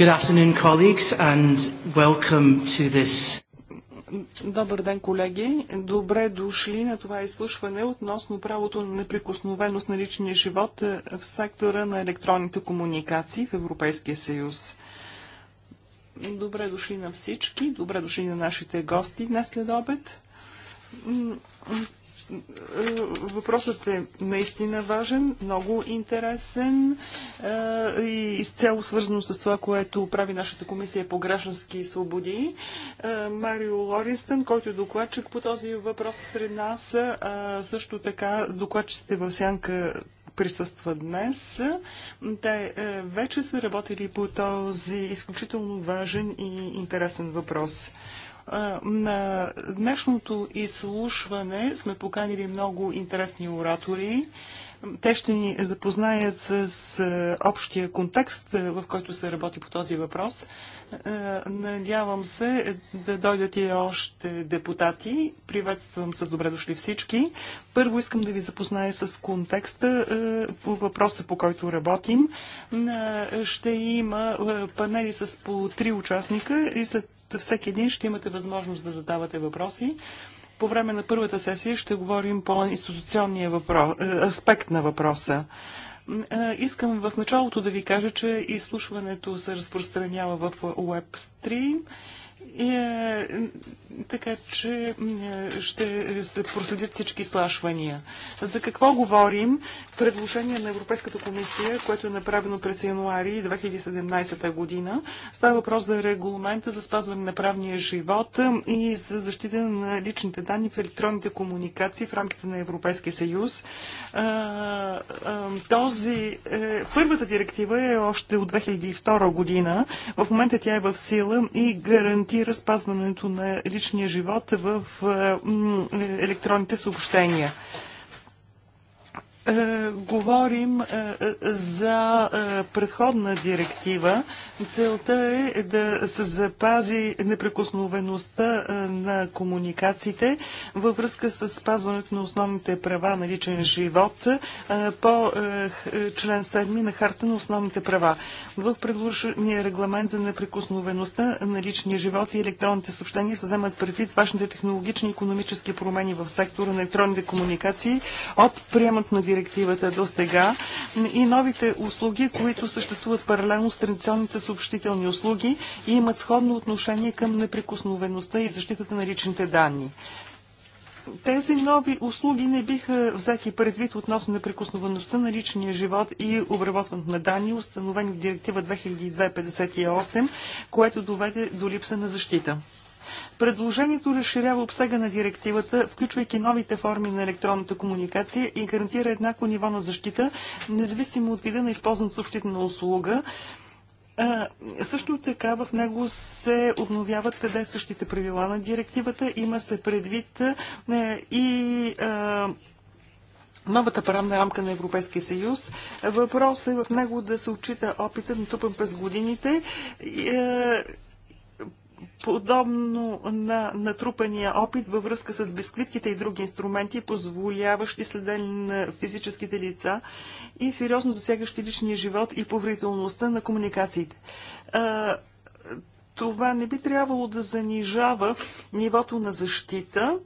Good afternoon, colleagues, and welcome to this. Добър ден, колеги! Добре дошли на това изслушване относно правото на неприкосновеност на личния живот е, в сектора на електронните комуникации в Европейския съюз. Добре дошли на всички, добре дошли на нашите гости днес след обед. Въпросът е наистина важен, много интересен и изцяло свързано с това, което прави нашата комисия по граждански свободи. Марио Лористън, който е докладчик по този въпрос сред нас, също така докладчиците в Сянка присъства днес. Те вече са работили по този изключително важен и интересен въпрос. На днешното изслушване сме поканили много интересни оратори. Те ще ни запознаят с общия контекст, в който се работи по този въпрос. Надявам се да дойдат и още депутати. Приветствам с добре дошли всички. Първо искам да ви запозная с контекста по въпроса, по който работим. Ще има панели с по три участника и след всеки един ще имате възможност да задавате въпроси. По време на първата сесия ще говорим по институционния въпрос, е, аспект на въпроса. Е, искам в началото да ви кажа, че изслушването се разпространява в WebStream. Е, така че е, ще се проследят всички слашвания. За какво говорим? Предложение на Европейската комисия, което е направено през януари 2017 година. Става въпрос за регламента за спазване на правния живот и за защита на личните данни в електронните комуникации в рамките на Европейския съюз. Е, е, този, първата директива е още от 2002 година. В момента тя е в сила и гарантира спазването на личните личния живот в е, електронните съобщения е, говорим е, за предходна директива, Целта е да се запази неприкосновеността на комуникациите във връзка с спазването на основните права на личен живот по член 7 на Харта на основните права. В предложения регламент за неприкосновеността на личния живот и електронните съобщения се вземат предвид важните технологични и економически промени в сектора на електронните комуникации от приемат на директивата до сега и новите услуги, които съществуват паралелно с традиционните съобщителни услуги и имат сходно отношение към неприкосновеността и защитата на личните данни. Тези нови услуги не биха взети предвид относно неприкосновеността на личния живот и обработването на данни, установени в Директива 2258, което доведе до липса на защита. Предложението разширява обсега на директивата, включвайки новите форми на електронната комуникация и гарантира еднакво ниво на защита, независимо от вида на използваната съобщителна услуга, а, също така в него се обновяват къде същите правила на директивата. Има се предвид и а, новата правна рамка на Европейския съюз. Въпросът е в него да се отчита опитът, натрупан през годините. И, а, подобно на натрупания опит във връзка с бисквитките и други инструменти, позволяващи следене на физическите лица и сериозно засягащи личния живот и поверителността на комуникациите. Това не би трябвало да занижава нивото на защита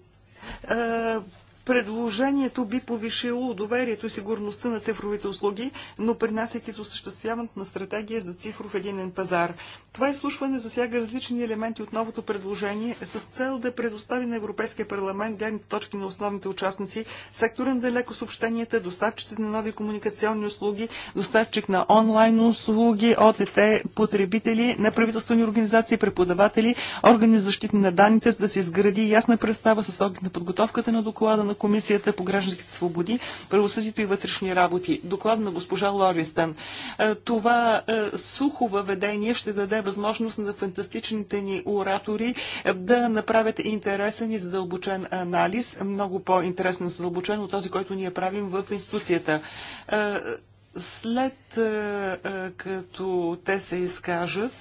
Предложението би повишило доверието и сигурността на цифровите услуги, но принасяйки за осъществяването на стратегия за цифров единен пазар. Това изслушване засяга различни елементи от новото предложение с цел да предостави на Европейския парламент гледни точки на основните участници, сектора на далеко съобщенията, доставчиците на нови комуникационни услуги, доставчик на онлайн услуги, ОТТ, потребители, неправителствени организации, преподаватели, органи за защита на данните, за да се изгради ясна представа с оглед на подготовката на доклада на на Комисията по гражданските свободи, правосъдието и вътрешни работи. Доклад на госпожа Лористън. Е, това е, сухо въведение ще даде възможност на фантастичните ни оратори е, да направят интересен и задълбочен анализ, много по-интересен задълбочен от този, който ние правим в институцията. След като те се изкажат,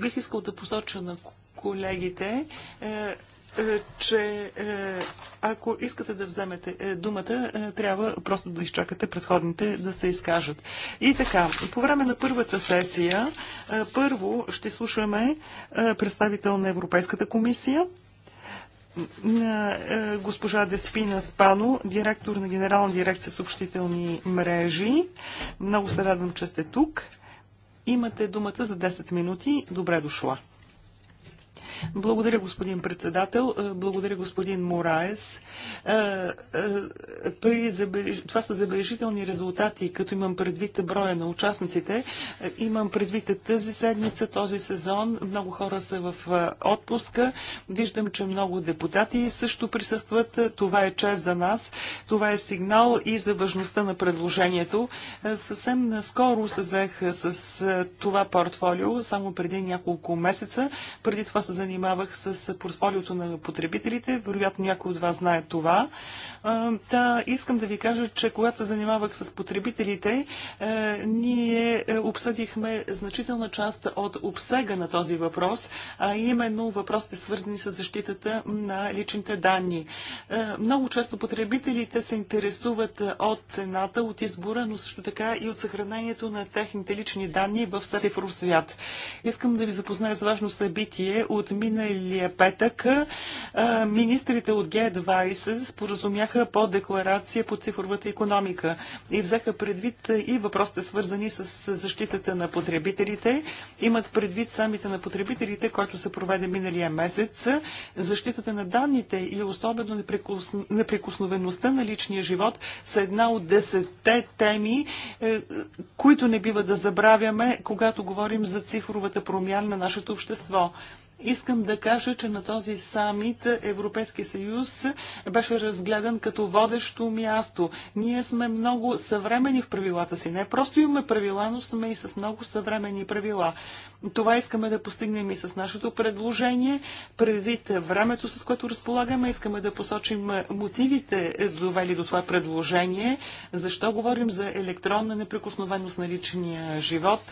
бих искал да посоча на колегите, е, че е, ако искате да вземете е, думата, трябва просто да изчакате предходните да се изкажат. И така, по време на първата сесия, първо ще слушаме представител на Европейската комисия, на госпожа Деспина Спано, директор на Генерална дирекция съобщителни мрежи. Много се радвам, че сте тук. Имате думата за 10 минути. Добре дошла. Благодаря, господин председател. Е, благодаря, господин Мораес. Е, е, при... Това са забележителни резултати, като имам предвид броя на участниците. Имам предвид тази седмица, този сезон. Много хора са в отпуска. Виждам, че много депутати също присъстват. Това е чест за нас. Това е сигнал и за важността на предложението. Съвсем наскоро се заех с това портфолио, само преди няколко месеца. Преди това се занимавах с портфолиото на потребителите. Вероятно някой от вас знае това. Та, искам да ви кажа, че когато се занимавах с потребителите, е, ние е, обсъдихме значителна част от обсега на този въпрос, а именно въпросите свързани с защитата на личните данни. Е, много често потребителите се интересуват от цената, от избора, но също така и от съхранението на техните лични данни в цифров свят. Искам да ви запозная с важно събитие от миналия петък министрите от Г20 споразумяха по декларация по цифровата економика и взеха предвид и въпросите свързани с защитата на потребителите. Имат предвид самите на потребителите, който се проведе миналия месец, защитата на данните и особено неприкосновеността на личния живот са една от десетте теми, е, които не бива да забравяме, когато говорим за цифровата промяна на нашето общество. Искам да кажа, че на този самит Европейски съюз беше разгледан като водещо място. Ние сме много съвремени в правилата си. Не просто имаме правила, но сме и с много съвремени правила. Това искаме да постигнем и с нашето предложение. Предвид времето, с което разполагаме, искаме да посочим мотивите, довели до това предложение. Защо говорим за електронна неприкосновеност на личния живот?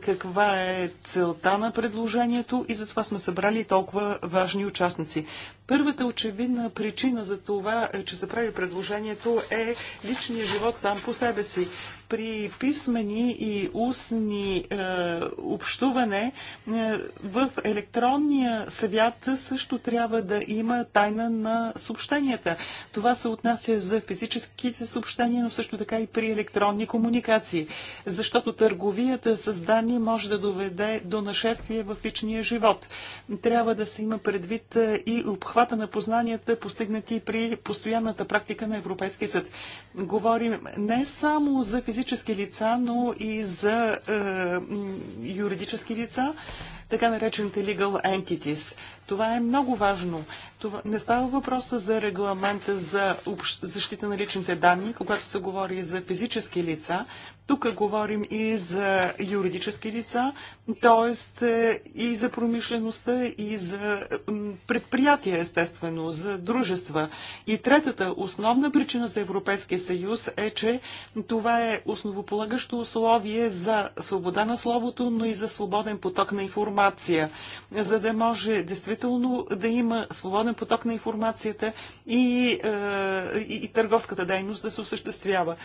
Каква е целта на предложението? И затова сме събрали толкова важни участници. Първата очевидна причина за това, е, че се прави предложението е личният живот сам по себе си. При писмени и устни е, общуване е, в електронния свят също трябва да има тайна на съобщенията. Това се отнася за физическите съобщения, но също така и при електронни комуникации. Защото търговията с данни може да доведе до нашествие в личния живот. Трябва да се има предвид е, и обхват обхвата на познанията, постигнати при постоянната практика на Европейския съд. Говорим не само за физически лица, но и за е, юридически лица така наречените legal entities. Това е много важно. Това не става въпроса за регламента за общ... защита на личните данни, когато се говори за физически лица. Тук говорим и за юридически лица, т.е. и за промишлеността, и за предприятия, естествено, за дружества. И третата основна причина за Европейския съюз е, че това е основополагащо условие за свобода на словото, но и за свободен поток на информация информация, за да може действително да има свободен поток на информацията и, е, и, и търговската дейност да се осъществява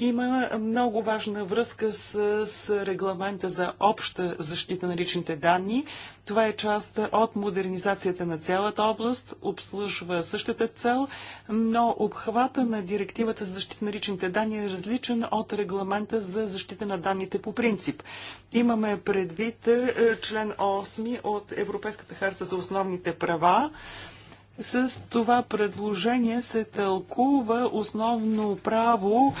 има много важна връзка с, с регламента за обща защита на личните данни. Това е част от модернизацията на цялата област, обслужва същата цел, но обхвата на директивата за защита на личните данни е различен от регламента за защита на данните по принцип. Имаме предвид е, член 8 от Европейската харта за основните права. С това предложение се тълкува основно право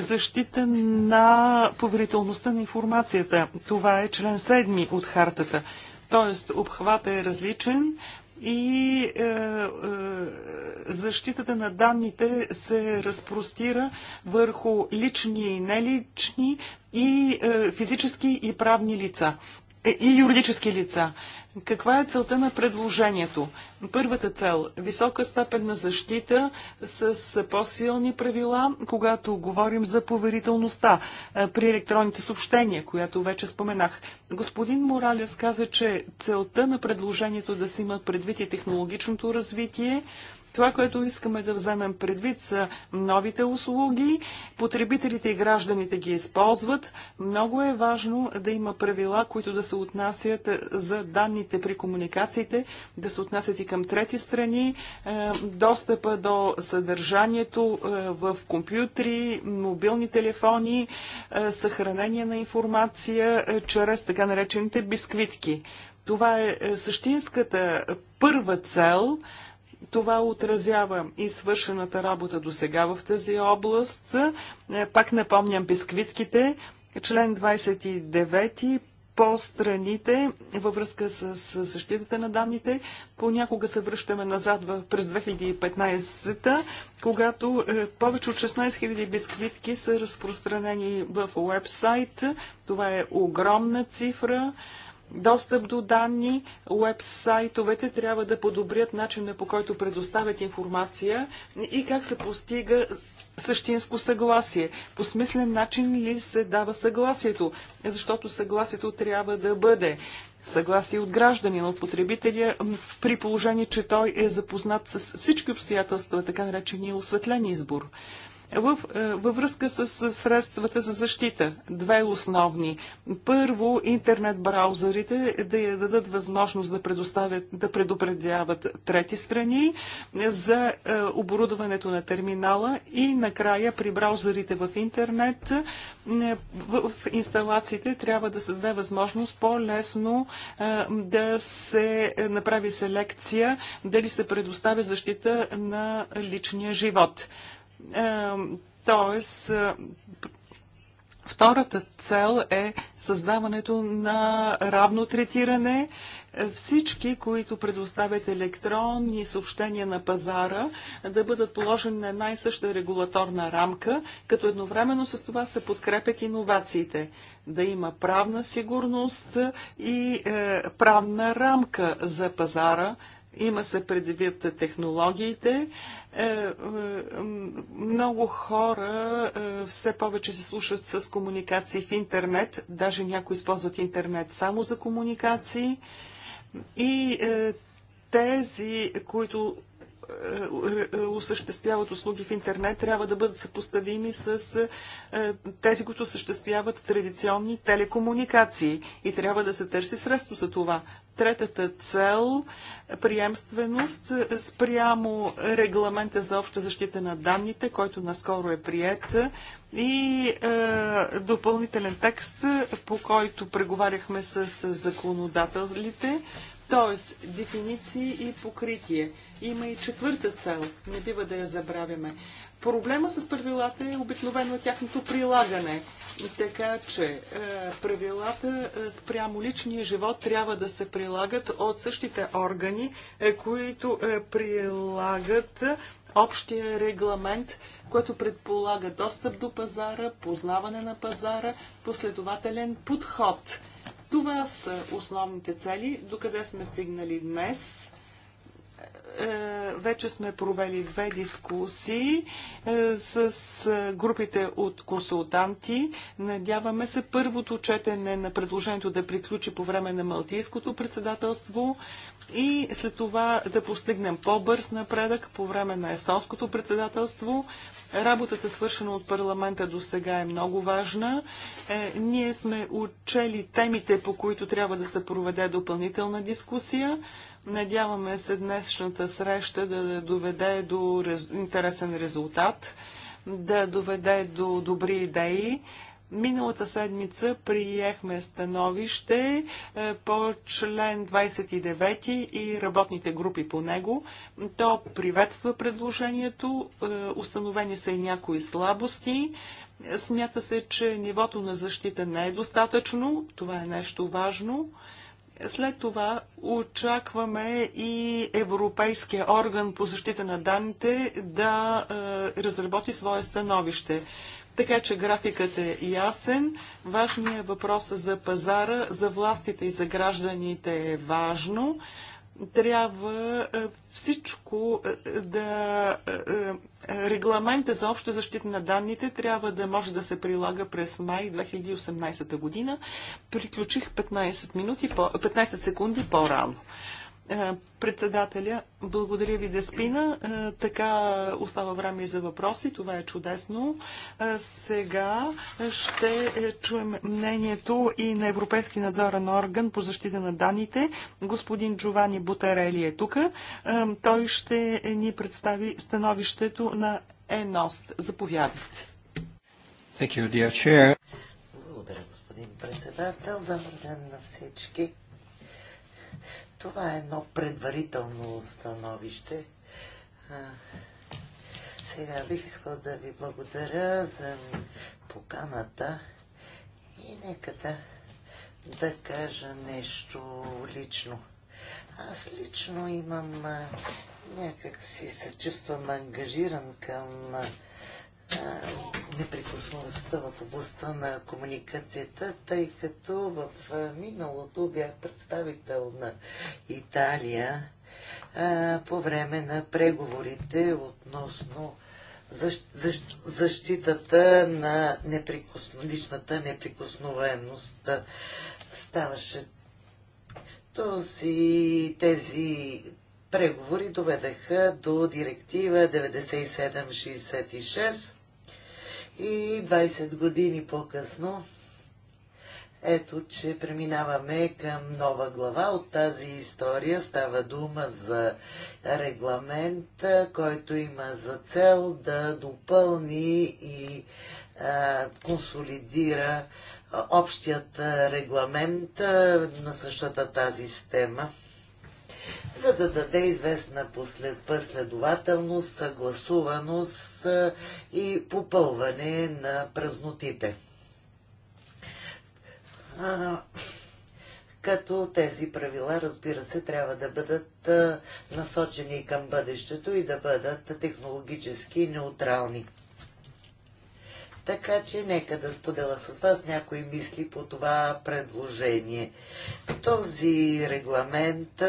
защита на поверителността на информацията. Това е член 7 от хартата. Тоест, обхвата е различен и е, е, защитата на данните се разпростира върху лични и нелични и е, физически и правни лица е, и юридически лица. Каква е целта на предложението? Първата цел – висока степен на защита с по-силни правила, когато говорим за поверителността е, при електронните съобщения, която вече споменах. Господин Моралес каза, че целта на предложението е да се има предвид и технологичното развитие, това, което искаме да вземем предвид са новите услуги, потребителите и гражданите ги използват. Много е важно да има правила, които да се отнасят е, за данните при комуникациите, да се отнасят и към трети страни, е, достъпа до съдържанието е, в компютри, мобилни телефони, съхранение на информация чрез така наречените бисквитки. Това е същинската първа цел – това отразява и свършената работа до сега в тази област. Е, пак напомням бисквитките. Член 29 по страните във връзка с, защитата на данните. Понякога се връщаме назад в, през 2015-та, когато е, повече от 16 000 бисквитки са разпространени в уебсайт. Това е огромна цифра. Е, достъп до данни, уебсайтовете трябва да подобрят начина по който предоставят информация и как се постига същинско съгласие. По смислен начин ли се дава съгласието? Защото съгласието трябва да бъде съгласие от гражданина, от потребителя, при положение, че той е запознат с всички обстоятелства, така наречения осветлен избор. Във, е, във връзка с, средствата за защита, две основни. Първо, интернет браузърите да я дадат възможност да, предоставят, да предупредяват трети страни за е, оборудването на терминала и накрая при браузърите в интернет е, в, инсталациите трябва да се даде възможност по-лесно да се направи селекция дали се предоставя защита на личния живот. Т.е. втората цел е създаването на равно третиране всички, които предоставят електронни съобщения на пазара, да бъдат положени на една и съща регулаторна рамка, като едновременно с това се подкрепят иновациите. Да има правна сигурност и е, правна рамка за пазара, има се предвид технологиите. Е, е, много хора е, все повече се слушат с комуникации в интернет. Даже някои използват интернет само за комуникации. И тези, които осъществяват услуги в интернет, трябва да бъдат съпоставими с тези, които осъществяват традиционни телекомуникации. И трябва да се търси средство за това. Третата цел е приемственост спрямо регламента за обща защита на данните, който наскоро е прият и е, допълнителен текст, по който преговаряхме с, с законодателите, т.е. дефиниции и покритие. Има и четвърта цел. Не бива да я забравяме. Проблема с правилата е обикновено е тяхното прилагане. Така че е, правилата е, спрямо личния живот трябва да се прилагат от същите органи, които прилагат общия регламент, което предполага достъп до пазара, познаване на пазара, последователен подход. Това са основните цели, докъде сме стигнали днес. Е, вече сме провели две дискусии е, с е, групите от консултанти. Надяваме се първото четене на предложението да приключи по време на Малтийското председателство и след това да постигнем по-бърз напредък по време на Естонското председателство. Работата, свършена от парламента до сега, е много важна. ние сме учели темите, по които трябва да се проведе допълнителна дискусия. Надяваме се днешната среща да доведе до рез... интересен резултат, да доведе до добри идеи. Миналата седмица приехме становище е, по член 29 и работните групи по него. То приветства предложението, е, установени са и някои слабости. Смята се, че нивото на защита не е достатъчно. Това е нещо важно. След това очакваме и Европейския орган по защита на данните да е, разработи свое становище. Така че графикът е ясен. Важният въпрос за пазара, за властите и за гражданите е важно трябва е, всичко е, е, да... Регламента за обща защита на данните трябва да може да се прилага през май 2018 година. Приключих 15, минути, 15 секунди по-рано. Е, председателя, благодаря ви, Деспина. Е, така остава време и за въпроси. Това е чудесно. Е, сега ще чуем мнението и на Европейски надзорен орган по защита на данните. Господин Джовани Бутарели е тук. Той ще ни представи становището на ЕНОСТ. Заповядайте. Благодаря, господин председател. Добър ден на всички. Това е едно предварително становище. сега бих искал да ви благодаря за поканата и нека да, да кажа нещо лично. Аз лично имам някак си се чувствам ангажиран към неприкосновеността в областта на комуникацията, тъй като в миналото бях представител на Италия по време на преговорите относно защитата на неприкосно, личната неприкосновеност. Ставаше този, тези преговори доведеха до директива 9766 и 20 години по-късно ето, че преминаваме към нова глава от тази история. Става дума за регламент, който има за цел да допълни и а, консолидира общият регламент на същата тази система за да даде известна послед, последователност, съгласуваност и попълване на празнотите. А, като тези правила, разбира се, трябва да бъдат насочени към бъдещето и да бъдат технологически неутрални. Така че нека да споделя с вас някои мисли по това предложение. Този регламент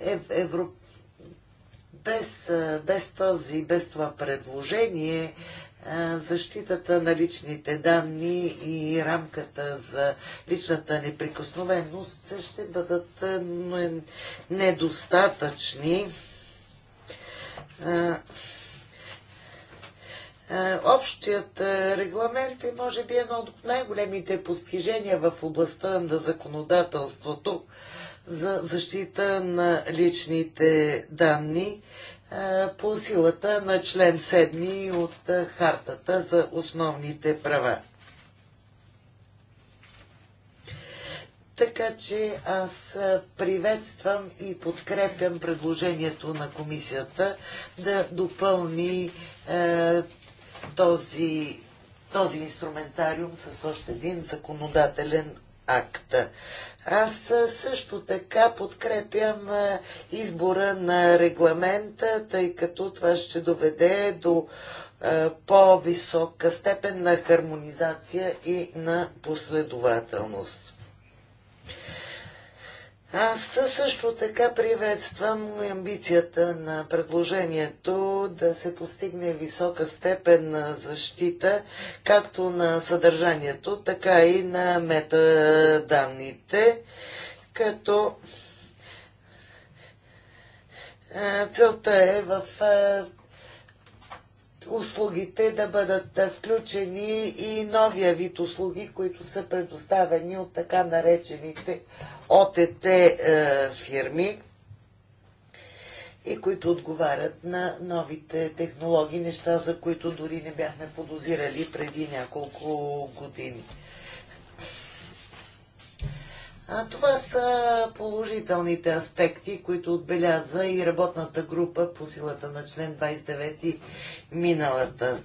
ев, евро... без, без, този, без това предложение защитата на личните данни и рамката за личната неприкосновеност ще бъдат недостатъчни. Общият регламент е може би едно от най-големите постижения в областта на законодателството за защита на личните данни е, по силата на член 7 от е, Хартата за основните права. Така че аз е, приветствам и подкрепям предложението на комисията да допълни е, този, този инструментариум с още един законодателен акта. Аз също така подкрепям избора на регламента, тъй като това ще доведе до по-висока степен на хармонизация и на последователност. Аз също така приветствам амбицията на предложението да се постигне висока степен на защита, както на съдържанието, така и на метаданните, като целта е в услугите да бъдат включени и новия вид услуги, които са предоставени от така наречените ОТТ е, фирми и които отговарят на новите технологии, неща, за които дори не бяхме подозирали преди няколко години. А, това са положителните аспекти, които отбеляза и работната група по силата на член 29 миналата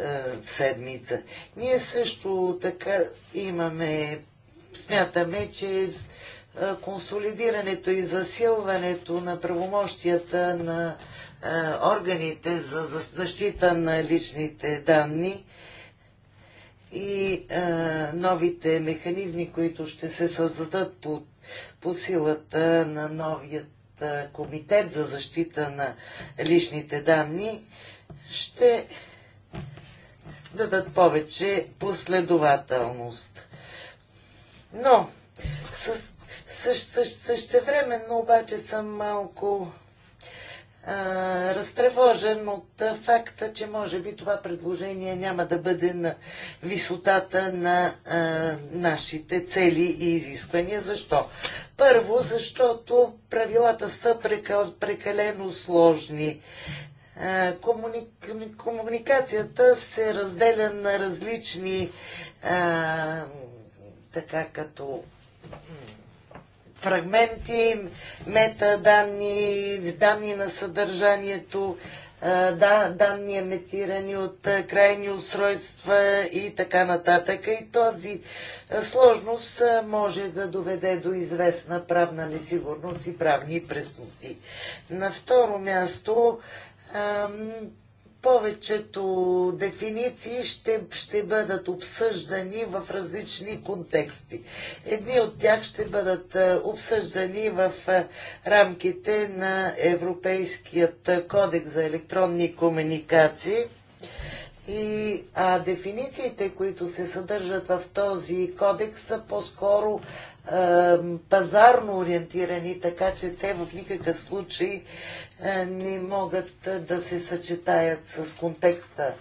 е, седмица. Ние също така имаме, смятаме, че е, консолидирането и засилването на правомощията на е, органите за защита на личните данни и а, новите механизми, които ще се създадат по, по силата на новият а, комитет за защита на личните данни, ще дадат повече последователност. Но същ, същ, същевременно обаче съм малко разтревожен от факта, че може би това предложение няма да бъде на висотата на а, нашите цели и изисквания. Защо? Първо, защото правилата са прекалено сложни. Комуникацията се разделя на различни а, така като фрагменти, метаданни, данни на съдържанието, да, данни емитирани от крайни устройства и така нататък. И този сложност може да доведе до известна правна несигурност и правни пресноти. На второ място повечето дефиниции ще, ще бъдат обсъждани в различни контексти. Едни от тях ще бъдат е, обсъждани в е, рамките на Европейският кодекс за електронни комуникации. И а, дефинициите, които се съдържат в този кодекс, са по-скоро пазарно ориентирани, така че те в никакъв случай е, не могат е, да се съчетаят с контекста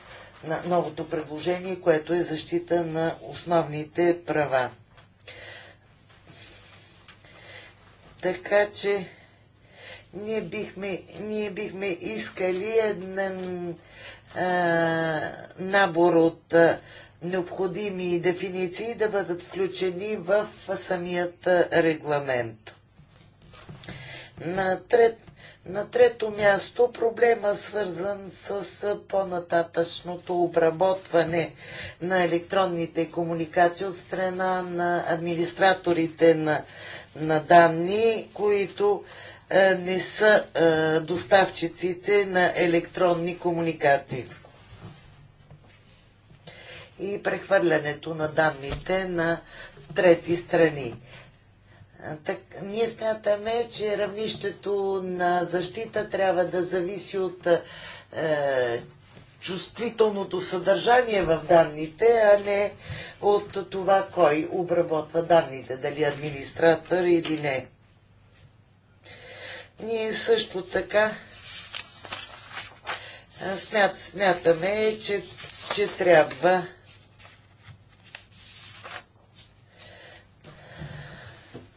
на новото предложение, което е защита на основните права. Така че ние бихме, ние бихме искали един е, набор от а, необходими дефиниции да бъдат включени в самият регламент. На трет, на трето място проблема свързан с по-нататъчното обработване на електронните комуникации от страна на администраторите на, на данни, които е, не са е, доставчиците на електронни комуникации и прехвърлянето на данните на трети страни. Так, ние смятаме, че равнището на защита трябва да зависи от е, чувствителното съдържание в данните, а не от това кой обработва данните, дали администратор или не. Ние също така смят, смятаме, че, че трябва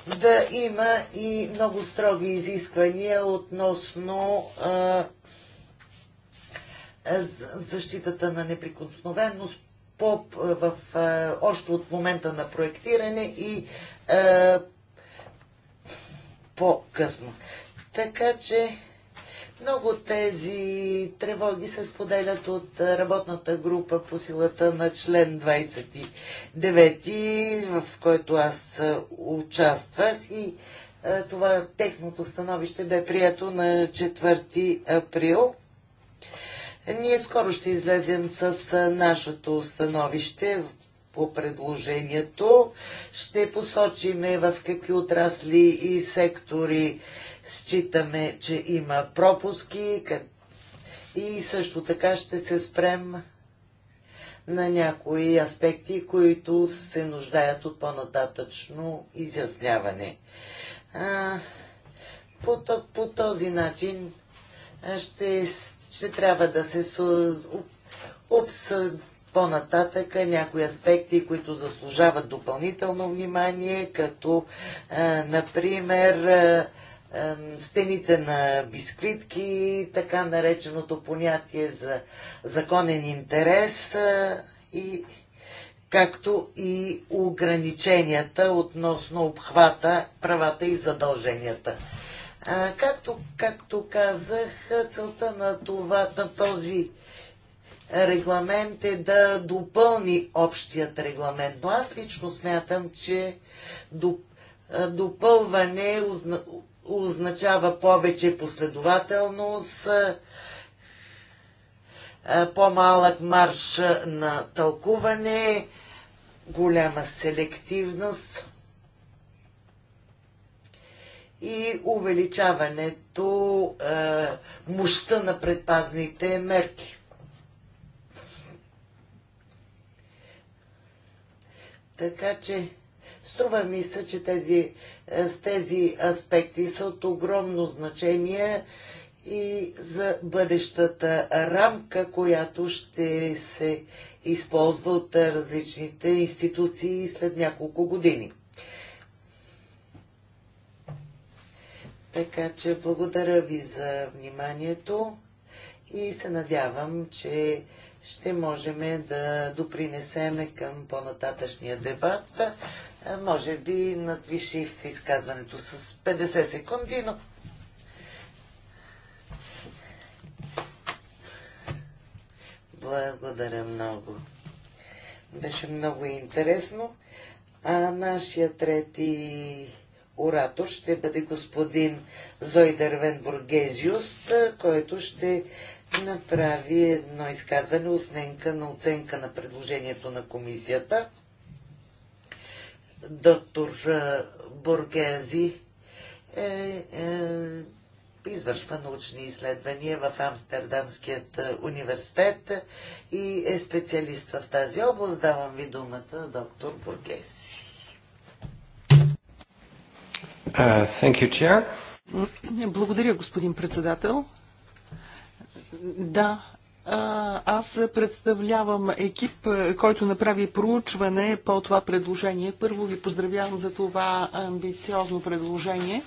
да има и много строги изисквания относно а, защитата на неприкосновеност по, в, а, още от момента на проектиране и по-късно. Така че много от тези тревоги се споделят от работната група по силата на член 29, в който аз участвах и е, това техното становище бе прието на 4 април. Ние скоро ще излезем с е, нашето становище по предложението. Ще посочиме в какви отрасли и сектори Считаме, че има пропуски и също така ще се спрем на някои аспекти, които се нуждаят от по-нататъчно изясняване. по, по този начин ще, ще трябва да се обсъдят по-нататък някои аспекти, които заслужават допълнително внимание, като, например, стените на бисквитки, така нареченото понятие за законен интерес и както и ограниченията относно обхвата, правата и задълженията. А, както, както казах, целта на, това, на този регламент е да допълни общият регламент. Но аз лично смятам, че допълване означава повече последователност, е, е, по-малък марш на тълкуване, голяма селективност и увеличаването е, мощта на предпазните мерки. Така че, струва ми се, че тези с тези аспекти са от огромно значение и за бъдещата рамка, която ще се използва от различните институции след няколко години. Така че благодаря ви за вниманието и се надявам, че ще можем да допринесеме към по-нататъчния дебат. Е, може би надвиших изказването с 50 секунди, но Благодаря много. Беше много интересно. А нашия трети оратор ще бъде господин Зойдер Венбургезиус, който ще направи едно изказване, оценка на оценка на предложението на комисията. Доктор Бургези е, е, извършва научни изследвания в Амстердамският университет и е специалист в тази област. Давам ви думата, доктор Бургези. Uh, you, Благодаря, господин председател. Да, аз представлявам екип, който направи проучване по това предложение. Първо ви поздравявам за това амбициозно предложение.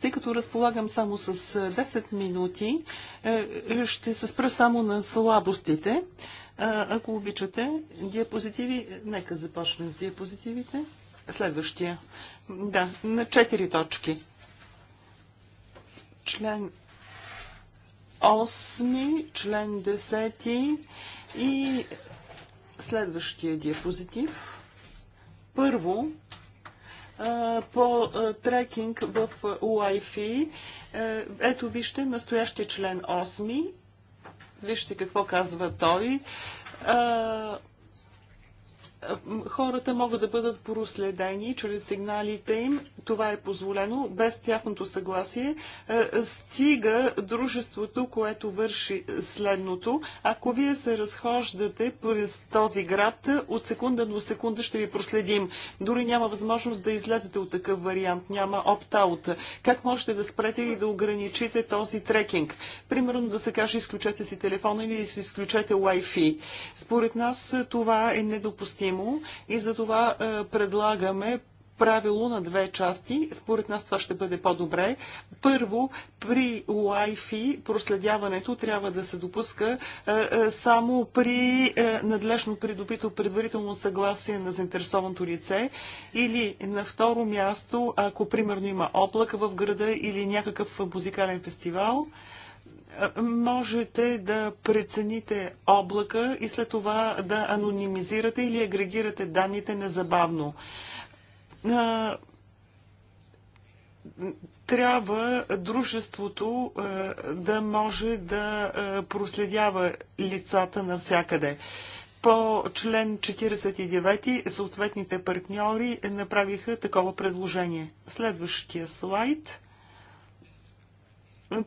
Тъй като разполагам само с 10 минути, ще се спра само на слабостите. Ако обичате, диапозитиви, нека започнем с диапозитивите. Следващия. Да, на 4 точки. Член 8, член 10 и следващия диапозитив. Първо, по трекинг в Wi-Fi. Е, ето вижте настоящия член 8. Вижте какво казва той хората могат да бъдат проследени чрез сигналите им. Това е позволено без тяхното съгласие. Е, стига дружеството, което върши следното. Ако вие се разхождате през този град, от секунда до секунда ще ви проследим. Дори няма възможност да излезете от такъв вариант. Няма опт-аут. Как можете да спрете или да ограничите този трекинг? Примерно да се каже изключете си телефона или да си изключете Wi-Fi. Според нас е, това е недопустимо съвместимо и за това е, предлагаме правило на две части. Според нас това ще бъде по-добре. Първо, при Wi-Fi проследяването трябва да се допуска е, е, само при надлежно придобито предварително съгласие на заинтересованото лице или на второ място, ако примерно има облак в града или някакъв музикален фестивал можете да прецените облака и след това да анонимизирате или агрегирате данните незабавно. Трябва дружеството да може да проследява лицата навсякъде. По член 49 съответните партньори направиха такова предложение. Следващия слайд.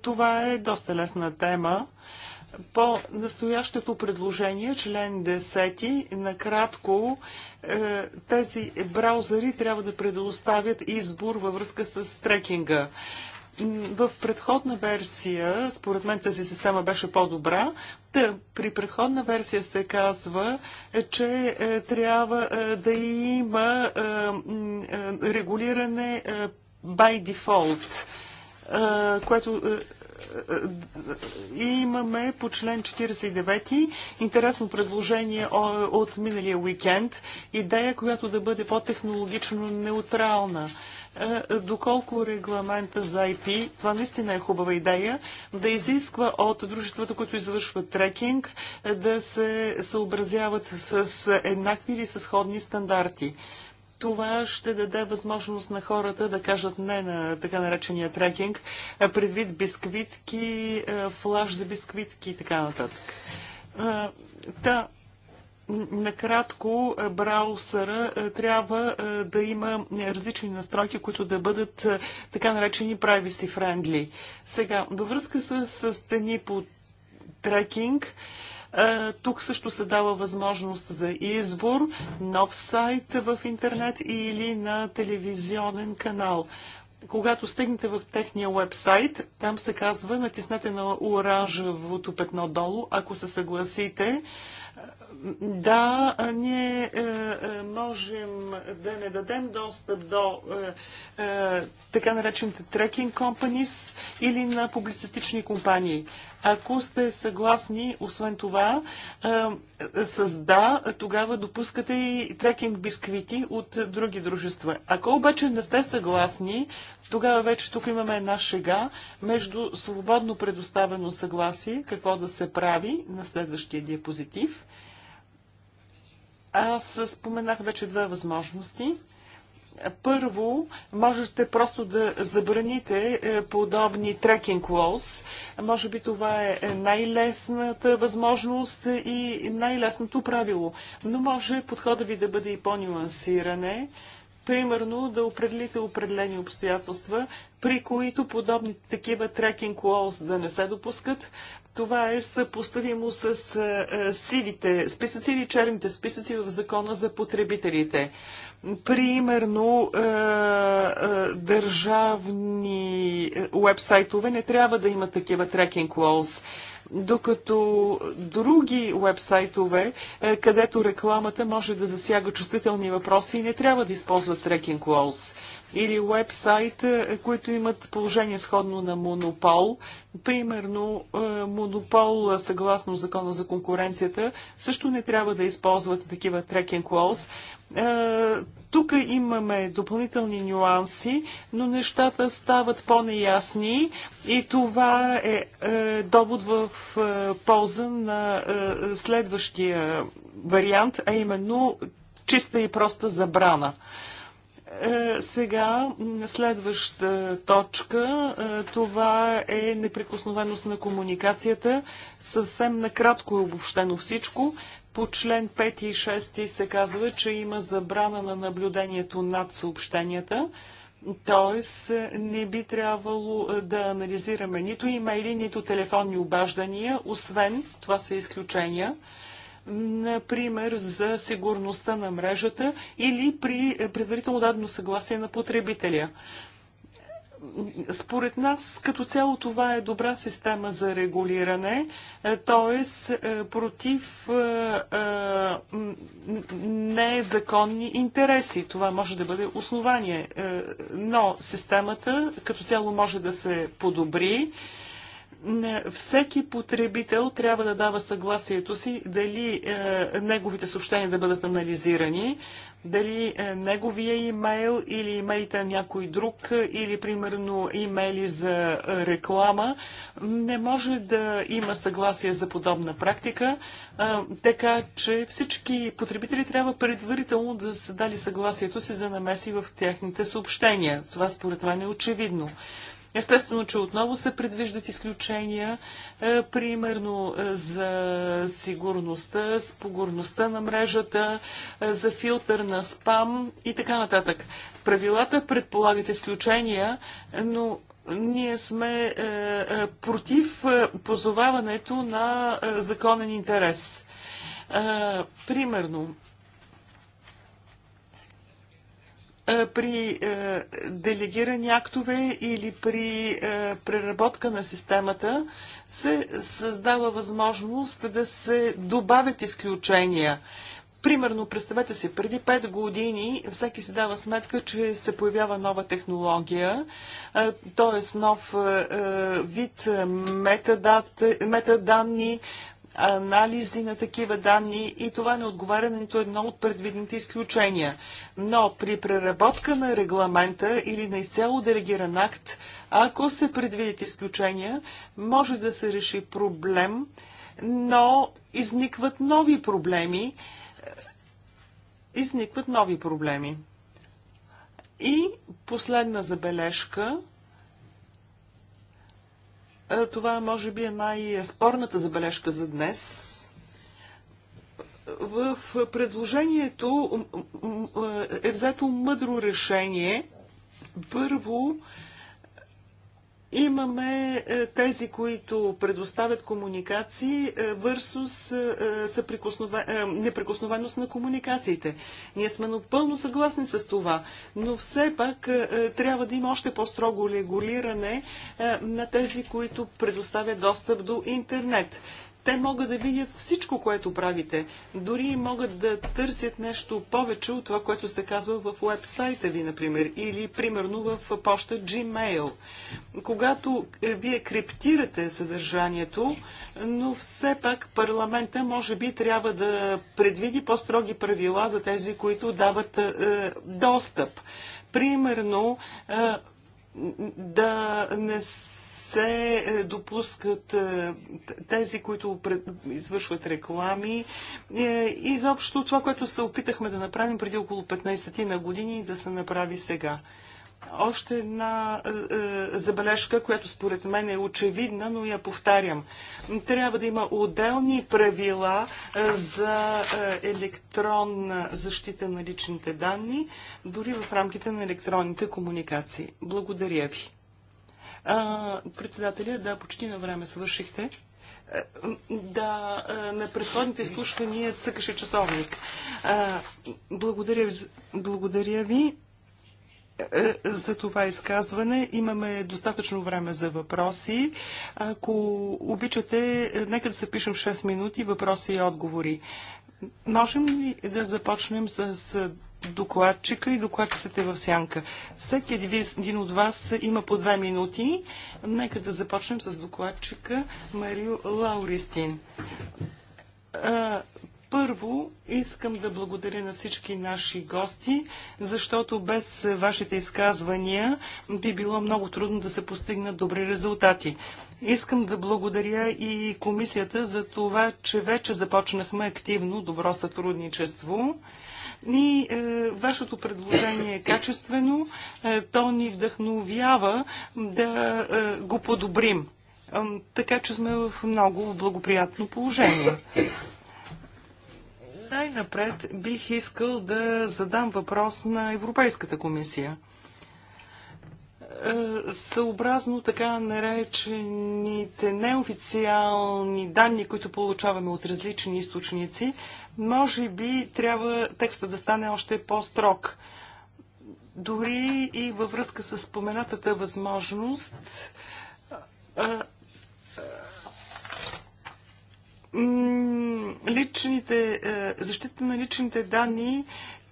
Това е доста лесна тема. По настоящето предложение, член 10, накратко, е, тези браузъри трябва да предоставят избор във връзка с трекинга. В предходна версия, според мен тази система беше по-добра, Та, при предходна версия се казва, е, че е, трябва да има регулиране by default което и имаме по член 49 интересно предложение от миналия уикенд. Идея, която да бъде по-технологично неутрална. Доколко регламента за IP, това наистина е хубава идея, да изисква от дружествата, които извършват трекинг, да се съобразяват с еднакви или с сходни стандарти това ще даде възможност на хората да кажат не на така наречения трекинг, предвид бисквитки, флаш за бисквитки и така нататък. Та, накратко браусъра трябва да има различни настройки, които да бъдат така наречени privacy friendly. Сега, във връзка с стени по трекинг, е, тук също се дава възможност за избор, нов сайт в интернет или на телевизионен канал. Когато стигнете в техния вебсайт, там се казва, натиснете на оранжевото петно долу, ако се съгласите. Да, ние е, е, можем да не дадем достъп до така наречените трекинг companies или на публицистични компании. Ако сте съгласни, освен това, с да, тогава допускате и трекинг бисквити от други дружества. Ако обаче не сте съгласни, тогава вече тук имаме една шега между свободно предоставено съгласие, какво да се прави на следващия диапозитив. Аз споменах вече две възможности. Първо, можете просто да забраните е, подобни трекинг лоус. Може би това е най-лесната възможност и най-лесното правило. Но може подхода ви да бъде и по-нюансиране. Примерно да определите определени обстоятелства, при които подобни такива трекинг лоус да не се допускат, това е съпоставимо с сивите списъци или черните списъци в закона за потребителите. Примерно, държавни уебсайтове не трябва да имат такива трекинг клоуз, докато други вебсайтове, където рекламата може да засяга чувствителни въпроси, не трябва да използват трекинг клоуз или уебсайт, е, които имат положение сходно на монопол. Примерно, е, монопол е, съгласно закона за конкуренцията също не трябва да използват такива трекинг лоус. Тук имаме допълнителни нюанси, но нещата стават по-неясни и това е, довод в полза на следващия вариант, а именно чиста и проста забрана. Е, сега, следваща точка, е, това е неприкосновеност на комуникацията. Съвсем накратко е обобщено всичко. По член 5 и 6 се казва, че има забрана на наблюдението над съобщенията. Т.е. не би трябвало е, да анализираме нито имейли, нито телефонни обаждания, освен това са изключения например за сигурността на мрежата или при предварително дадено съгласие на потребителя. Според нас като цяло това е добра система за регулиране, т.е. Е, против е, е, незаконни интереси. Това може да бъде основание, но системата като цяло може да се подобри всеки потребител трябва да дава съгласието си дали е, неговите съобщения да бъдат анализирани, дали е, неговия имейл или имейлите на някой друг, или примерно имейли за е, реклама. Не може да има съгласие за подобна практика, е, така че всички потребители трябва предварително да са дали съгласието си за намеси в техните съобщения. Това според мен е очевидно. Естествено, че отново се предвиждат изключения, е, примерно е, за сигурността, спогурността на мрежата, е, за филтър на спам и така нататък. Правилата предполагат изключения, но ние сме е, е, против е, позоваването на законен интерес. Примерно, при делегирани актове или при преработка на системата се създава възможност да се добавят изключения. Примерно, представете си, преди 5 години всеки си дава сметка, че се появява нова технология, т.е. нов вид метаданни, анализи на такива данни и това не отговаря на нито едно от предвидните изключения. Но при преработка на регламента или на изцяло делегиран акт, ако се предвидят изключения, може да се реши проблем, но изникват нови проблеми. Изникват нови проблеми. И последна забележка – е, това може би е най-спорната забележка за днес. В предложението е взето мъдро решение. Първо, Имаме е, тези, които предоставят комуникации е, върсус е, неприкосновеност на комуникациите. Ние сме напълно съгласни с това, но все пак трябва да има още по-строго регулиране на тези, които предоставят достъп до интернет. Те могат да видят всичко, което правите. Дори могат да търсят нещо повече от това, което се казва в уебсайта ви, например, или примерно в почта Gmail. Когато е, вие криптирате съдържанието, но все пак парламента може би трябва да предвиди по-строги правила за тези, които дават е, достъп. Примерно, е, да не се се е, допускат е, тези, които извършват реклами. Е, И заобщо това, което се опитахме да направим преди около 15 ти на години, да се направи сега. Още една е, забележка, която според мен е очевидна, но я повтарям. Трябва да има отделни правила е, за е, електронна защита на личните данни, дори в рамките на електронните комуникации. Благодаря ви. А, председателя, да, почти на време свършихте. Е, да, е, на предходните изслушвания цъкаше часовник. Благодаря благодаря, благодаря ви е, за това изказване. Имаме достатъчно време за въпроси. Ако обичате, нека да се пишем 6 минути въпроси и отговори. Можем ли да започнем с докладчика и докладчиците в сянка. Всеки един от вас има по две минути. Нека да започнем с докладчика Марио Лауристин. Първо искам да благодаря на всички наши гости, защото без вашите изказвания би било много трудно да се постигнат добри резултати. Искам да благодаря и комисията за това, че вече започнахме активно добро сътрудничество. Ни, е, вашето предложение е качествено, е, то ни вдъхновява да е, го подобрим. Е, така че сме в много благоприятно положение. Най-напред бих искал да задам въпрос на Европейската комисия е, съобразно така наречените неофициални данни, които получаваме от различни източници, може би трябва текста да стане още по-строг. Дори и във връзка с споменатата възможност личните, защита на личните данни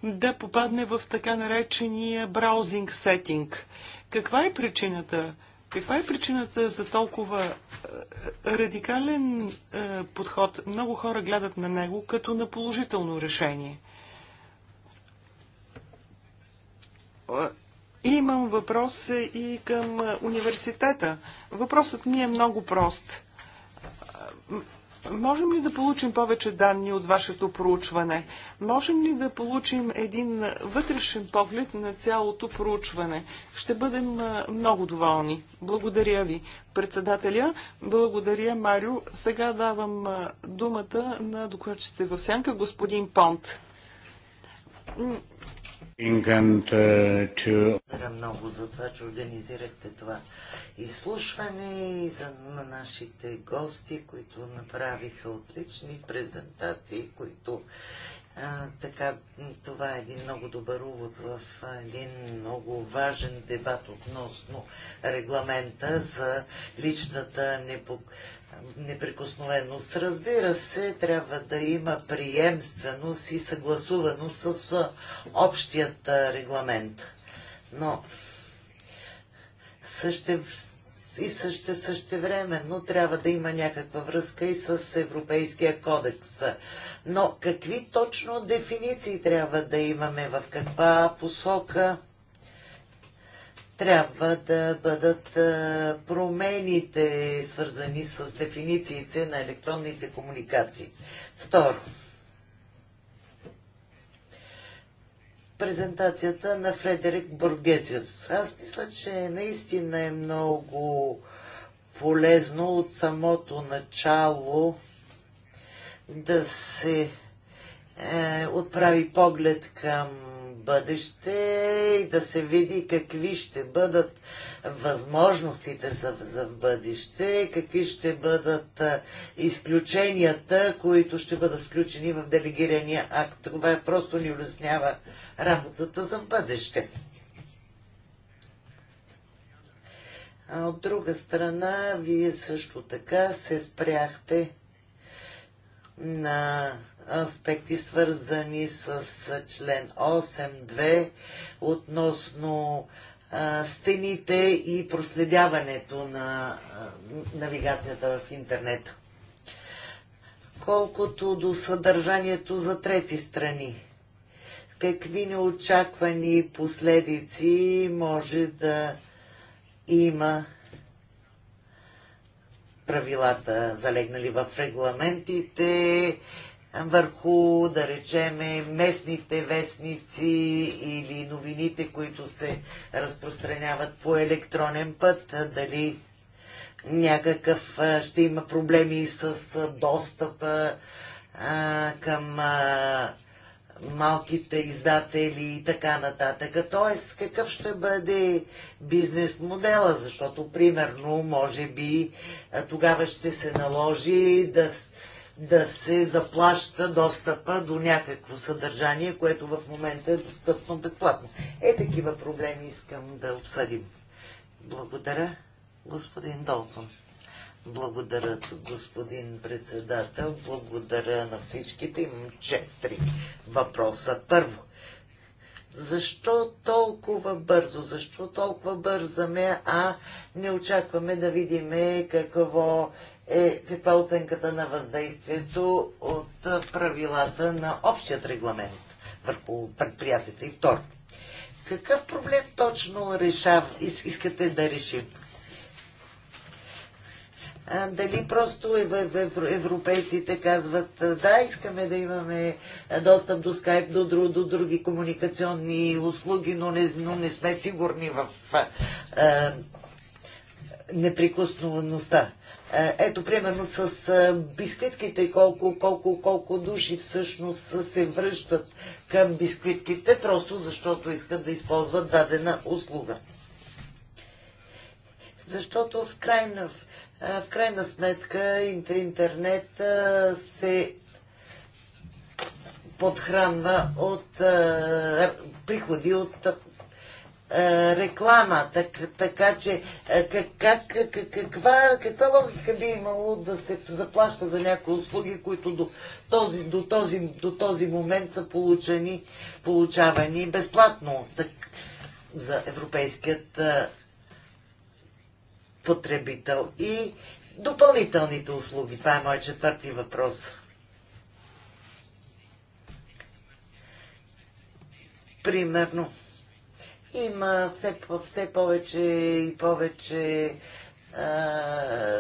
да попадне в така наречения браузинг сетинг. Каква е причината? Каква е причината за толкова е, радикален е, подход? Много хора гледат на него като на положително решение. Е, имам въпрос и към университета. Въпросът ми е много прост. Можем ли да получим повече данни от вашето проучване? Можем ли да получим един вътрешен поглед на цялото проучване? Ще бъдем много доволни. Благодаря ви, председателя. Благодаря, Марио. Сега давам думата на докладчите в сянка, господин Понт. Uh, Благодаря много за това, че организирахте това изслушване и за, на нашите гости, които направиха отлични презентации, които а, така, това е един много добър увод в един много важен дебат относно регламента за личната непок... неприкосновеност. Разбира се, трябва да има приемственост и съгласуваност с общият регламент. Но също и също, същевременно трябва да има някаква връзка и с Европейския кодекс. Но какви точно дефиниции трябва да имаме, в каква посока трябва да бъдат е, промените, свързани с дефинициите на електронните комуникации? Второ, презентацията на Фредерик Бургесиус. Аз мисля, че наистина е много полезно от самото начало да се е, отправи поглед към бъдеще и да се види какви ще бъдат възможностите за, за бъдеще, какви ще бъдат изключенията, които ще бъдат включени в делегирания акт. Това е просто ни улеснява работата за бъдеще. А от друга страна, вие също така се спряхте на аспекти, свързани с член 8.2 относно стените и проследяването на навигацията в интернет. Колкото до съдържанието за трети страни, какви неочаквани последици може да има правилата, залегнали в регламентите, върху, да речеме, местните вестници или новините, които се разпространяват по електронен път, дали някакъв ще има проблеми с достъпа а, към а, малките издатели и така нататък. Тоест, какъв ще бъде бизнес модела, защото примерно, може би, тогава ще се наложи да да се заплаща достъпа до някакво съдържание, което в момента е достъпно безплатно. Е, такива проблеми искам да обсъдим. Благодаря, господин Долтон. Благодаря, господин председател. Благодаря на всичките. Имам четири въпроса. Първо, защо толкова бързо? Защо толкова бързаме, а не очакваме да видим какво е, каква е оценката на въздействието от правилата на общият регламент върху предприятията? И второ, какъв проблем точно решав, искате да решим? дали просто европейците казват да, искаме да имаме достъп до скайп, до, друг, до други комуникационни услуги, но не, но не сме сигурни в а, неприкосновеността. Ето, примерно, с бисквитките, колко, колко, колко души всъщност се връщат към бисквитките, просто защото искат да използват дадена услуга. Защото в крайна, в крайна сметка интернет се подхранва от приходи от реклама. така че как, каква, каква логика би имало да се заплаща за някои услуги, които до този, до този, до този момент са получени, получавани безплатно так, за Европейският потребител и допълнителните услуги. Това е моят четвърти въпрос. Примерно, има все, все повече и повече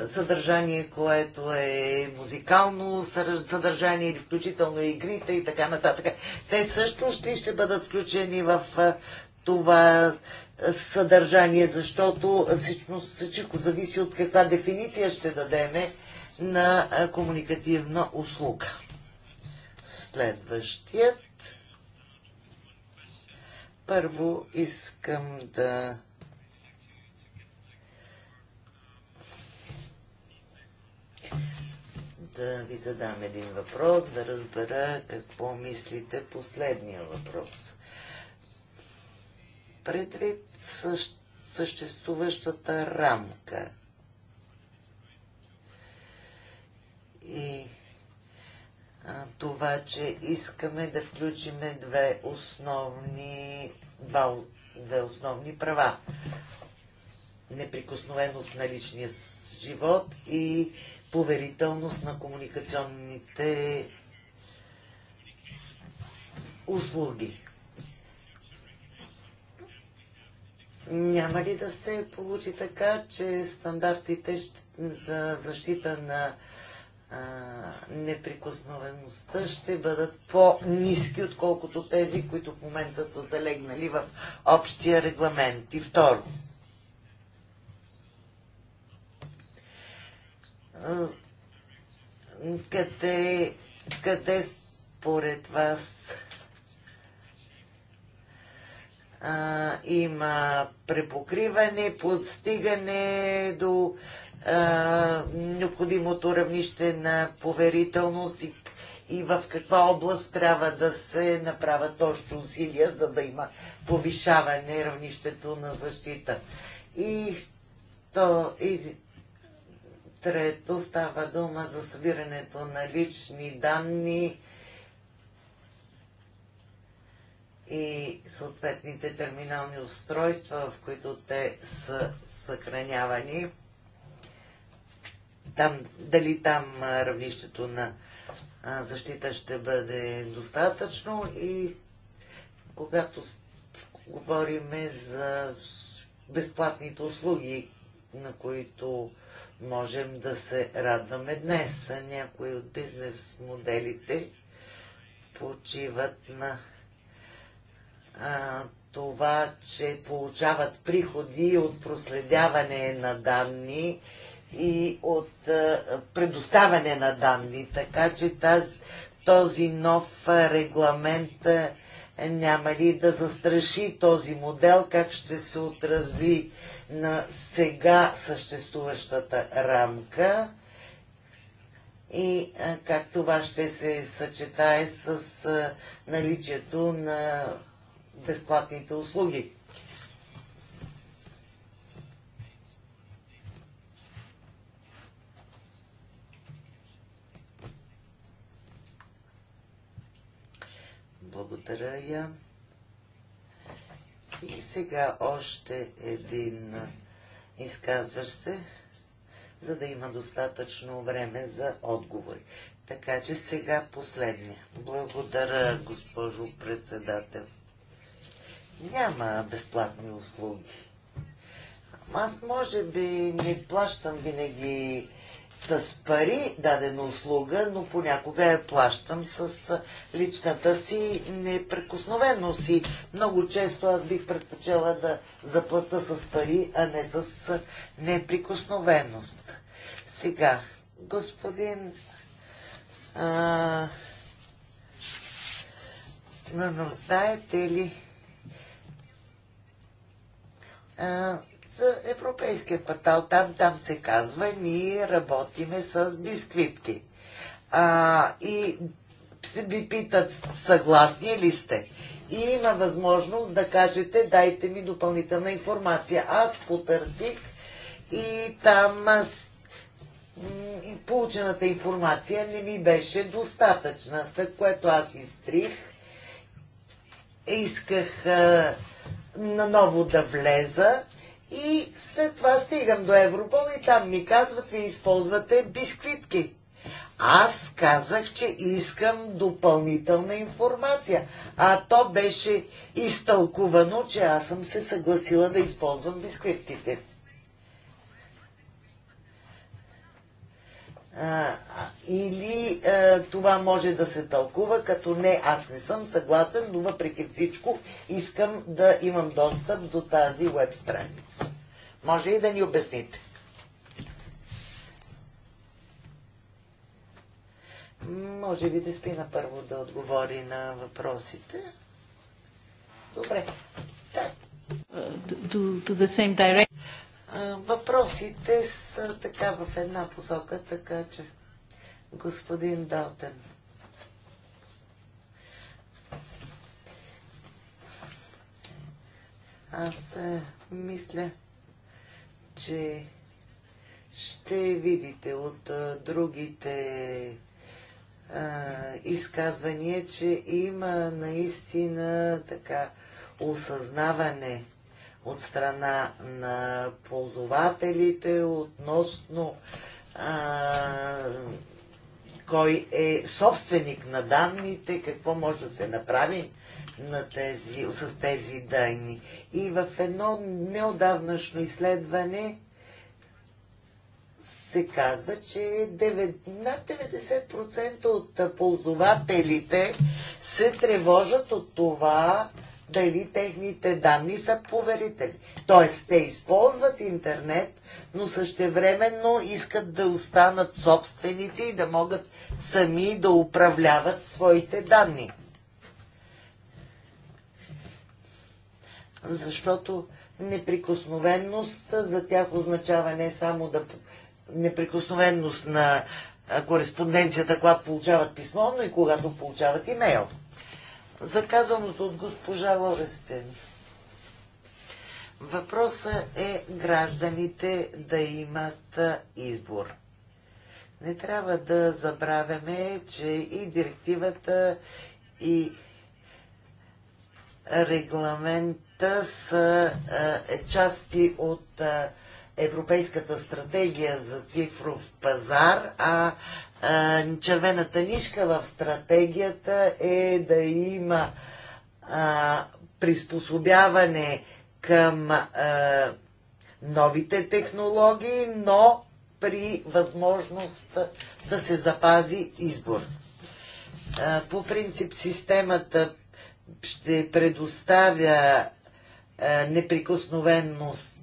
съдържание, което е музикално съдържание или включително игрите и така нататък. Те също ще, ще бъдат включени в това съдържание, защото всъщност всичко зависи от каква дефиниция ще дадеме на комуникативна услуга. Следващият. Първо искам да да ви задам един въпрос, да разбера какво мислите последния въпрос предвид съществуващата рамка. И това, че искаме да включиме две основни, два, две основни права. Неприкосновеност на личния живот и поверителност на комуникационните услуги. Няма ли да се получи така, че стандартите за защита на неприкосновеността ще бъдат по-низки, отколкото тези, които в момента са залегнали в общия регламент. И второ, къде, къде според вас а, има препокриване, подстигане до а, необходимото равнище на поверителност и, и в каква област трябва да се направят точно усилия, за да има повишаване равнището на защита. И, то, и трето става дума за събирането на лични данни и съответните терминални устройства, в които те са съхранявани. Там, дали там равнището на защита ще бъде достатъчно и когато говорим за безплатните услуги, на които можем да се радваме днес. Някои от бизнес моделите почиват на това, че получават приходи от проследяване на данни и от предоставяне на данни. Така че тази, този нов регламент няма ли да застраши този модел, как ще се отрази на сега съществуващата рамка и как това ще се съчетае с наличието на безплатните услуги. Благодаря я. И сега още един изказващ се, за да има достатъчно време за отговори. Така че сега последния. Благодаря, госпожо председател няма безплатни услуги. Аз може би не плащам винаги с пари дадена услуга, но понякога я плащам с личната си непрекосновеност и много често аз бих предпочела да заплата с пари, а не с неприкосновеност. Сега, господин а, но, но знаете ли, за европейския квартал. Там, там се казва, ние работиме с бисквитки. А, и се ви питат, съгласни ли сте? И има възможност да кажете, дайте ми допълнителна информация. Аз потърсих и там и получената информация не ми беше достатъчна, след което аз изтрих. Исках а, наново да влеза и след това стигам до Европол и там ми казват, вие използвате бисквитки. Аз казах, че искам допълнителна информация, а то беше изтълкувано, че аз съм се съгласила да използвам бисквитките. А, или а, това може да се тълкува като не, аз не съм съгласен, но въпреки всичко искам да имам достъп до тази веб страница. Може и да ни обясните. Може би да спина първо да отговори на въпросите. Добре. Да. To, to въпросите са така в една посока, така че господин Далтен. Аз е, мисля, че ще видите от е, другите а, е, изказвания, че има наистина така осъзнаване от страна на ползвателите относно а, кой е собственик на данните, какво може да се направи на тези, с тези данни. И в едно неодавнашно изследване се казва, че 9, над 90% от ползвателите се тревожат от това, дали техните данни са поверители. Тоест, те използват интернет, но същевременно искат да останат собственици и да могат сами да управляват своите данни. Защото неприкосновеност за тях означава не само да неприкосновеност на кореспонденцията, когато получават писмо, но и когато получават имейл заказаното от госпожа Лорестен. Въпросът е гражданите да имат избор. Не трябва да забравяме, че и директивата, и регламента са е, части от е, Европейската стратегия за цифров пазар, а червената нишка в стратегията е да има а, приспособяване към а, новите технологии, но при възможност да се запази избор. А, по принцип системата ще предоставя неприкосновенност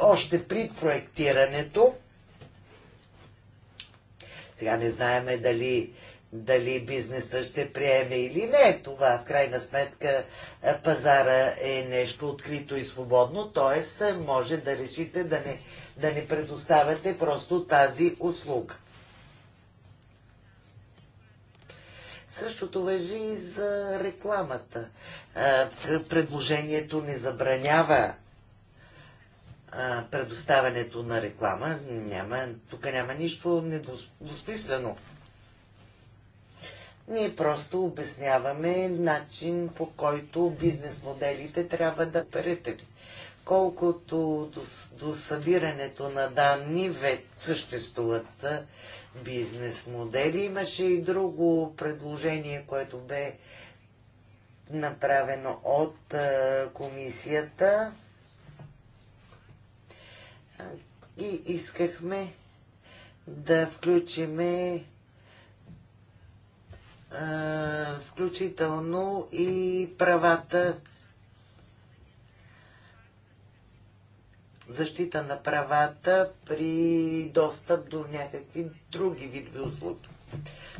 още при проектирането сега не знаеме дали, дали бизнеса ще приеме или не това. В крайна сметка е, пазара е нещо открито и свободно, т.е. може да решите да не, да не предоставяте просто тази услуга. Същото въжи и за рекламата. Е, предложението не забранява предоставянето на реклама. Няма, тук няма нищо недосмислено. Ние просто обясняваме начин по който бизнес моделите трябва да претели. Колкото до, до събирането на данни, вече съществуват бизнес модели. Имаше и друго предложение, което бе направено от комисията и искахме да включиме включително и правата защита на правата при достъп до някакви други видове услуги.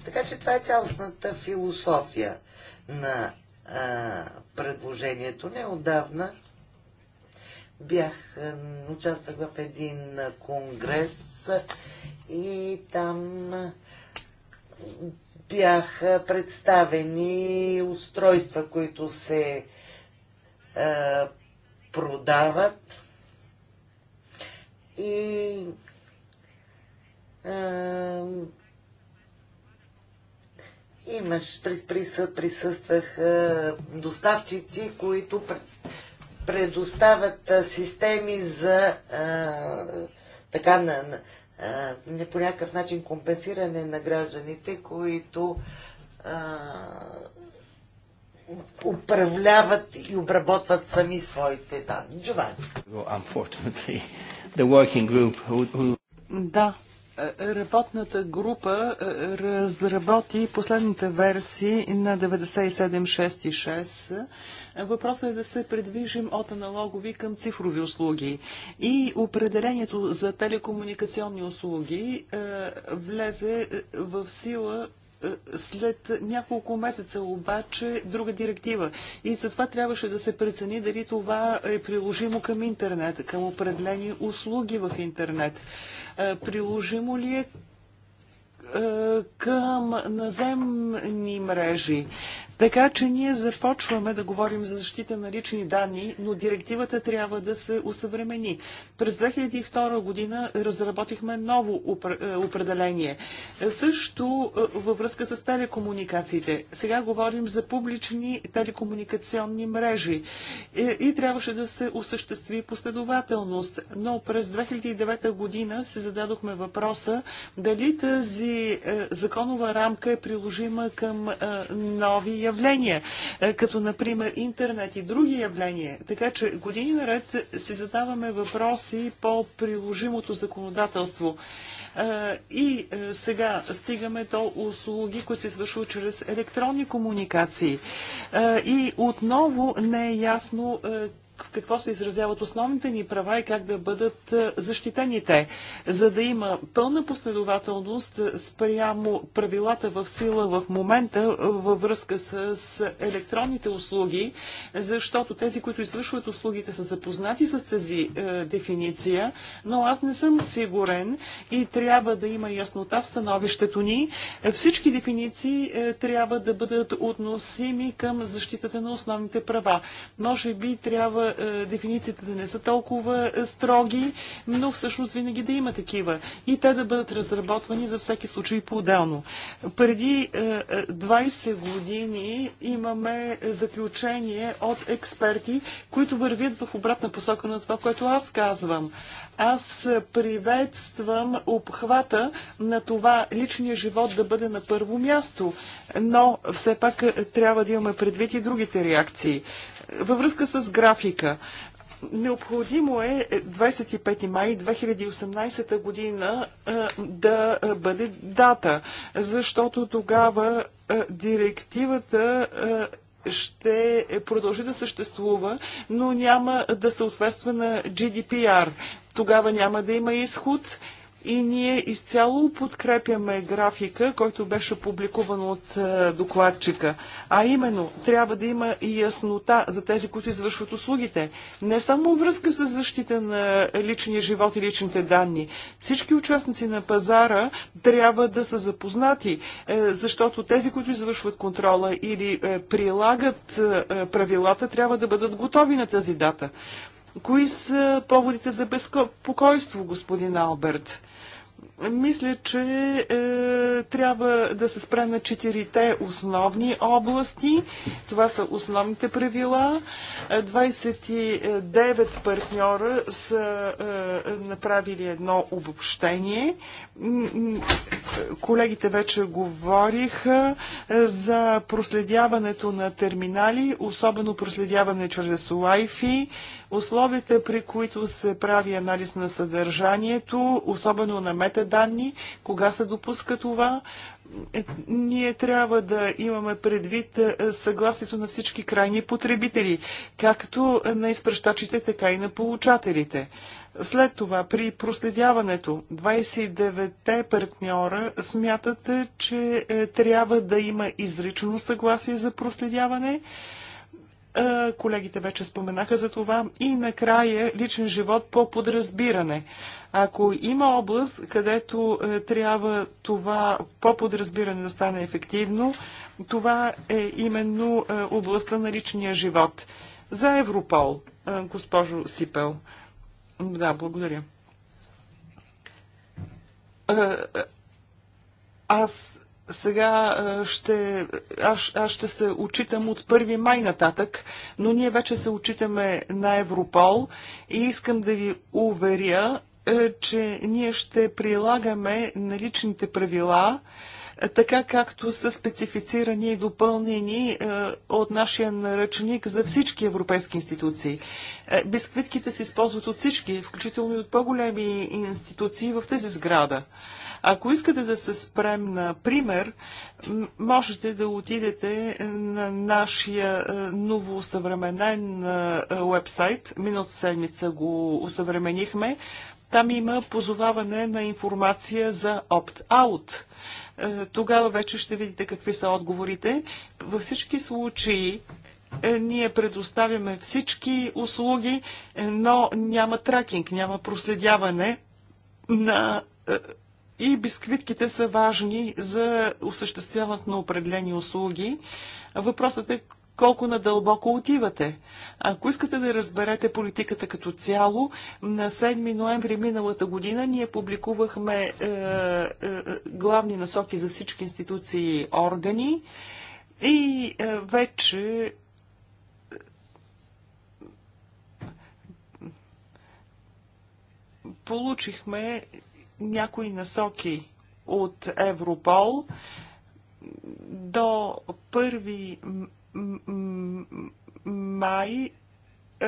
Така че това е цялостната философия на а, предложението. Неодавна бях, участвах в един конгрес и там бяха представени устройства, които се е, продават и е, имаш, присъстваха доставчици, които представят предоставят системи за а, така на, а, по някакъв начин компенсиране на гражданите, които а, управляват и обработват сами своите данни. Джовани. Да, е, работната група е, разработи последните версии на 9766 Въпросът е да се предвижим от аналогови към цифрови услуги. И определението за телекомуникационни услуги е, влезе е, в сила е, след няколко месеца обаче друга директива. И затова трябваше да се прецени дали това е приложимо към интернет, към определени услуги в интернет. Е, приложимо ли е към наземни мрежи. Така че ние започваме да говорим за защита на лични данни, но директивата трябва да се усъвремени. През 2002 година разработихме ново е, определение. Също е, във връзка с телекомуникациите. Сега говорим за публични телекомуникационни мрежи е, и трябваше да се осъществи последователност. Но през 2009 година се зададохме въпроса дали тази законова рамка е приложима към новия явления, е, като например интернет и други явления. Така че години наред си задаваме въпроси по приложимото законодателство. Е, и е, сега стигаме до услуги, които се извършват чрез електронни комуникации. И отново не е ясно в какво се изразяват основните ни права и как да бъдат е, защитени те, за да има пълна последователност е, спрямо правилата в сила в момента е, във връзка с електронните услуги, защото тези, които извършват услугите, са запознати с тази е, дефиниция, но аз не съм сигурен и трябва да има яснота в становището ни. Всички дефиниции е, трябва да бъдат относими към защитата на основните права. Може би трябва е, дефинициите да не са толкова е, строги, но всъщност винаги да има такива и те да бъдат разработвани за всеки случай по-отделно. Преди 20 е, години имаме заключение от експерти, които вървят в обратна посока на това, което аз казвам. Аз приветствам обхвата на това личния живот да бъде на първо място, но все пак трябва да имаме предвид и другите реакции. Във връзка с графика. Необходимо е 25 е, май 2018 година е, да е, бъде дата, защото тогава директивата ще продължи да съществува, но няма да съответства на GDPR. Тогава няма да има изход и ние изцяло подкрепяме графика, който беше публикуван от е, докладчика. А именно, трябва да има и яснота за тези, които извършват услугите. Не само връзка с защита на личния живот и личните данни. Всички участници на пазара трябва да са запознати, е, защото тези, които извършват контрола или е, прилагат правилата, трябва да бъдат готови на тази дата. Кои са поводите за безпокойство, господин Алберт? Мисля, че е, трябва да се спре на четирите основни области. Това са основните правила. 29 е, партньора са е, направили едно обобщение. Колегите вече говориха е, за проследяването на терминали, особено проследяване чрез Wi-Fi, условията при които се прави анализ на съдържанието, особено на метаданни, кога се допуска това, е, ние трябва да имаме предвид е, съгласието на всички крайни потребители, както на изпращачите, така и на получателите. След това, при проследяването, 29-те партньора смятат, е, че трябва да има изрично съгласие за проследяване. Колегите вече споменаха за това. И накрая личен живот по подразбиране. Ако има област, където е, трябва това по подразбиране да стане ефективно, това е именно е, областта на личния живот. За Европол, е, госпожо Сипел. Да, благодаря. Аз сега ще, аз, аз ще се очитам от 1 май нататък, но ние вече се очитаме на Европол и искам да ви уверя, е, че ние ще прилагаме наличните правила, така както са специфицирани и допълнени е, от нашия наръчник за всички европейски институции. Е, бисквитките се използват от всички, включително и от по-големи институции в тази сграда. Ако искате да се спрем на пример, можете да отидете на нашия е, ново съвременен вебсайт. Миналата седмица го усъвременихме. Там има позоваване на информация за опт-аут. Е, тогава вече ще видите какви са отговорите. Във всички случаи е, ние предоставяме всички услуги, е, но няма тракинг, няма проследяване на и бисквитките са важни за осъществяването на определени услуги. Въпросът е колко надълбоко отивате. Ако искате да разберете политиката като цяло, на 7 ноември миналата година ние публикувахме е, е, е, главни насоки за всички институции и органи и е, вече получихме някои насоки от Европол до 1 май е,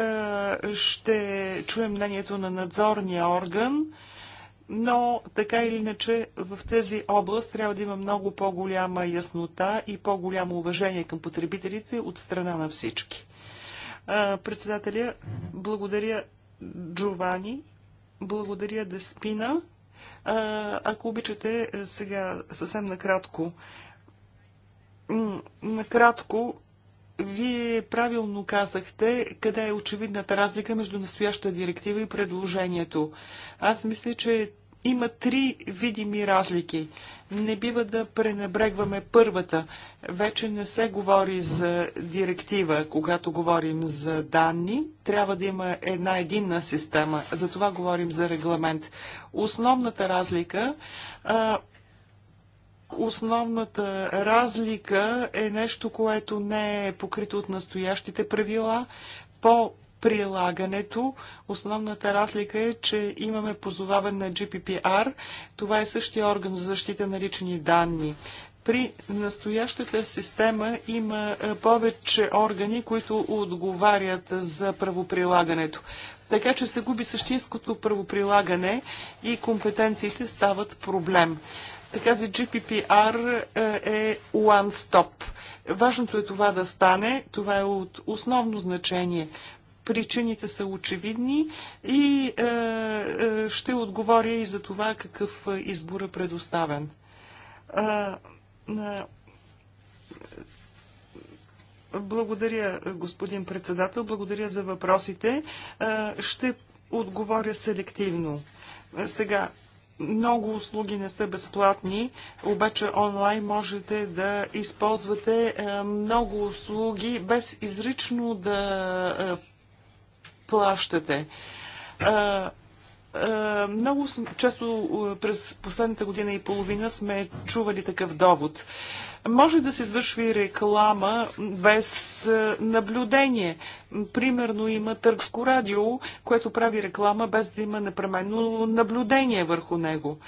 ще чуем мнението на надзорния орган, но така или иначе в тази област трябва да има много по-голяма яснота и по-голямо уважение към потребителите от страна на всички. Е, председателя, благодаря Джовани, благодаря Деспина. Е, ако обичате сега съвсем накратко, накратко вие правилно казахте къде е очевидната разлика между настояща директива и предложението. Аз мисля, че има три видими разлики. Не бива да пренебрегваме първата. Вече не се говори за директива, когато говорим за данни. Трябва да има една единна система. За това говорим за регламент. Основната разлика а, Основната разлика е нещо, което не е покрито от настоящите правила. По прилагането. Основната разлика е, че имаме позоваване на GPPR. Това е същия орган за защита на лични данни. При настоящата система има е, повече органи, които отговарят за правоприлагането. Така че се губи същинското правоприлагане и компетенциите стават проблем. Така за GPPR е, е One Stop. Важното е това да стане. Това е от основно значение. Причините са очевидни и е, е, ще отговоря и за това какъв избор е предоставен. Е, е, благодаря, господин председател. Благодаря за въпросите. Ще отговоря селективно. Сега, много услуги не са безплатни, обаче онлайн можете да използвате е, много услуги без изрично да е, плащате. Е, много често през последната година и половина сме чували такъв довод. Може да се извършва реклама без е, наблюдение. Примерно има търгско радио, което прави реклама без да има непременно наблюдение върху него.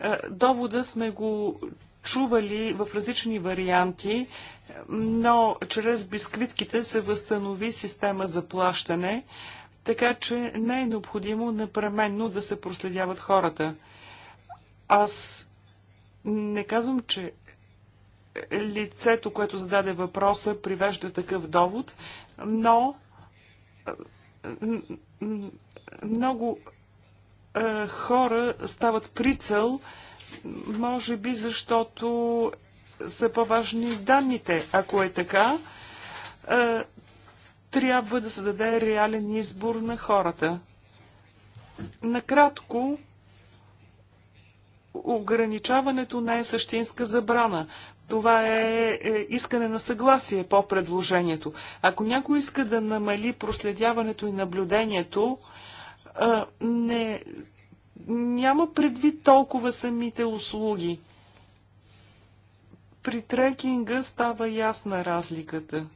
Е, довода сме го чували в различни варианти, е, но чрез бисквитките се възстанови система за плащане, така че не е необходимо непременно да се проследяват хората. Аз не казвам, че лицето, което зададе въпроса, привежда такъв довод, но много е, хора стават прицел, може би защото са по-важни данните. Ако е така, е, трябва да се даде реален избор на хората. Накратко, ограничаването не е същинска забрана. Това е, е искане на съгласие по предложението. Ако някой иска да намали проследяването и наблюдението, не, няма предвид толкова самите услуги. При трекинга става ясна разликата.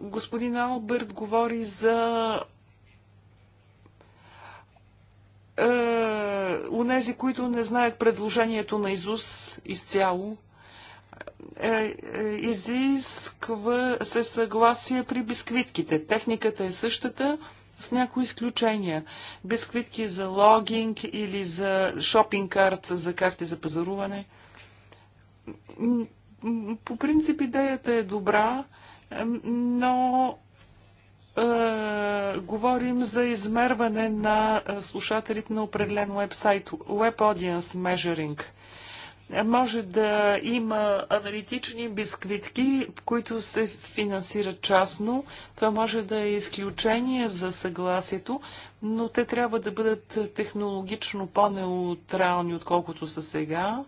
Господин Алберт говори за е, нези, които не знаят предложението на Изус изцяло, е, е, изисква се съгласие при бисквитките. Техниката е същата, с някои изключения. Бисквитки за логинг или за шопинг карт, за карти за пазаруване. По принцип идеята е добра, но е, говорим за измерване на е, слушателите на определен вебсайт, Web Audience Measuring – може да има аналитични бисквитки, които се финансират частно. Това може да е изключение за съгласието, но те трябва да бъдат технологично по-неутрални, отколкото са сега.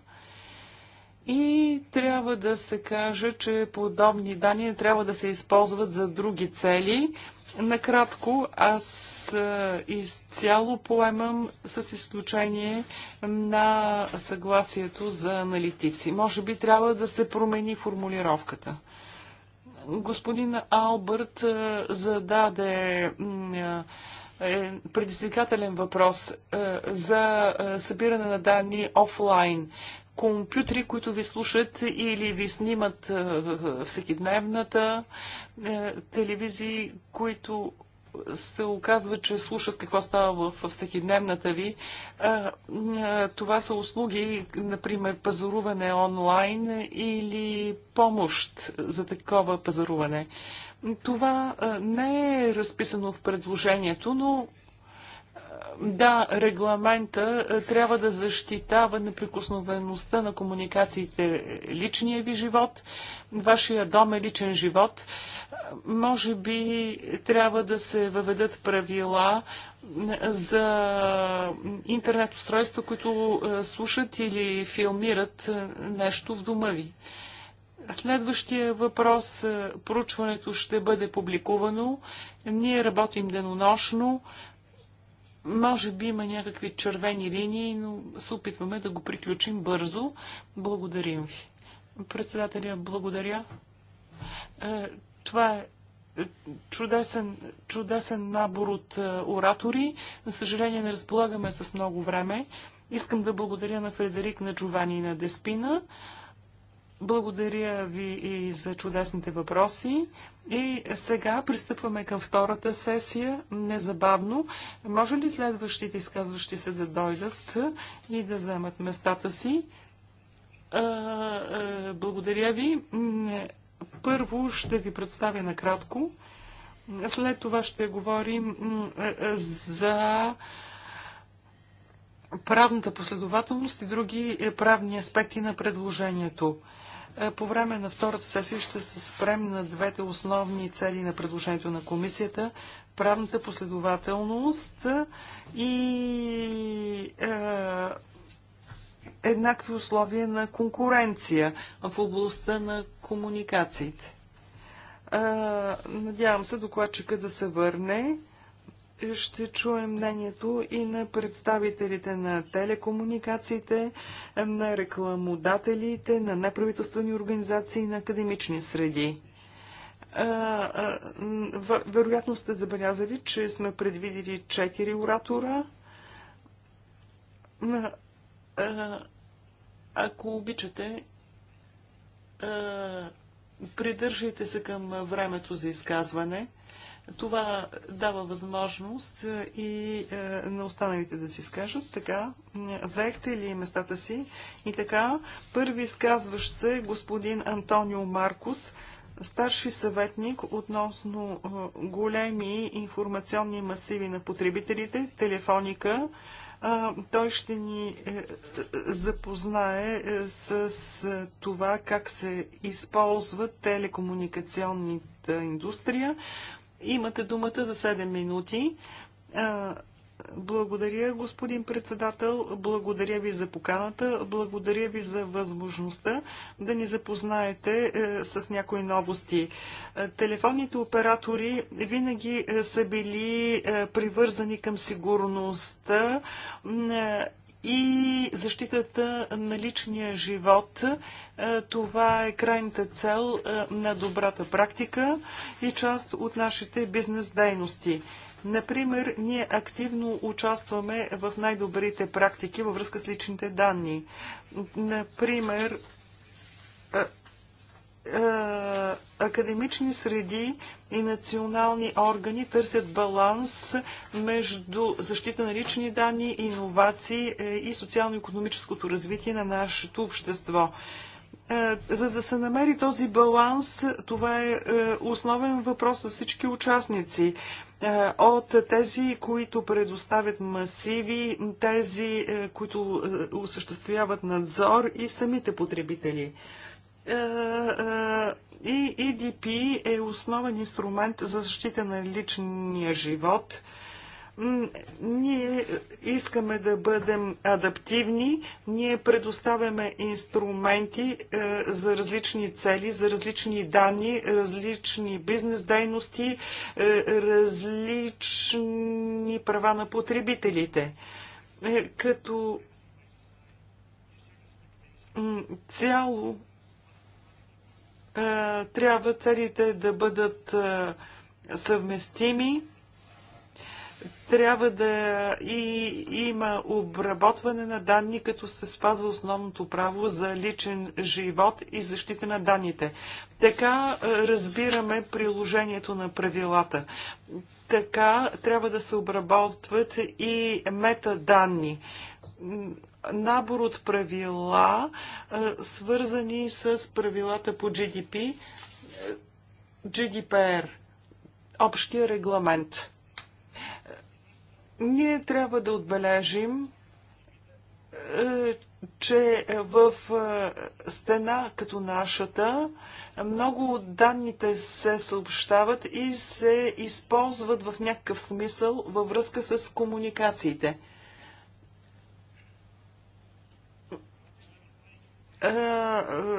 И трябва да се каже, че подобни данни трябва да се използват за други цели, Накратко, аз изцяло поемам с изключение на съгласието за аналитици. Може би трябва да се промени формулировката. Господин Албърт зададе е предизвикателен въпрос за събиране на данни офлайн компютри, които ви слушат или ви снимат всекидневната, телевизии, които се оказва, че слушат какво става в всекидневната ви. Това са услуги, например, пазаруване онлайн или помощ за такова пазаруване. Това не е разписано в предложението, но да, регламента е, трябва да защитава неприкосновеността на комуникациите, е, личния ви живот, вашия дом е личен живот. Може би трябва да се въведат правила е, за интернет устройства, които слушат или филмират нещо в дома ви. Следващия въпрос, проучването ще бъде публикувано. Ние работим денонощно. Може би има някакви червени линии, но се опитваме да го приключим бързо. Благодарим ви. Председателя, благодаря. Е, това е, е чудесен, чудесен набор от е, оратори. За съжаление не разполагаме с много време. Искам да благодаря на Фредерик, на Джовани и на Деспина. Благодаря ви и за чудесните въпроси. И сега пристъпваме към втората сесия, незабавно. Може ли следващите изказващи се да дойдат и да вземат местата си? Благодаря ви. Първо ще ви представя накратко. След това ще говорим за правната последователност и други правни аспекти на предложението. Е, по време на втората сесия ще се спрем на двете основни цели на предложението на комисията правната последователност и е, еднакви условия на конкуренция в областта на комуникациите. Е, надявам се докладчика да се върне ще чуем мнението и на представителите на телекомуникациите, на рекламодателите, на неправителствени организации и на академични среди. Вероятно сте забелязали, че сме предвидили четири оратора. Ако обичате, придържайте се към времето за изказване – това дава възможност е, и е, на останалите да си скажат. Така, е, заехте ли местата си? И така, първи изказващ се господин Антонио Маркус, старши съветник относно големи информационни масиви на потребителите, телефоника. Той ще ни запознае с това как се използва телекомуникационната индустрия Имате думата за 7 минути. Благодаря, господин председател. Благодаря ви за поканата. Благодаря ви за възможността да ни запознаете е, с някои новости. Е, телефонните оператори винаги е, са били привързани към сигурността и защитата на личния живот. Е, това е крайната цел е, на добрата практика и част от нашите бизнес дейности. Например, ние активно участваме в най-добрите практики във връзка с личните данни. Например, е, е, академични среди и национални органи търсят баланс между защита на лични данни, иновации е, и социално-економическото развитие на нашето общество. Е, за да се намери този баланс, това е основен въпрос за всички участници. От тези, които предоставят масиви, тези, които осъществяват надзор и самите потребители. И е, е, EDP е основен инструмент за защита на личния живот. Ние искаме да бъдем адаптивни, ние предоставяме инструменти е, за различни цели, за различни данни, различни бизнес дейности, различни права на потребителите. като цяло трябва целите да бъдат съвместими. Трябва да и има обработване на данни, като се спазва основното право за личен живот и защита на данните. Така разбираме приложението на правилата. Така трябва да се обработват и метаданни набор от правила, свързани с правилата по GDP, е, GDPR, общия регламент. Е, ние трябва да отбележим, е, че в стена като нашата много от данните се съобщават и се използват в някакъв смисъл във връзка с комуникациите –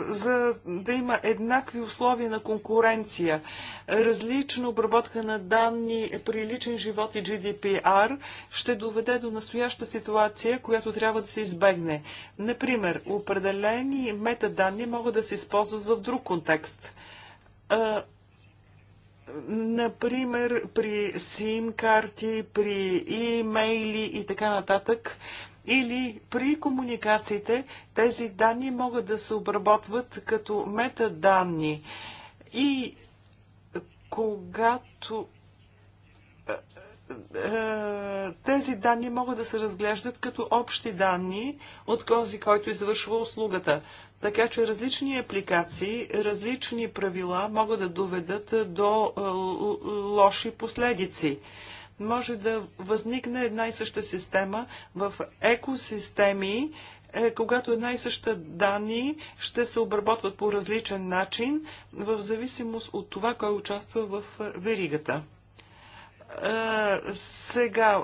за да има еднакви условия на конкуренция, различна обработка на данни при личен живот и GDPR ще доведе до настояща ситуация, която трябва да се избегне. Например, определени метаданни могат да се използват в друг контекст. Например, при сим карти, при имейли и така нататък. Или при комуникациите тези данни могат да се обработват като метаданни. И когато е, е, е, тези данни могат да се разглеждат като общи данни от този, който извършва услугата. Така че различни апликации, различни правила могат да доведат до лоши последици може да възникне една и съща система в екосистеми, е, когато една и съща данни ще се обработват по различен начин, в зависимост от това, кой участва в е, веригата. Е, сега,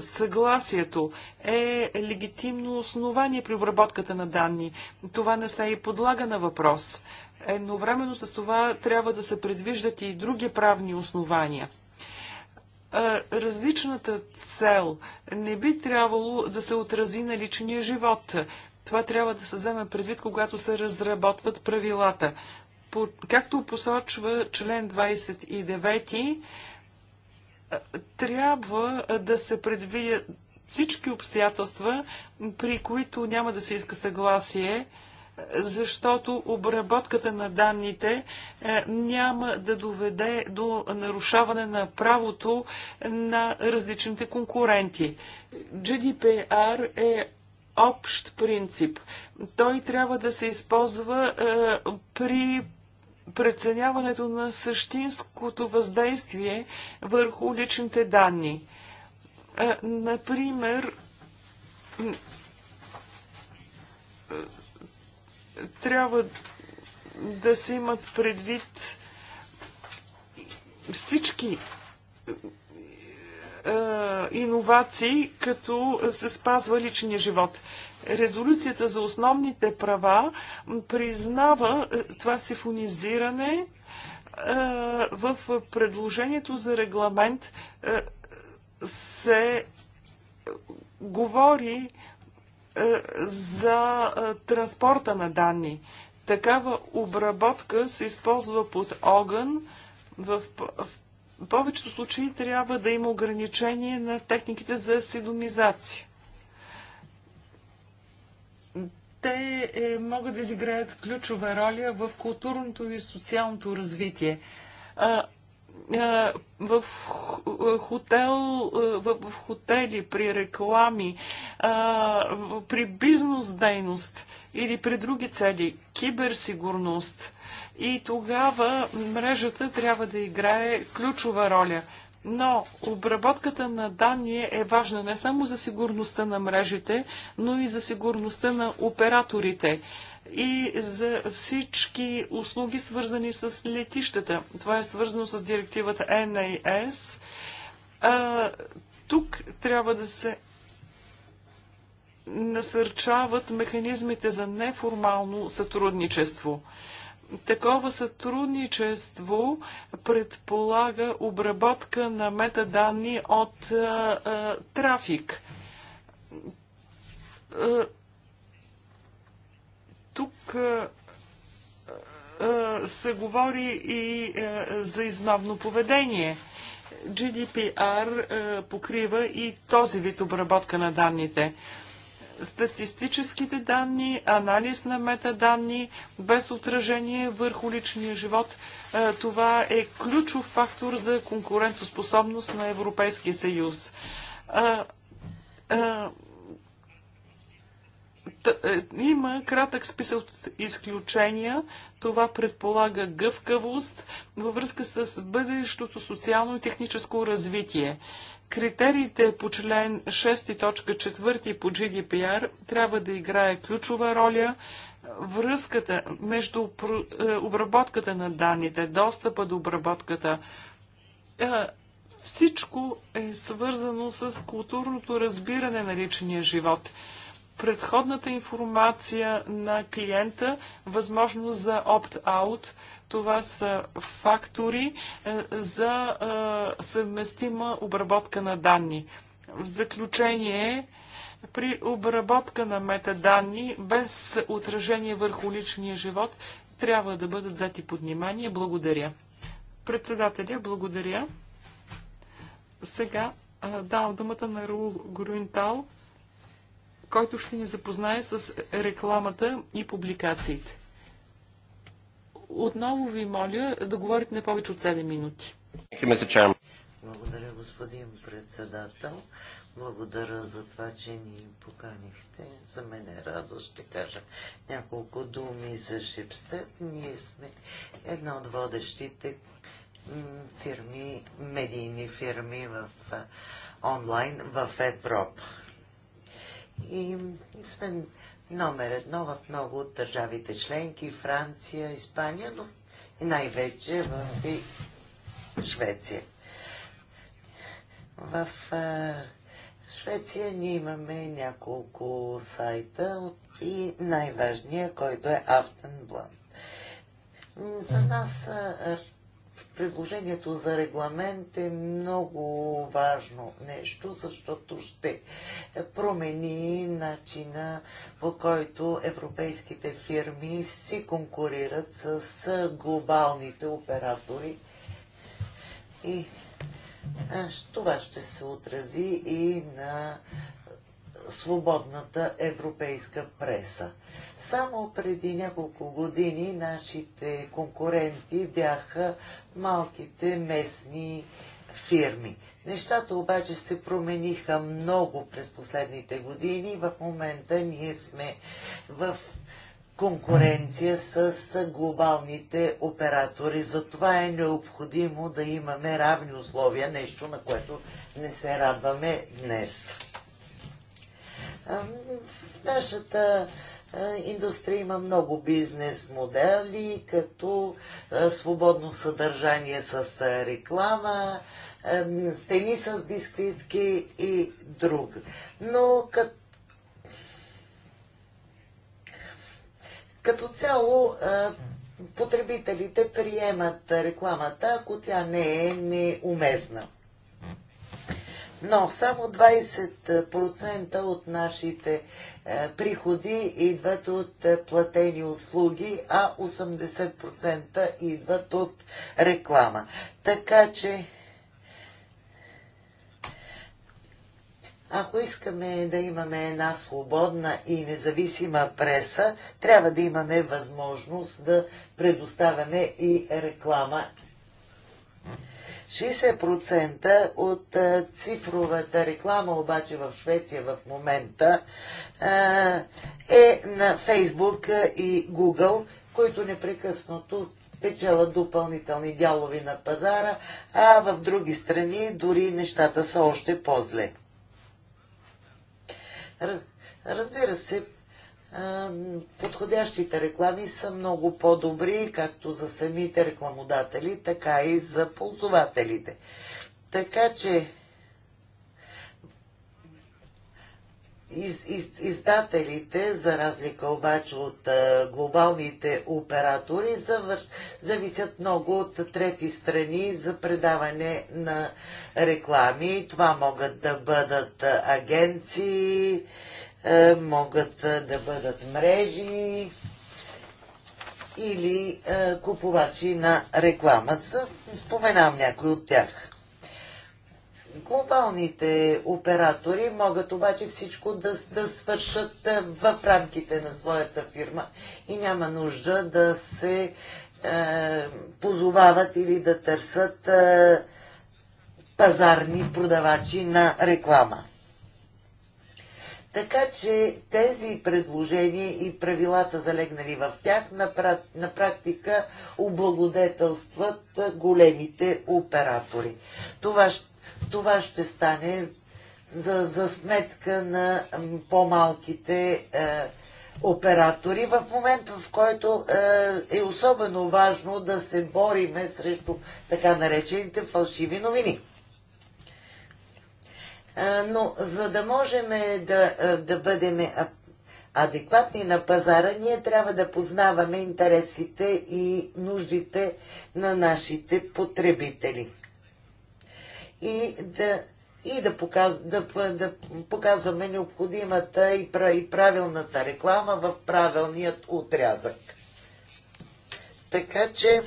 съгласието е легитимно основание при обработката на данни. Това не се и подлага на въпрос. Едновременно с това трябва да се предвиждат и други правни основания – различната цел не би трябвало да се отрази на личния живот. Това трябва да се вземе предвид, когато се разработват правилата. По, както посочва член 29, трябва да се предвидят всички обстоятелства, при които няма да се иска съгласие, защото обработката на данните е, няма да доведе до нарушаване на правото на различните конкуренти. GDPR е общ принцип. Той трябва да се използва е, при преценяването на същинското въздействие върху личните данни. Е, например, трябва да се имат предвид всички е, иновации, като се спазва личния живот. Резолюцията за основните права признава е, това сифонизиране е, в предложението за регламент се говори е, за е, транспорта на данни. Такава обработка се използва под огън. В, в повечето случаи трябва да има ограничение на техниките за седомизация. Те е, могат да изиграят ключова роля в културното и социалното развитие. А, в хотел, в хотели, при реклами, при бизнес дейност или при други цели, киберсигурност. И тогава мрежата трябва да играе ключова роля. Но обработката на данни е важна не само за сигурността на мрежите, но и за сигурността на операторите и за всички услуги, свързани с летищата. Това е свързано с директивата NAS. А, тук трябва да се насърчават механизмите за неформално сътрудничество. Такова сътрудничество предполага обработка на метаданни от а, а, трафик. А, тук се говори и за измамно поведение. GDPR покрива и този вид обработка на данните. Статистическите данни, анализ на метаданни, без отражение върху личния живот, това е ключов фактор за конкурентоспособност на Европейския съюз е, има кратък списък от изключения. Това предполага гъвкавост във връзка с бъдещото социално и техническо развитие. Критериите по член 6 точка 4 по GDPR трябва да играе ключова роля. Връзката между е, обработката на данните, достъпа до обработката, е, всичко е свързано с културното разбиране на личния живот – предходната информация на клиента, възможност за опт-аут. Това са фактори е, за е, съвместима обработка на данни. В заключение, при обработка на метаданни без отражение върху личния живот трябва да бъдат взети под внимание. Благодаря. Председателя, благодаря. Сега е, давам думата на Рул Груинтал който ще ни запознае с рекламата и публикациите. Отново ви моля да говорите не повече от 7 минути. Благодаря, господин председател. Благодаря за това, че ни поканихте. За мен е радост. Ще кажа няколко думи за Шипстед. Ние сме една от водещите фирми, медийни фирми в онлайн в Европа. И сме номер едно в много от държавите членки, Франция, Испания, но най-вече в Швеция. В Швеция ние имаме няколко сайта и най-важният, който е Автенблан. За нас предложението за регламент е много важно нещо, защото ще промени начина по който европейските фирми си конкурират с глобалните оператори. И това ще се отрази и на свободната европейска преса. Само преди няколко години нашите конкуренти бяха малките местни фирми. Нещата обаче се промениха много през последните години. В момента ние сме в конкуренция с глобалните оператори. Затова е необходимо да имаме равни условия, нещо на което не се радваме днес. В нашата индустрия има много бизнес модели, като свободно съдържание с реклама, стени с бисквитки и друг. Но като Като цяло потребителите приемат рекламата, ако тя не е неуместна но само 20% от нашите е, приходи идват от е, платени услуги, а 80% идват от реклама. Така че Ако искаме да имаме една свободна и независима преса, трябва да имаме възможност да предоставяме и реклама 60% от цифровата реклама обаче в Швеция в момента е на Фейсбук и Google, които непрекъснато печелят допълнителни дялови на пазара, а в други страни дори нещата са още по-зле. Разбира се, подходящите реклами са много по-добри, както за самите рекламодатели, така и за ползвателите. Така че из, из, издателите, за разлика обаче от а, глобалните оператори, завърш, зависят много от трети страни за предаване на реклами. Това могат да бъдат агенции, е, могат е, да бъдат мрежи или е, купувачи на реклама. Споменам някой от тях. Глобалните оператори могат обаче всичко да, да свършат в рамките на своята фирма и няма нужда да се е, позовават или да търсят е, пазарни продавачи на реклама. Така че тези предложения и правилата залегнали в тях на практика облагодетелстват големите оператори. Това, това ще стане за, за сметка на по-малките е, оператори в момент, в който е, е особено важно да се бориме срещу така наречените фалшиви новини но за да можем да, да бъдем адекватни на пазара, ние трябва да познаваме интересите и нуждите на нашите потребители. И да, и да, показ, да, да показваме необходимата и, и правилната реклама в правилният отрязък. Така че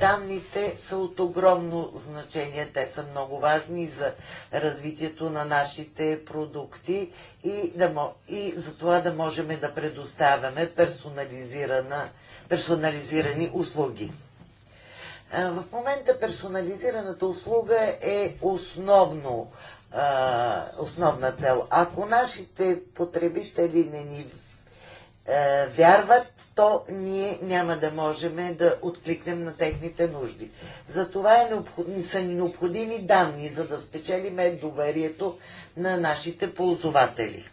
Данните са от огромно значение. Те са много важни за развитието на нашите продукти и, да, и за това да можем да предоставяме персонализирани услуги. В момента персонализираната услуга е основно, основна цел. Ако нашите потребители не ни е, вярват, то ние няма да можем да откликнем на техните нужди. Затова е необход... са ни необходими данни, за да спечелиме доверието на нашите ползватели.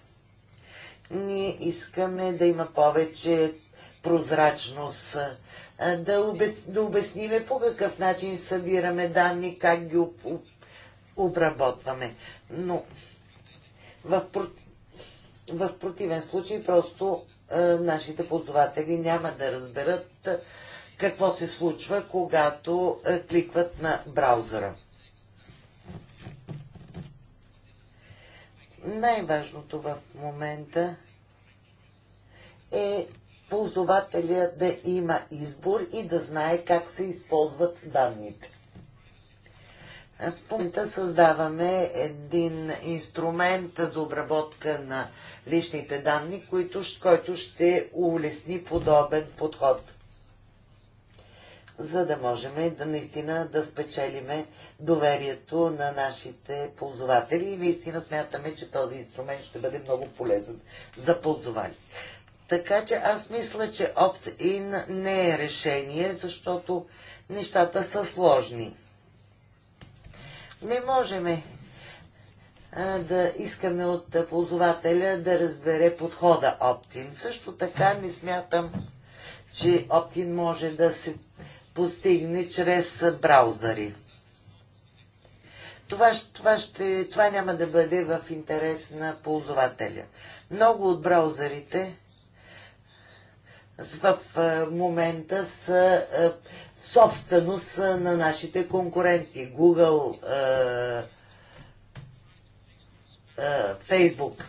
Ние искаме да има повече прозрачност, е, да, обяс... да обясниме по какъв начин събираме данни, как ги об... обработваме. Но в, в противен случай просто е, нашите ползватели няма да разберат е, какво се случва, когато е, кликват на браузъра. Най-важното в момента е ползвателя да има избор и да знае как се използват данните. В момента създаваме един инструмент за обработка на личните данни, който, който ще улесни подобен подход за да можем да наистина да спечелиме доверието на нашите ползватели и наистина смятаме, че този инструмент ще бъде много полезен за ползватели. Така че аз мисля, че опт-ин не е решение, защото нещата са сложни. Не можем е, да искаме от ползвателя да разбере подхода Оптин. Също така не смятам, че Оптин може да се постигне чрез браузъри. Това, това, ще, това няма да бъде в интерес на ползвателя. Много от браузърите в момента са собственост на нашите конкуренти Google, Facebook.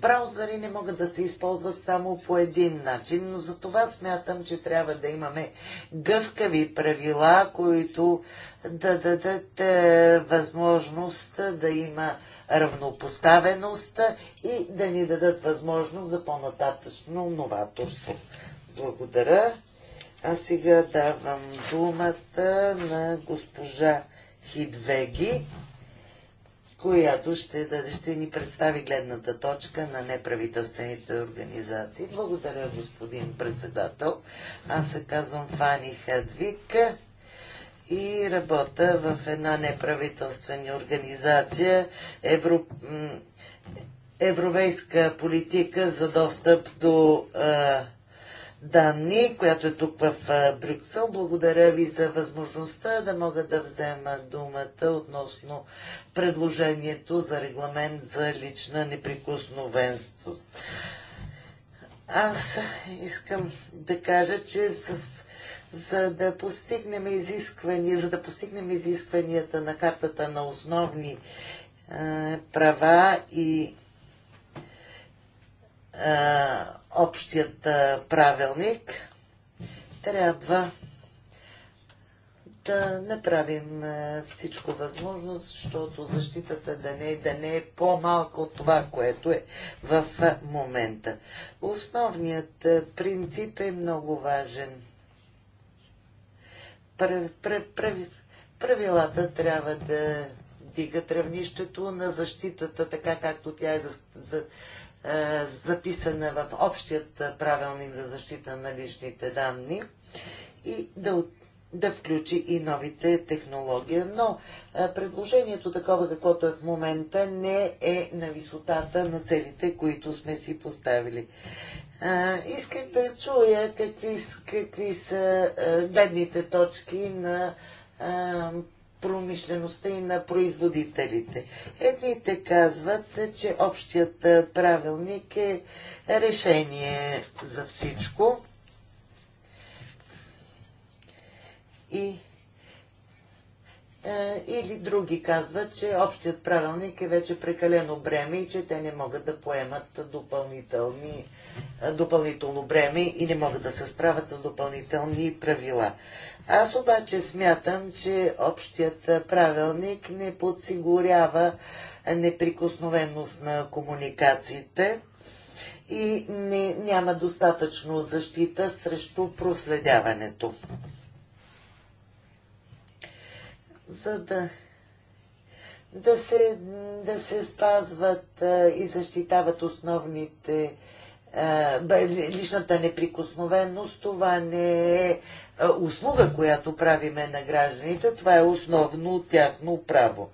Браузъри не могат да се използват само по един начин, но за това смятам, че трябва да имаме гъвкави правила, които да дадат възможност да има равнопоставеност и да ни дадат възможност за по-нататъчно новаторство. Благодаря. А сега давам думата на госпожа Хидвеги, която ще, даде, ще ни представи гледната точка на неправителствените организации. Благодаря, господин председател. Аз се казвам Фани Хадвик и работя в една неправителствена организация Евро... Европейска политика за достъп до а, данни, която е тук в Брюксел. Благодаря ви за възможността да мога да взема думата относно предложението за регламент за лична неприкосновенство. Аз искам да кажа, че с за да постигнем изисквания, за да постигнем изискванията на картата на основни е, права и е, общият е, правилник, трябва да направим е, всичко възможно, защото защитата да не, да не е по малко от това, което е в е, момента. Основният е, принцип е много важен – правилата трябва да дигат равнището на защитата, така както тя е записана в общият правилник за защита на личните данни и да, да включи и новите технологии. Но предложението такова, каквото е в момента, не е на висотата на целите, които сме си поставили исках да чуя какви, какви са а, бедните точки на а, промишлеността и на производителите. Едните казват, че общият правилник е решение за всичко. И е, или други казват, че общият правилник е вече прекалено бреме и че те не могат да поемат допълнителни, е, допълнително бреме и не могат да се справят с допълнителни правила. Аз обаче смятам, че общият правилник не подсигурява неприкосновеност на комуникациите и не, няма достатъчно защита срещу проследяването за да, да, се, да се спазват и защитават основните личната неприкосновеност, това не е услуга, която правиме на гражданите, това е основно тяхно право.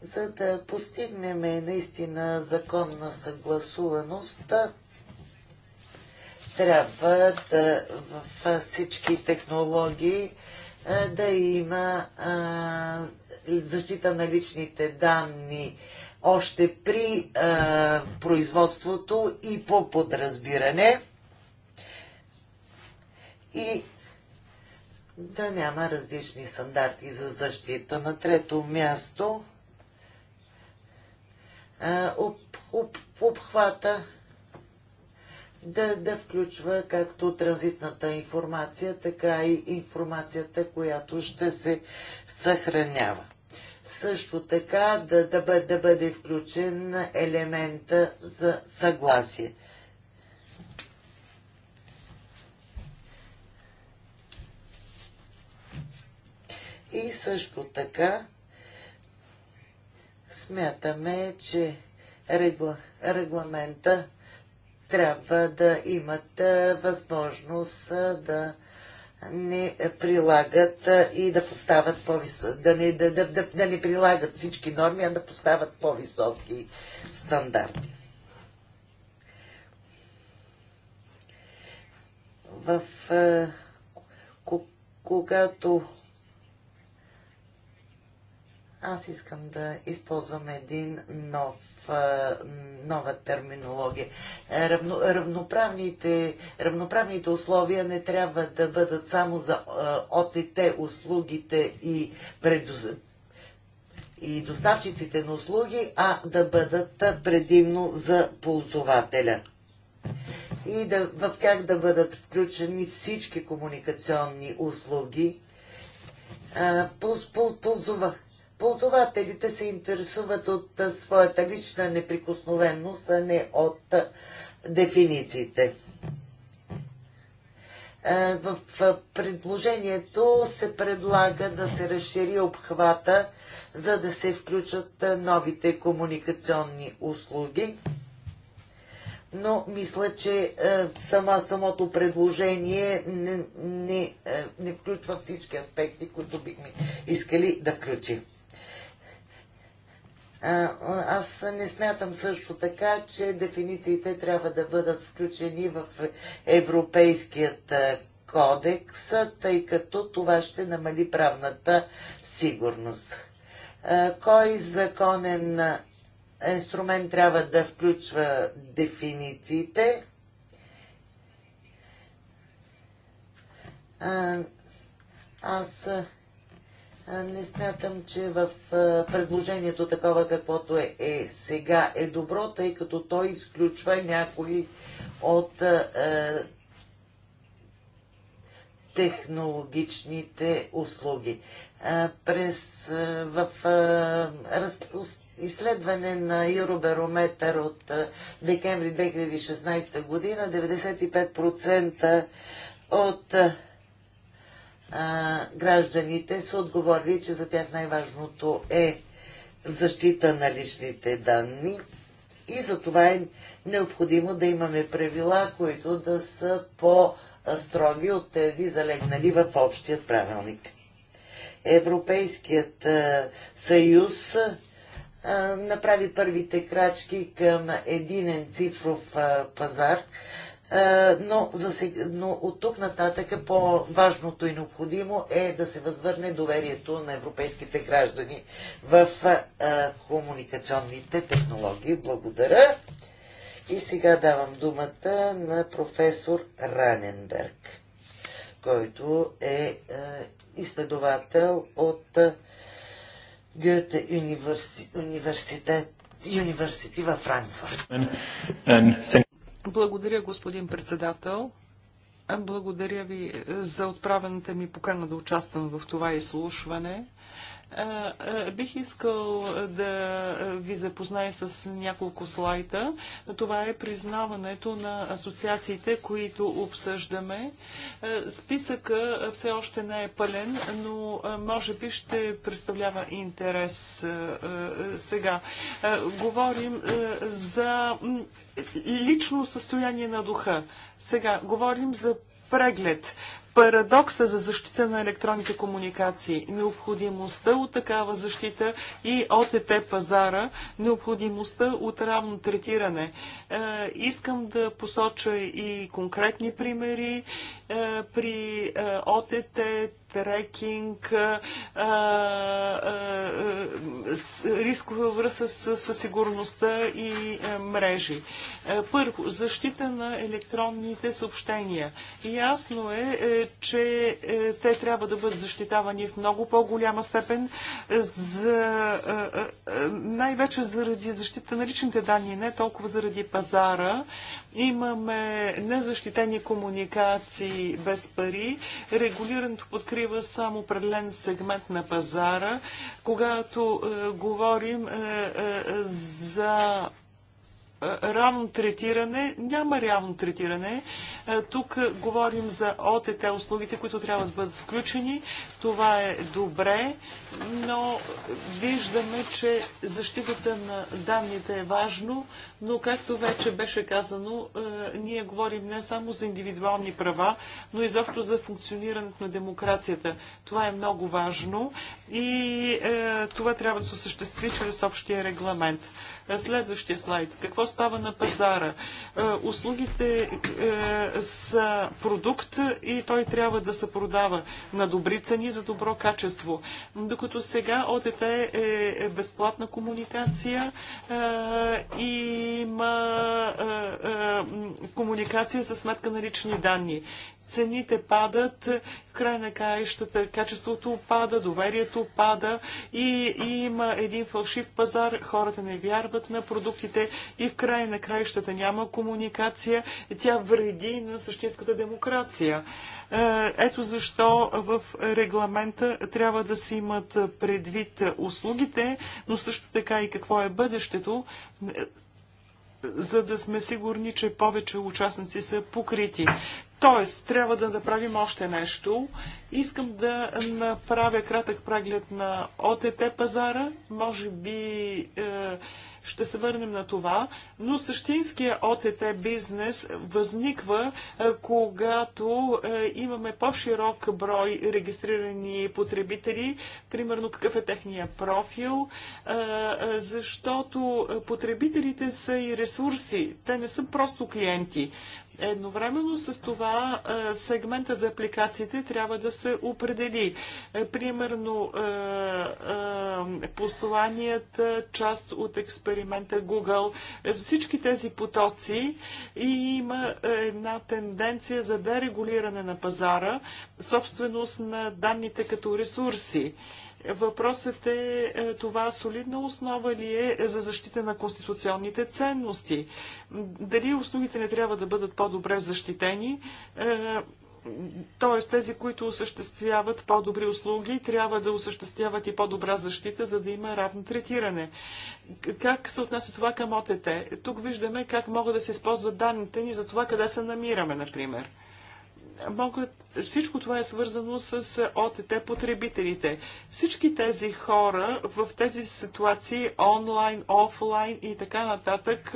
За да постигнем наистина законна съгласуваност, трябва да в всички технологии да има защита на личните данни още при производството и по подразбиране и да няма различни стандарти за защита. На трето място а, об, об, обхвата да, да включва както транзитната информация, така и информацията, която ще се съхранява. Също така да, да, бъде, да бъде включен елемента за съгласие. И също така смятаме, че регла, регламента трябва да имат възможност да не прилагат и да поставят по-високи, да не, да, да, да, да не прилагат всички норми, а да поставят по-високи стандарти. В, когато аз искам да използвам един нов, нова терминология. Равно, равноправните, равноправните условия не трябва да бъдат само за ОТТ услугите и предоз и доставчиците на услуги, а да бъдат предимно за ползвателя. И да, в тях да бъдат включени всички комуникационни услуги. Ползува. Пул, ползвателите се интересуват от своята лична неприкосновеност, а не от дефинициите. В предложението се предлага да се разшири обхвата, за да се включат новите комуникационни услуги. Но мисля, че сама самото предложение не, не, не включва всички аспекти, които бихме искали да включим. Аз не смятам също така, че дефинициите трябва да бъдат включени в Европейският кодекс, тъй като това ще намали правната сигурност. Кой законен инструмент трябва да включва дефинициите? Аз не смятам, че в предложението такова каквото е, е сега е добро, тъй като той изключва някои от е, технологичните услуги. Е, през, е, в е, раз, изследване на Юробарометър от е, декември 2016 година 95% от е, а, гражданите са отговорили, че за тях най-важното е защита на личните данни и за това е необходимо да имаме правила, които да са по-строги от тези залегнали в общия правилник. Европейският съюз направи първите крачки към единен цифров пазар, е, но, за сег... но от тук нататък по-важното и необходимо е да се възвърне доверието на европейските граждани в а, е, комуникационните технологии. Благодаря. И сега давам думата на професор Раненберг, който е а, е, изследовател от а, Гьоте университет Юниверсити във Франкфурт. Благодаря, господин председател. Благодаря ви за отправената ми покана да участвам в това изслушване. Бих искал да ви запозная с няколко слайда. Това е признаването на асоциациите, които обсъждаме. Списъка все още не е пълен, но може би ще представлява интерес сега. Говорим за лично състояние на духа. Сега говорим за преглед парадокса за защита на електронните комуникации, необходимостта от такава защита и ОТТ пазара, необходимостта от равно третиране. Е, искам да посоча и конкретни примери е, при е, ОТТ, трекинг, е, рискове връзка с, с сигурността и мрежи. Първо, защита на електронните съобщения. Ясно е, че те трябва да бъдат защитавани в много по-голяма степен, за, най-вече заради защита на личните данни, не толкова заради пазара. Имаме незащитени комуникации без пари. Регулирането подкрива само определен сегмент на пазара. Когато е, говорим е, е, за е, равно третиране, няма равно третиране. Е, тук говорим за ОТТ услугите, които трябва да бъдат включени. Това е добре, но виждаме, че защитата на данните е важно, но както вече беше казано, е, ние говорим не само за индивидуални права, но и защо за функционирането на демокрацията. Това е много важно и това трябва да се осъществи чрез общия регламент. Следващия слайд. Какво става на пазара? Е, услугите е, са продукт и той трябва да се продава на добри цени за добро качество. Докато сега ОТТ е, е безплатна комуникация и има комуникация за сметка на лични данни цените падат, в край на краищата качеството пада, доверието пада и, и има един фалшив пазар, хората не вярват на продуктите и в край на краищата няма комуникация, тя вреди на същинската демокрация. Е, ето защо в регламента трябва да се имат предвид услугите, но също така и какво е бъдещето, е, за да сме сигурни, че повече участници са покрити. Тоест, трябва да направим още нещо. Искам да направя кратък преглед на ОТТ пазара. Може би е, ще се върнем на това, но същинския ОТТ бизнес възниква, е, когато е, имаме по-широк брой регистрирани потребители, примерно какъв е техния профил, е, е защото потребителите са и ресурси, те не са просто клиенти. Едновременно с това сегмента за апликациите трябва да се определи. Е, примерно посланията, част от експеримента Google, е, всички тези потоци и има една тенденция за дерегулиране на пазара, собственост на данните като ресурси. Въпросът е, е това солидна основа ли е за защита на конституционните ценности? Дали услугите не трябва да бъдат по-добре защитени? Т.е. тези, които осъществяват по-добри услуги, трябва да осъществяват и по-добра защита, за да има равно третиране. Как се отнася това към ОТТ? Тук виждаме как могат да се използват данните ни за това къде се намираме, например могат, всичко това е свързано с е, ОТТ потребителите. Всички тези хора в тези ситуации, онлайн, офлайн и така нататък,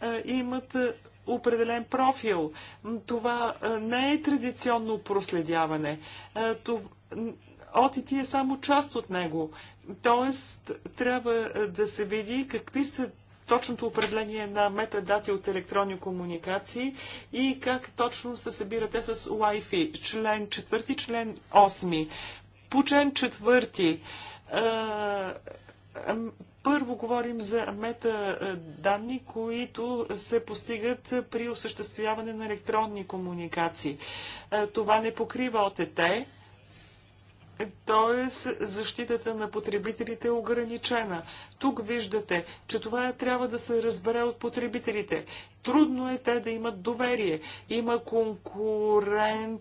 е, имат е, определен профил. Това не е традиционно проследяване. ОТТ е само част от него. Тоест, трябва да се види какви са точното определение на метадати от електронни комуникации и как точно се събирате с Wi-Fi. Член 4, член 8. По член 4 първо говорим за метаданни, които се постигат при осъществяване на електронни комуникации. Това не покрива ОТТ, Тоест, защитата на потребителите е ограничена. Тук виждате, че това е, трябва да се разбере от потребителите. Трудно е те да имат доверие. Има конкурент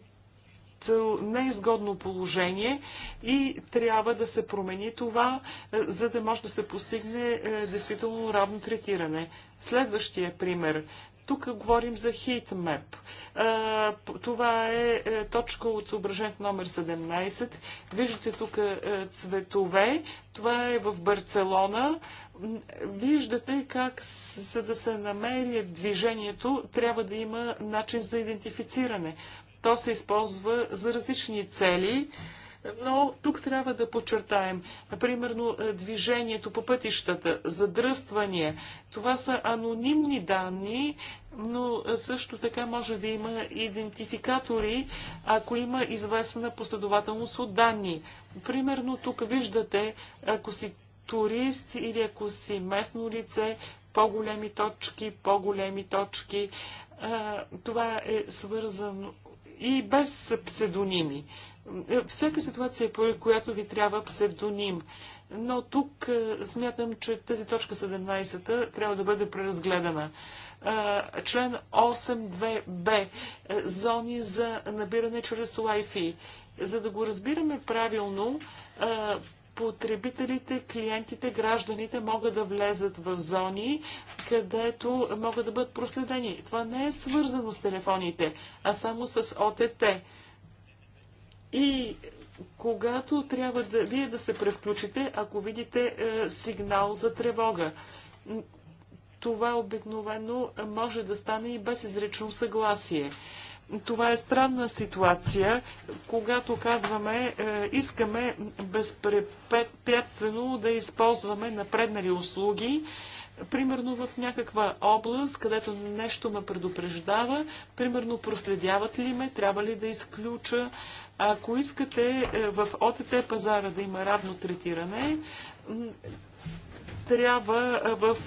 е, неизгодно положение и трябва да се промени това, е, за да може да се постигне действително равно третиране. Следващия пример тук говорим за хитмеп. Това е, е точка от съображението номер 17. Виждате тук е, цветове. Това е в Барселона. Виждате как, за да се намери движението, трябва да има начин за идентифициране. То се използва за различни цели но тук трябва да подчертаем, примерно, е, движението по пътищата, задръствания. Това са анонимни данни, но е, също така може да има идентификатори, ако има известна последователност от данни. Примерно, тук виждате, ако си турист или ако си местно лице, по-големи точки, по-големи точки. Е, това е свързано и без псевдоними всяка ситуация, по която ви трябва псевдоним. Но тук е, смятам, че тази точка 17 трябва да бъде преразгледана е, член 82 е, зони за набиране чрез Wi-Fi. За да го разбираме правилно, потребителите, клиентите, гражданите могат да влезат в зони, където могат да бъдат проследени. Това не е свързано с телефоните, а само с ОТТ. И когато трябва да, вие да се превключите, ако видите е, сигнал за тревога. Това обикновено може да стане и без изрично съгласие. Това е странна ситуация, когато казваме, е, искаме безпрепятствено да използваме напреднали услуги, примерно в някаква област, където нещо ме предупреждава, примерно проследяват ли ме, трябва ли да изключа ако искате е, в ОТТ пазара да има равно третиране, трябва е, в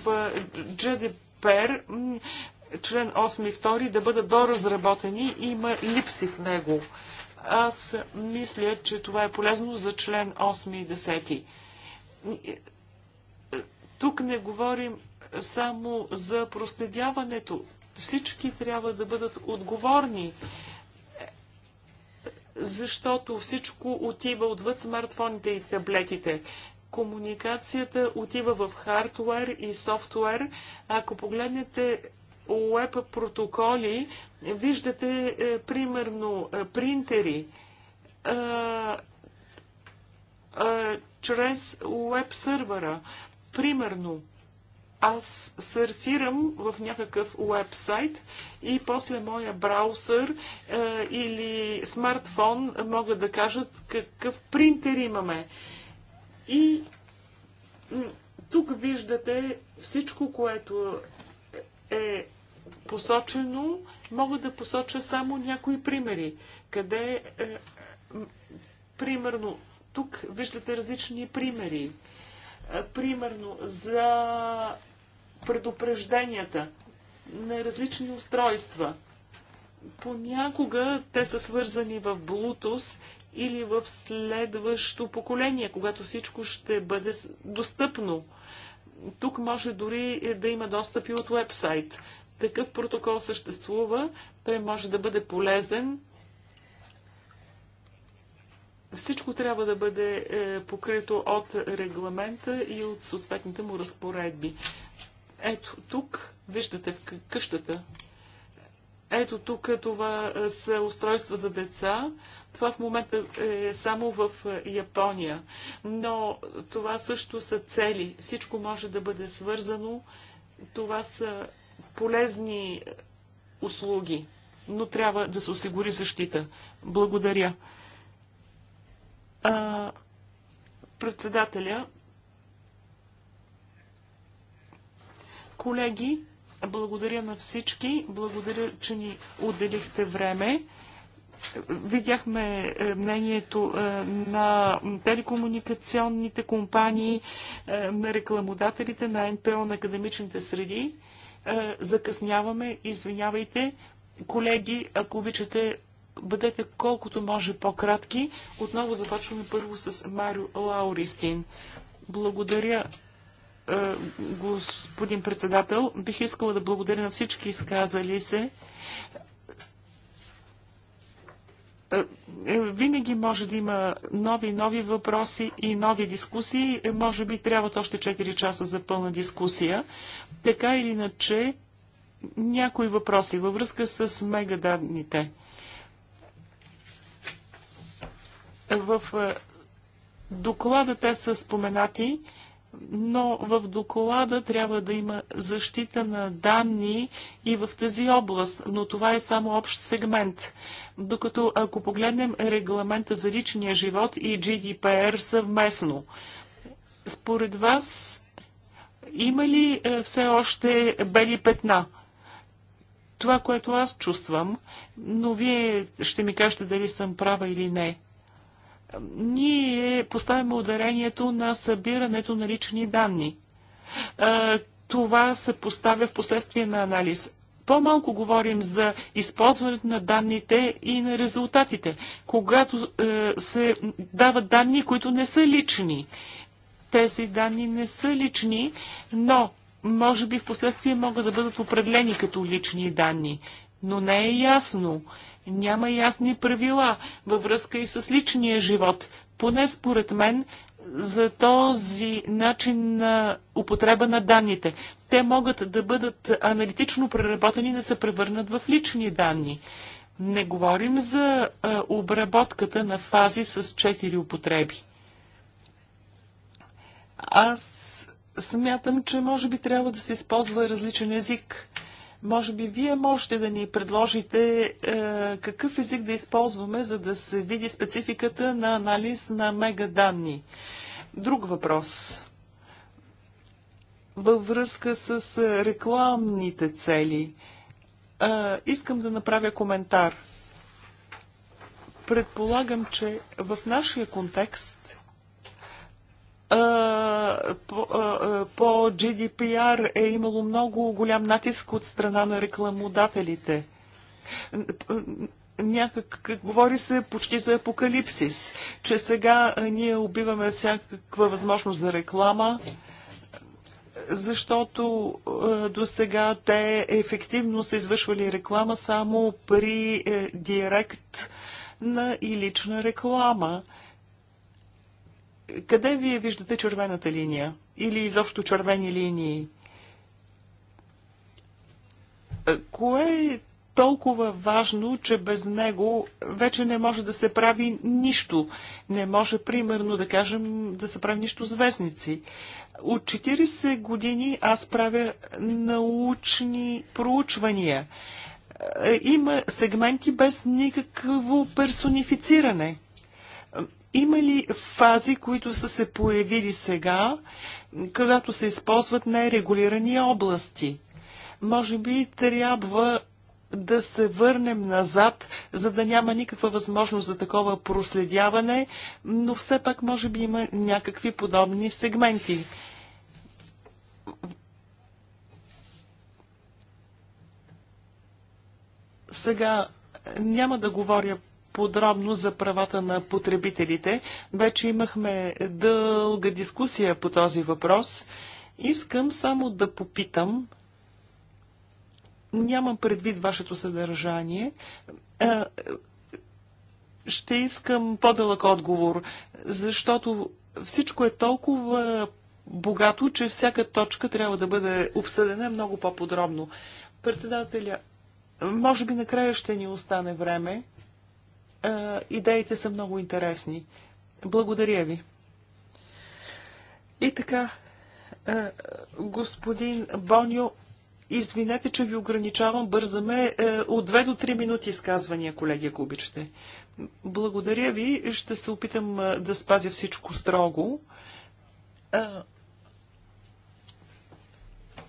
GDPR е, член 8 и 2 да бъдат доразработени и има липси в него. Аз мисля, че това е полезно за член 8 и 10. Тук не говорим само за проследяването. Всички трябва да бъдат отговорни защото всичко отива отвъд смартфоните и таблетите. Комуникацията отива в хардуер и софтуер. Ако погледнете уеб протоколи, виждате е, примерно е, принтери. Е, е чрез уеб сървъра. Примерно, аз сърфирам в някакъв уебсайт и после моя браузър е, или смартфон могат да кажат какъв принтер имаме. И тук виждате всичко, което е посочено. Мога да посоча само някои примери, къде, е, е, примерно, тук виждате различни примери е, примерно за предупрежденията на различни устройства. Понякога те са свързани в Bluetooth или в следващо поколение, когато всичко ще бъде достъпно. Тук може дори да има достъп и от вебсайт. Такъв протокол съществува, той може да бъде полезен. Всичко трябва да бъде е, покрито от регламента и от съответните му разпоредби. Ето тук, виждате в къщата. Ето тук е, това е, са устройства за деца. Това в момента е само в е, Япония. Но това също са цели. Всичко може да бъде свързано. Това са полезни услуги, но трябва да се осигури защита. Благодаря. А, председателя, Колеги, благодаря на всички. Благодаря, че ни отделихте време. Видяхме е, мнението е, на телекомуникационните компании, е, на рекламодателите, на НПО, на академичните среди. Закъсняваме, извинявайте. Колеги, ако обичате, бъдете колкото може по-кратки. Отново започваме първо с Марио Лауристин. Благодаря е, господин председател. Бих искала да благодаря на всички изказали се. Е, е, винаги може да има нови, нови въпроси и нови дискусии. Може би трябват още 4 часа за пълна дискусия. Така или иначе, някои въпроси във връзка с мегаданните. В доклада те са споменати но в доклада трябва да има защита на данни и в тази област, но това е само общ сегмент. Докато ако погледнем регламента за личния живот и GDPR съвместно, според вас има ли е, все още бели петна? Това, което аз чувствам, но вие ще ми кажете дали съм права или не – ние поставяме ударението на събирането на лични данни. Това се поставя в последствие на анализ. По-малко говорим за използването на данните и на резултатите, когато е, се дават данни, които не са лични. Тези данни не са лични, но може би в последствие могат да бъдат определени като лични данни. Но не е ясно. Няма ясни правила във връзка и с личния живот. Поне според мен за този начин на употреба на данните. Те могат да бъдат аналитично преработени, да се превърнат в лични данни. Не говорим за а, обработката на фази с четири употреби. Аз смятам, че може би трябва да се използва различен език. Може би вие можете да ни предложите е, какъв език да използваме, за да се види спецификата на анализ на мегаданни. Друг въпрос. Във връзка с е, рекламните цели, е, искам да направя коментар. Предполагам, че в нашия контекст по, по GDPR е имало много голям натиск от страна на рекламодателите. Някак говори се почти за апокалипсис, че сега ние убиваме всякаква възможност за реклама защото до сега те ефективно са извършвали реклама само при е, директна и лична реклама къде вие виждате червената линия или изобщо червени линии? Е, кое е толкова важно, че без него вече не може да се прави нищо. Не може, примерно, да кажем, да се прави нищо с вестници. От 40 години аз правя научни проучвания. Е, има сегменти без никакво персонифициране – има ли фази, които са се появили сега, когато се използват нерегулирани области? Може би трябва да се върнем назад, за да няма никаква възможност за такова проследяване, но все пак може би има някакви подобни сегменти. Сега няма да говоря подробно за правата на потребителите. Вече имахме дълга дискусия по този въпрос. Искам само да попитам, нямам предвид вашето съдържание, ще искам по-дълъг отговор, защото всичко е толкова богато, че всяка точка трябва да бъде обсъдена много по-подробно. Председателя, може би накрая ще ни остане време идеите са много интересни. Благодаря ви. И така, господин Боню, извинете, че ви ограничавам, бързаме. От 2 до 3 минути изказвания, колеги, ако обичате. Благодаря ви. Ще се опитам да спазя всичко строго.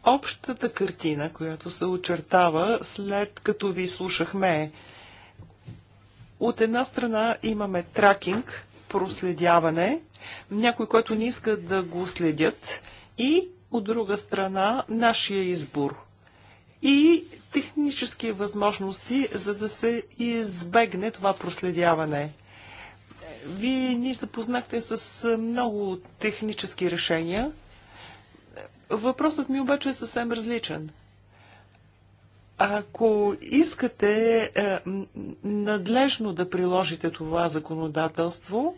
Общата картина, която се очертава след като ви слушахме от една страна имаме тракинг, проследяване, някой, който не иска да го следят и от друга страна нашия избор и технически възможности, за да се избегне това проследяване. Вие ни запознахте с много технически решения. Въпросът ми обаче е съвсем различен – ако искате е, надлежно да приложите това законодателство,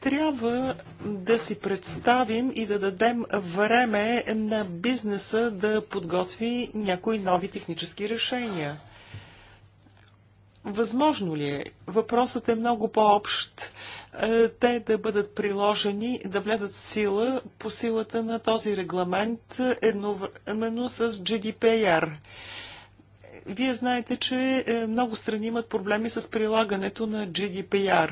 трябва да си представим и да дадем време на бизнеса да подготви някои нови технически решения. Възможно ли е? Въпросът е много по-общ. Е, те да бъдат приложени, да влязат в сила по силата на този регламент едновременно с GDPR. Вие знаете, че е, много страни имат проблеми с прилагането на GDPR.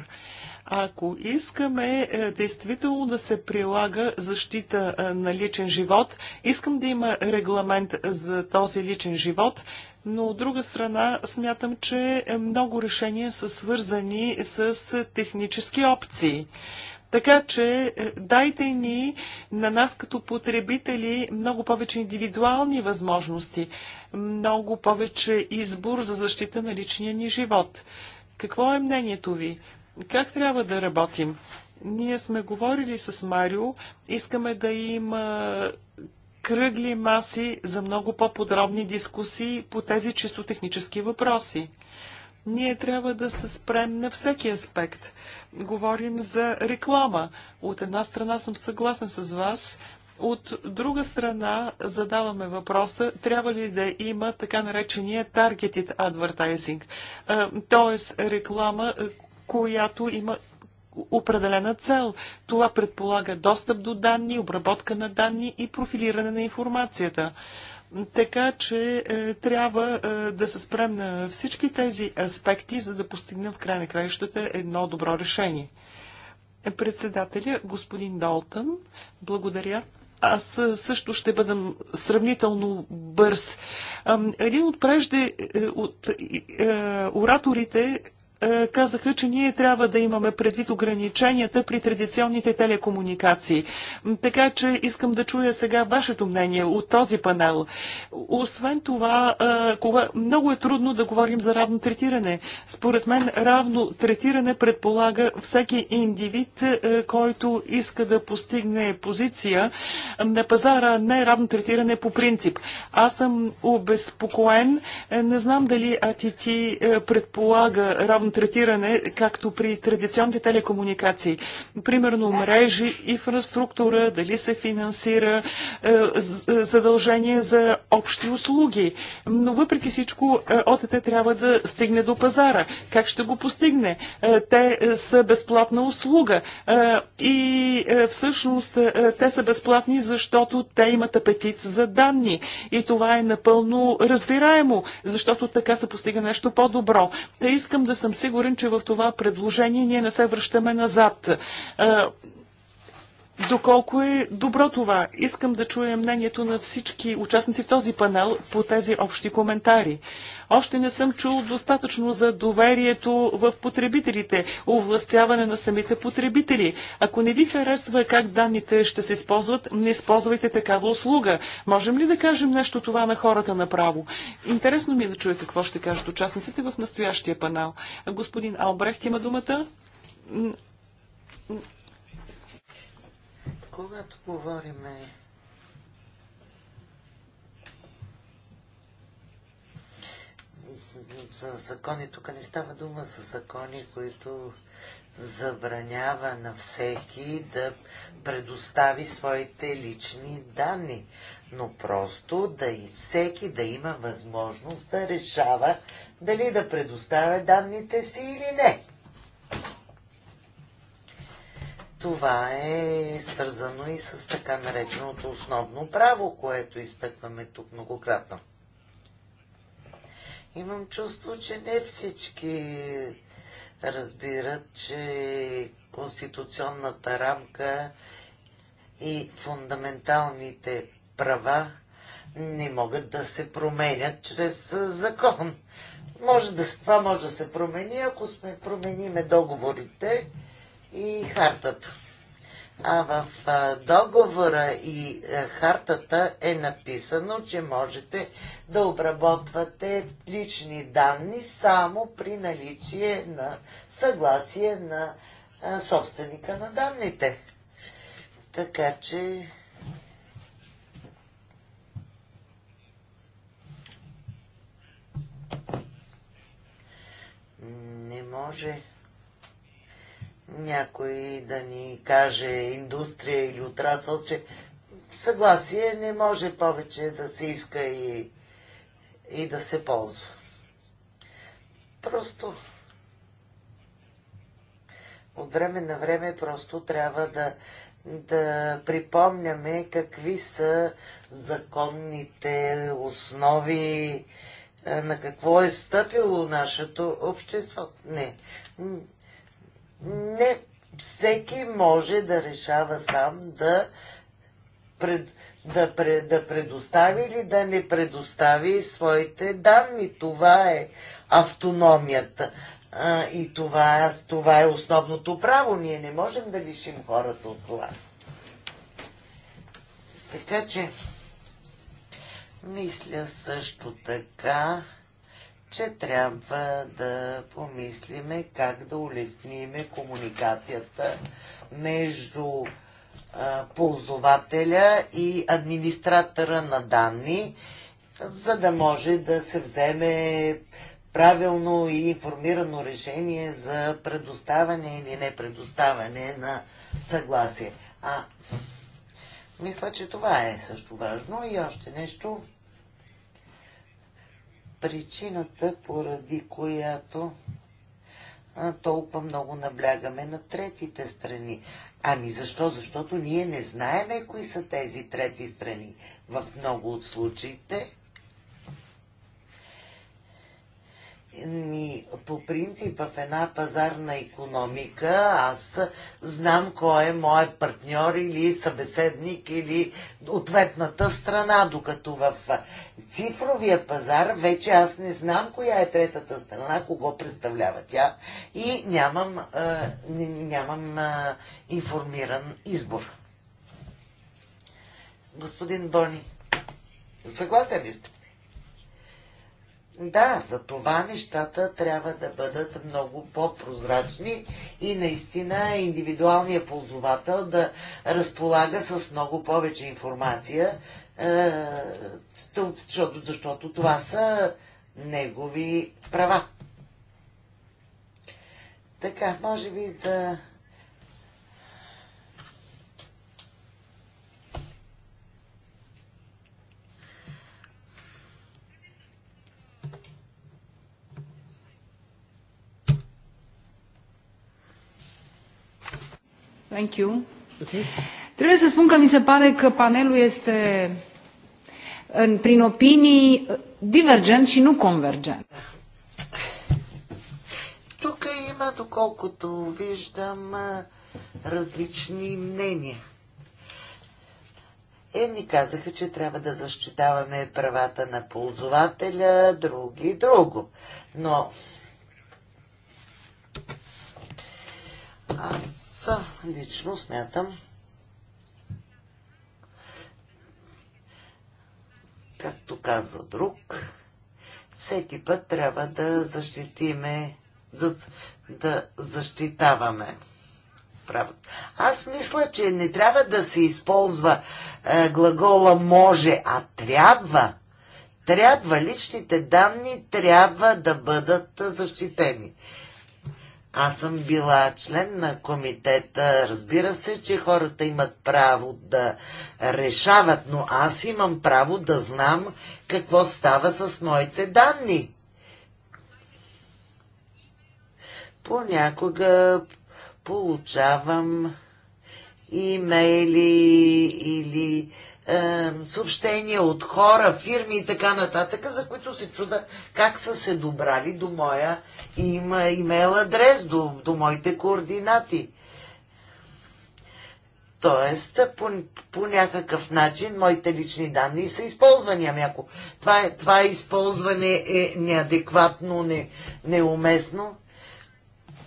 Ако искаме е, действително да се прилага защита на личен живот, искам да има регламент за този личен живот, но от друга страна смятам, че много решения са свързани с технически опции. Така че е, дайте ни на нас като потребители много повече индивидуални възможности, много повече избор за защита на личния ни живот. Какво е мнението ви? Как трябва да работим? Ние сме говорили с Марио, искаме да има кръгли маси за много по-подробни дискусии по тези чисто технически въпроси. Ние трябва да се спрем на всеки аспект. Говорим за реклама. От една страна съм съгласен с вас, от друга страна задаваме въпроса, трябва ли да има така наречения targeted advertising, т.е. реклама, която има определена цел. Това предполага достъп до данни, обработка на данни и профилиране на информацията. Така че е, трябва е, да се спрем на всички тези аспекти, за да постигнем в край на краищата едно добро решение. Председателя, господин Долтън, благодаря. Аз е, също ще бъдам сравнително бърз. Един от прежде е, от е, е ораторите е, казаха, че ние трябва да имаме предвид ограниченията при традиционните телекомуникации. Така че искам да чуя сега вашето мнение от този панел. Освен това, е, много е трудно да говорим за равно третиране. Според мен равно третиране предполага всеки индивид, е, който иска да постигне позиция на пазара, не равно третиране по принцип. Аз съм обезпокоен. Не знам дали АТТ предполага равно третиране, както при традиционните телекомуникации. Примерно мрежи, инфраструктура, дали се финансира е, задължение за общи услуги. Но въпреки всичко е, ОТТ трябва да стигне до пазара. Как ще го постигне? Е, те са безплатна услуга и всъщност те са безплатни, защото те имат апетит за данни. И това е напълно разбираемо, защото така се постига нещо по-добро. Те искам да съм сигурен, че в това предложение ние не се връщаме назад. Е, Доколко е добро това? Искам да чуя мнението на всички участници в този панел по тези общи коментари. Още не съм чул достатъчно за доверието в потребителите, овластяване на самите потребители. Ако не ви харесва как данните ще се използват, не използвайте такава услуга. Можем ли да кажем нещо това на хората направо? Интересно ми е да чуя какво ще кажат участниците в настоящия панел. Господин Албрехт има думата когато говорим е, за закони, тук не става дума за закони, които забранява на всеки да предостави своите лични данни, но просто да и всеки да има възможност да решава дали да предоставя данните си или не. Това е свързано и с така нареченото основно право, което изтъкваме тук многократно. Имам чувство, че не всички разбират, че конституционната рамка и фундаменталните права не могат да се променят чрез закон. Може да, това може да се промени, ако сме промениме договорите и хартата. А в договора и е, хартата е написано, че можете да обработвате лични данни само при наличие на съгласие на е, собственика на данните. Така че не може някой да ни каже индустрия или отрасъл, че съгласие не може повече да се иска и, и да се ползва. Просто от време на време просто трябва да, да припомняме какви са законните основи, е, на какво е стъпило нашето общество. Не, не всеки може да решава сам да, пред, да, пред, да предостави или да не предостави своите данни. Това е автономията. А, и това, това е основното право. Ние не можем да лишим хората от това. Така че, мисля също така, че трябва да помислиме как да улесниме комуникацията между ползвателя и администратора на данни, за да може да се вземе правилно и информирано решение за предоставане или не предоставяне на съгласие. А, мисля, че това е също важно и още нещо причината, поради която толкова много наблягаме на третите страни. Ами защо? Защото ние не знаеме кои са тези трети страни. В много от случаите ни по принцип в една пазарна економика, аз знам кой е моят партньор или събеседник или ответната страна, докато в цифровия пазар вече аз не знам коя е третата страна, кого представлява тя и нямам, а, нямам а, информиран избор. Господин Бони, съгласен ли сте? Да, за това нещата трябва да бъдат много по-прозрачни и наистина индивидуалният ползовател да разполага с много повече информация, е, защото, защото това са негови права. Така, може би да Thank you. Okay. Trebuie să spun că mi se pare că panelul este în, prin opinii divergent și nu convergent. Тук има, доколкото виждам, различни мнения. Едни казаха, че трябва да защитаваме правата на ползвателя, други друго. Но аз лично смятам, както каза друг, всеки път трябва да защитиме, да, да защитаваме правото. Аз мисля, че не трябва да се използва е, глагола може, а трябва. Трябва личните данни трябва да бъдат защитени. Аз съм била член на комитета. Разбира се, че хората имат право да решават, но аз имам право да знам какво става с моите данни. Понякога получавам имейли или е, съобщения от хора, фирми и така нататък, за които се чуда как са се добрали до моя им, имейл адрес, до, до моите координати. Тоест, по, по някакъв начин моите лични данни са използвани. Ами ако това, е, това използване е неадекватно, не, неуместно,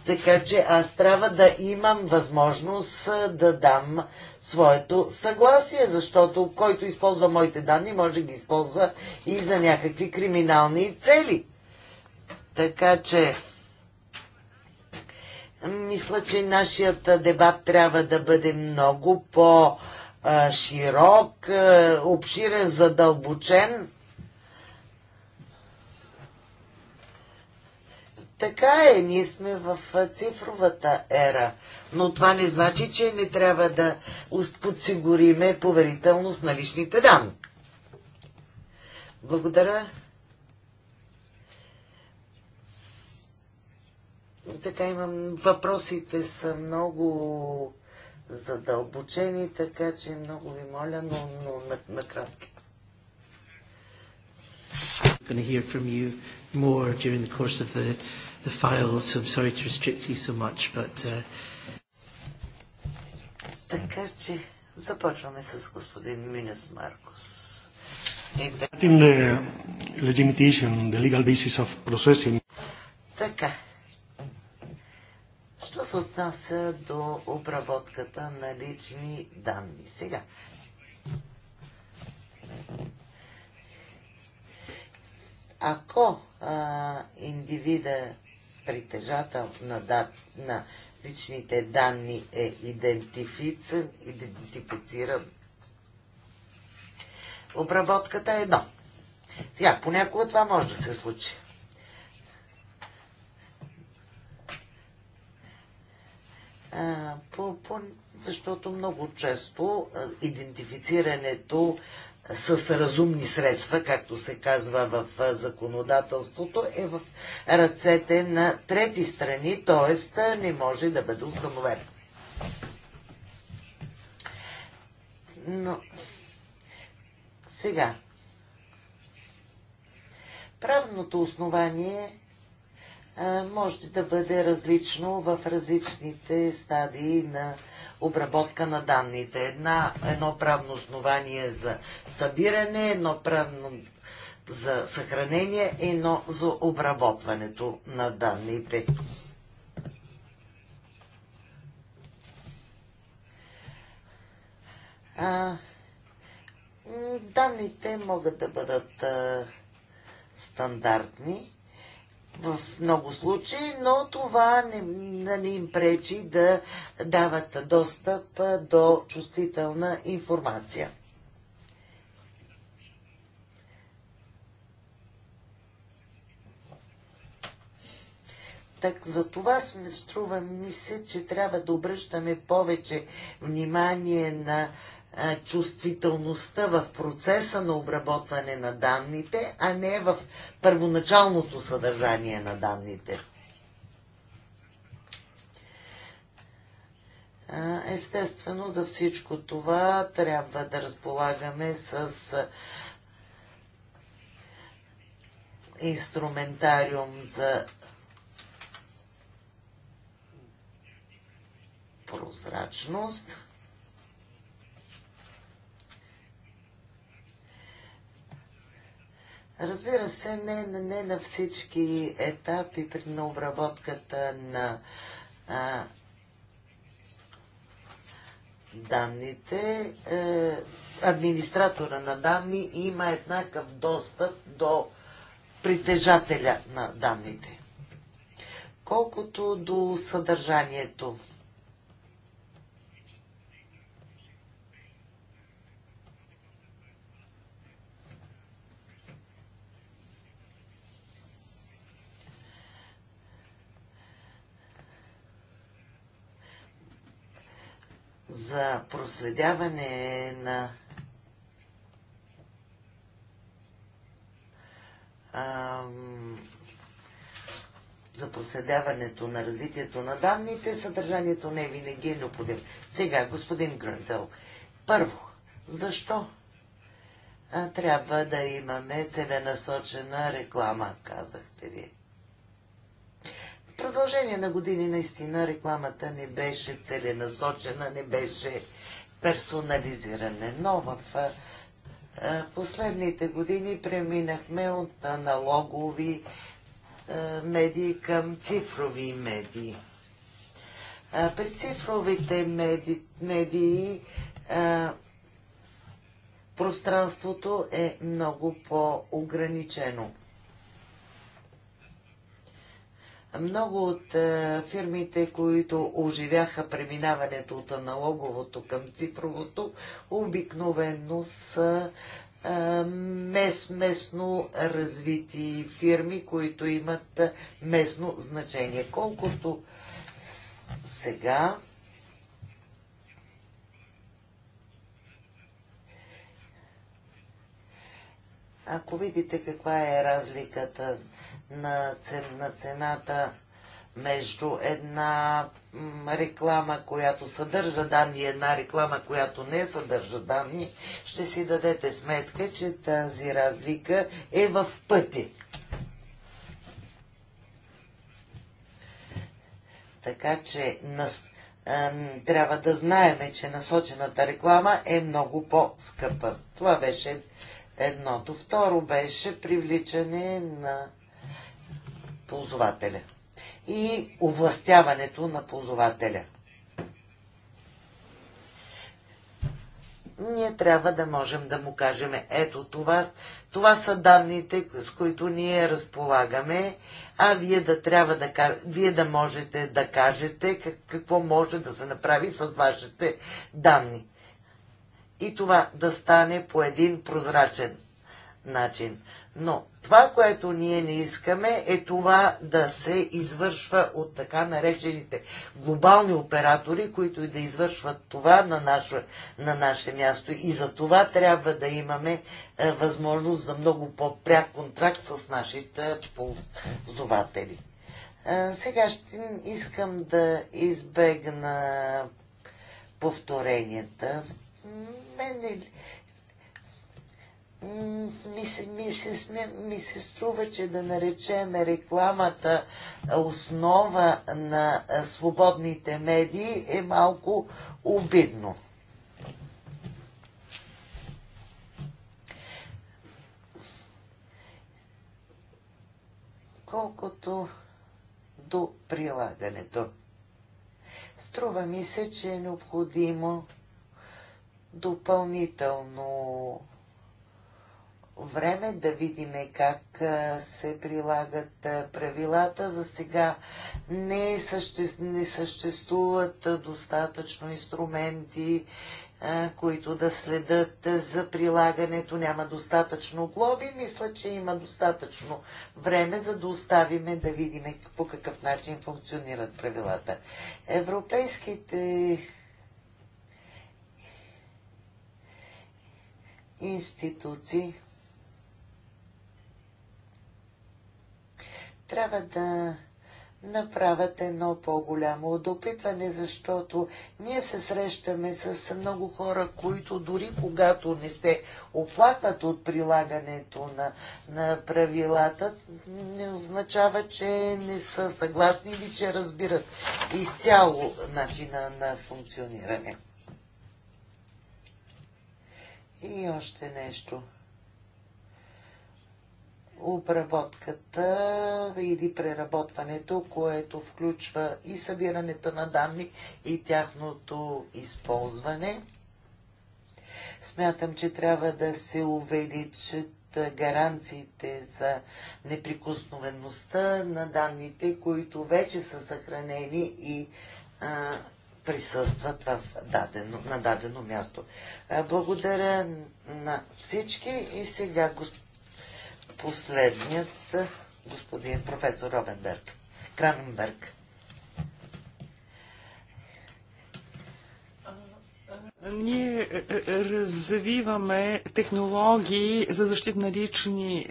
така че аз трябва да имам възможност да дам своето съгласие, защото който използва моите данни, може да ги използва и за някакви криминални цели. Така че, мисля, че нашият дебат трябва да бъде много по- широк, обширен, задълбочен така е, ние сме в цифровата ера. Но това не значи, че не трябва да подсигуриме поверителност на личните данни. Благодаря. Така имам. Въпросите са много задълбочени, така че много ви моля, но, но накратки. going to hear from you more during the course of the the file, so I'm sorry to restrict you so much, but... Uh, така че започваме с господин Минес Маркус. In the legitimation, the legal basis of processing. Така. Що се отнася до обработката на лични данни? Сега. Ако а, индивида притежател на, дат, на личните данни е идентифициран, идентифициран. Обработката е едно. Сега, понякога това може да се случи. А, по, по, защото много често идентифицирането с разумни средства, както се казва в законодателството, е в ръцете на трети страни, т.е. не може да бъде установен. Но сега правното основание може да бъде различно в различните стадии на обработка на данните. Една, едно правно основание за събиране, едно правно за съхранение, едно за обработването на данните. А, данните могат да бъдат а, стандартни в много случаи, но това не, не им пречи да дават достъп до чувствителна информация. Так за това сме струва мисля, че трябва да обръщаме повече внимание на чувствителността в процеса на обработване на данните, а не в първоначалното съдържание на данните. Естествено, за всичко това трябва да разполагаме с инструментариум за прозрачност. Разбира се, не, не на всички етапи на обработката на а, данните. Е, администратора на данни има еднакъв достъп до притежателя на данните. Колкото до съдържанието, за проследяване на за проследяването на развитието на данните, съдържанието не винаги е необходимо. Сега, господин Грантел, първо, защо а, трябва да имаме целенасочена реклама, казахте ви продължение на години наистина рекламата не беше целенасочена, не беше персонализирана. Но в последните години преминахме от аналогови медии към цифрови медии. При цифровите меди, медии пространството е много по-ограничено. Много от е, фирмите, които оживяха преминаването от аналоговото към цифровото, обикновено са е, местно развити фирми, които имат е, местно значение. Колкото сега Ако видите каква е разликата на, цен, на цената между една реклама, която съдържа данни и една реклама, която не съдържа данни, ще си дадете сметка, че тази разлика е в пъти. Така че нас, а, трябва да знаем, че насочената реклама е много по-скъпа. Това беше едното. Второ беше привличане на ползвателя и овластяването на ползвателя. Ние трябва да можем да му кажем, ето това, това са данните, с които ние разполагаме, а вие да, трябва да, вие да можете да кажете какво може да се направи с вашите данни. И това да стане по един прозрачен начин. Но това, което ние не искаме, е това да се извършва от така наречените глобални оператори, които и да извършват това на наше, на наше място. И за това трябва да имаме е, възможност за много по-пряк контракт с нашите ползователи. Е, сега ще искам да избегна повторенията. Мене ми се, ми, се, ми се струва, че да наречем рекламата основа на свободните медии е малко обидно. Колкото до прилагането. Струва ми се, че е необходимо допълнително време да видим как се прилагат правилата. За сега не, съще, не съществуват достатъчно инструменти, които да следят за прилагането. Няма достатъчно глоби. Мисля, че има достатъчно време, за да оставиме да видим по какъв начин функционират правилата. Европейските институции трябва да направят едно по-голямо допитване, защото ние се срещаме с много хора, които дори когато не се оплакват от прилагането на, на правилата, не означава, че не са съгласни или че разбират изцяло начина на функциониране. И още нещо – обработката или преработването, което включва и събирането на данни и тяхното използване. Смятам, че трябва да се увеличат гаранциите за неприкосновеността на данните, които вече са съхранени и а, присъстват в дадено, на дадено място. А, благодаря на всички и сега господин последният е, господин професор Робенберг. Краненберг. Ние е, е, развиваме технологии за защита на лични е,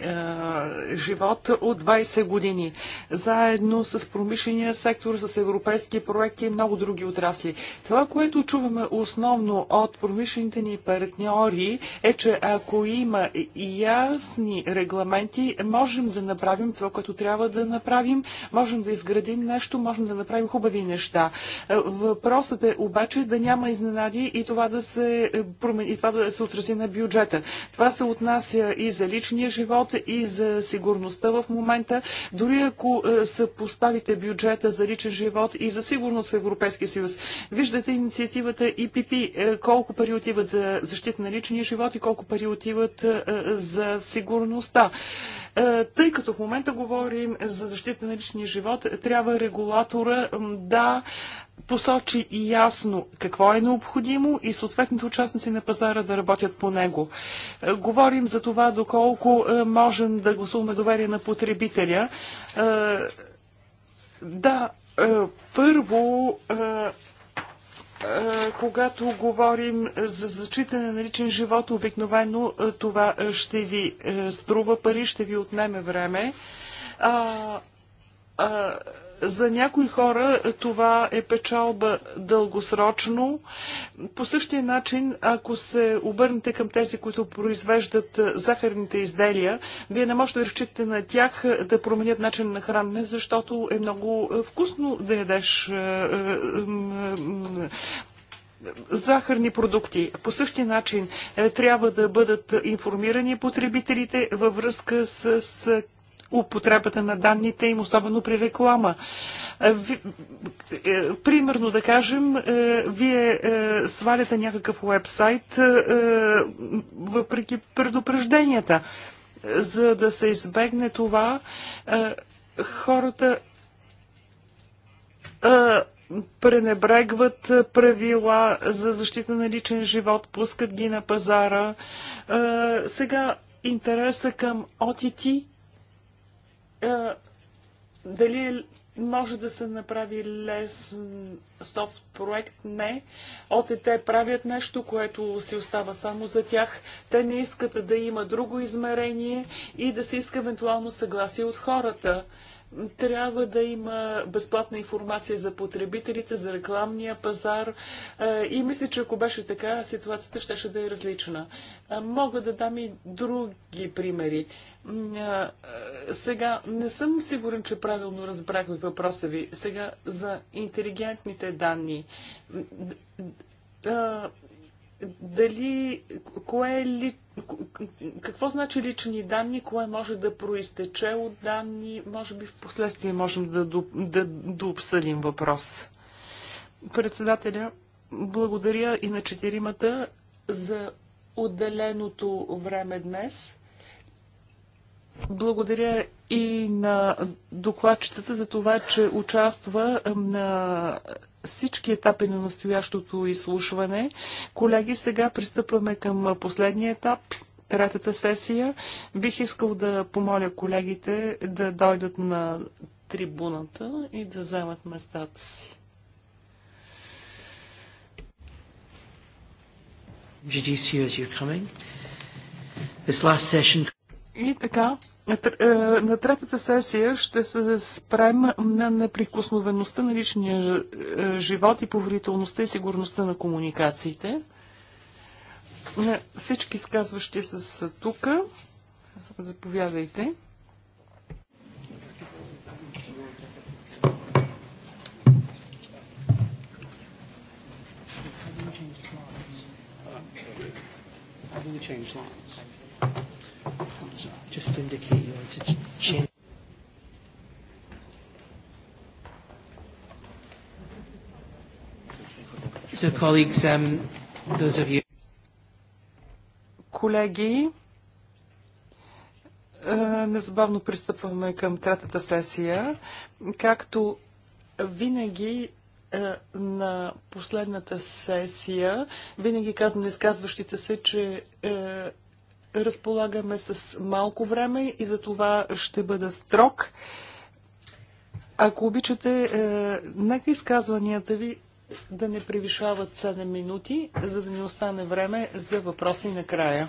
живот от 20 години, заедно с промишления сектор, с европейски проекти и много други отрасли. Това, което чуваме основно от промишлените ни партньори е, че ако има ясни регламенти, можем да направим това, което трябва да направим, можем да изградим нещо, можем да направим хубави неща. Е, въпросът е обаче да няма изненади и това това да се е, промени, и това да се отрази на бюджета. Това се отнася и за личния живот, и за сигурността в момента. Дори ако е, поставите бюджета за личен живот и за сигурност в Европейския съюз, виждате инициативата ИПП, е, колко пари отиват за защита на личния живот и колко пари отиват за сигурността. Е, тъй като в момента говорим за защита на личния живот, трябва регулатора да посочи и ясно какво е необходимо и съответните участници на пазара да работят по него. Е, говорим за това доколко е, можем да гласуваме доверие на потребителя. Да, първо когато говорим за зачитане на личен живот, обикновено това ще ви струва пари, ще ви отнеме време. А, а, за някои хора това е печалба дългосрочно. По същия начин, ако се обърнете към тези, които произвеждат захарните изделия, вие не можете да разчитате на тях да променят начин на хранене, защото е много вкусно да ядеш захарни продукти. По същия начин трябва да бъдат информирани потребителите във връзка с, с употребата на данните им, особено при реклама. Е, е, примерно да кажем, е, вие сваляте някакъв вебсайт въпреки предупрежденията. За да се избегне това, хората пренебрегват правила за защита на личен живот, пускат ги на пазара. Сега интереса към отити дали може да се направи лесен софт проект? Не. ОТТ правят нещо, което си остава само за тях. Те не искат да има друго измерение и да се иска евентуално съгласие от хората. Трябва да има безплатна информация за потребителите, за рекламния пазар. И мисля, че ако беше така, ситуацията щеше да е различна. Мога да дам и други примери. Сега не съм сигурен, че правилно разбрах въпроса ви. Сега за интелигентните данни. Дали, кое е ли, какво значи лични данни, кое може да проистече от данни, може би в последствие можем да, до, да, да обсъдим въпрос. Председателя, благодаря и на четиримата за отделеното време днес. Благодаря и на докладчицата за това, че участва на всички етапи на настоящото изслушване. Колеги, сега пристъпваме към последния етап, третата сесия. Бих искал да помоля колегите да дойдат на трибуната и да вземат местата си. see as you're coming. This last session... И така, е, на третата сесия ще се спрем на неприкосновеността на личния е, живот и поверителността и сигурността на комуникациите. Е, всички изказващи са тук. Заповядайте. change lines? Just indicate you want to change. So, colleagues, um, those of you. Колеги, е, незабавно пристъпваме към третата сесия. Както винаги е, на последната сесия, винаги казвам на изказващите се, че е, разполагаме с малко време и за това ще бъда строг. Ако обичате, е, нека изказванията ви да не превишават 7 минути, за да ни остане време за въпроси накрая.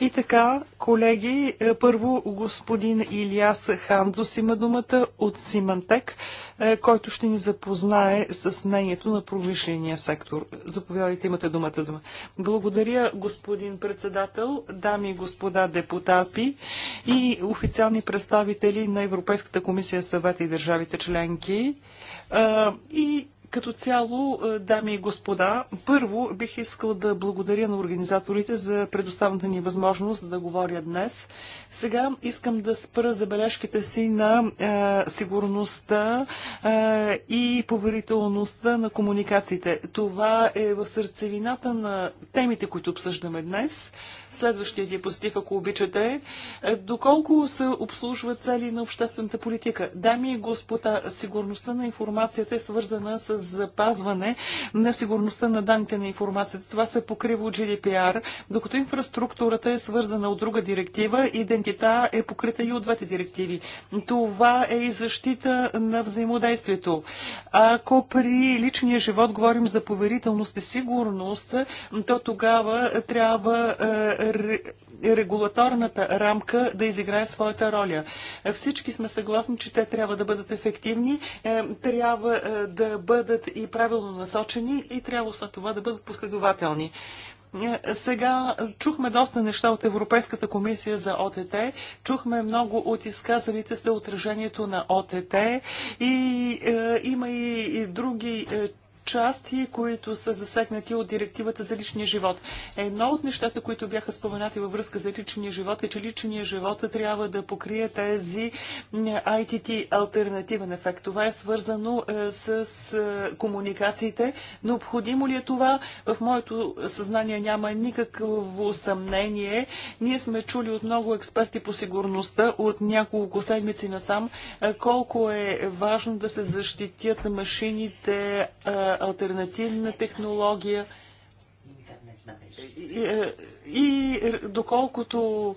И така, колеги, е, първо господин Илияс Ханзос има думата от Симантек, е, който ще ни запознае с мнението на промишления сектор. Заповядайте, имате думата. дума. Благодаря, господин председател, дами и господа депутати и официални представители на Европейската комисия, съвета и държавите членки. Е, и като цяло, е, дами и господа, първо бих искал да благодаря на организаторите за предоставната ни възможност да говоря днес. Сега искам да спра забележките си на е, сигурността е, и поверителността на комуникациите. Това е в сърцевината на темите, които обсъждаме днес. Следващия диапозитив, ако обичате. Е, доколко се обслужва цели на обществената политика? Дами и господа, сигурността на информацията е свързана с запазване на сигурността на данните на информацията. Това се покрива от GDPR, докато инфраструктурата е свързана от друга директива, идентита е покрита и от двете директиви. Това е и защита на взаимодействието. Ако при личния живот говорим за поверителност и сигурност, то тогава трябва е, регулаторната рамка да изиграе своята роля. Всички сме съгласни, че те трябва да бъдат ефективни, е, трябва е, да бъдат бъдат и правилно насочени и трябва с това да бъдат последователни. Е, сега чухме доста неща от Европейската комисия за ОТТ, чухме много от изказалите за отражението на ОТТ и е, има и, и други е, части, които са засегнати от директивата за личния живот. Едно от нещата, които бяха споменати във връзка за личния живот е, че личния живот трябва да покрие тези ITT альтернативен ефект. Това е свързано е, с е, комуникациите. Необходимо ли е това? В моето съзнание няма никакво съмнение. Ние сме чули от много експерти по сигурността от няколко седмици насам е, колко е важно да се защитят машините, е, альтернативна технология. И, и доколкото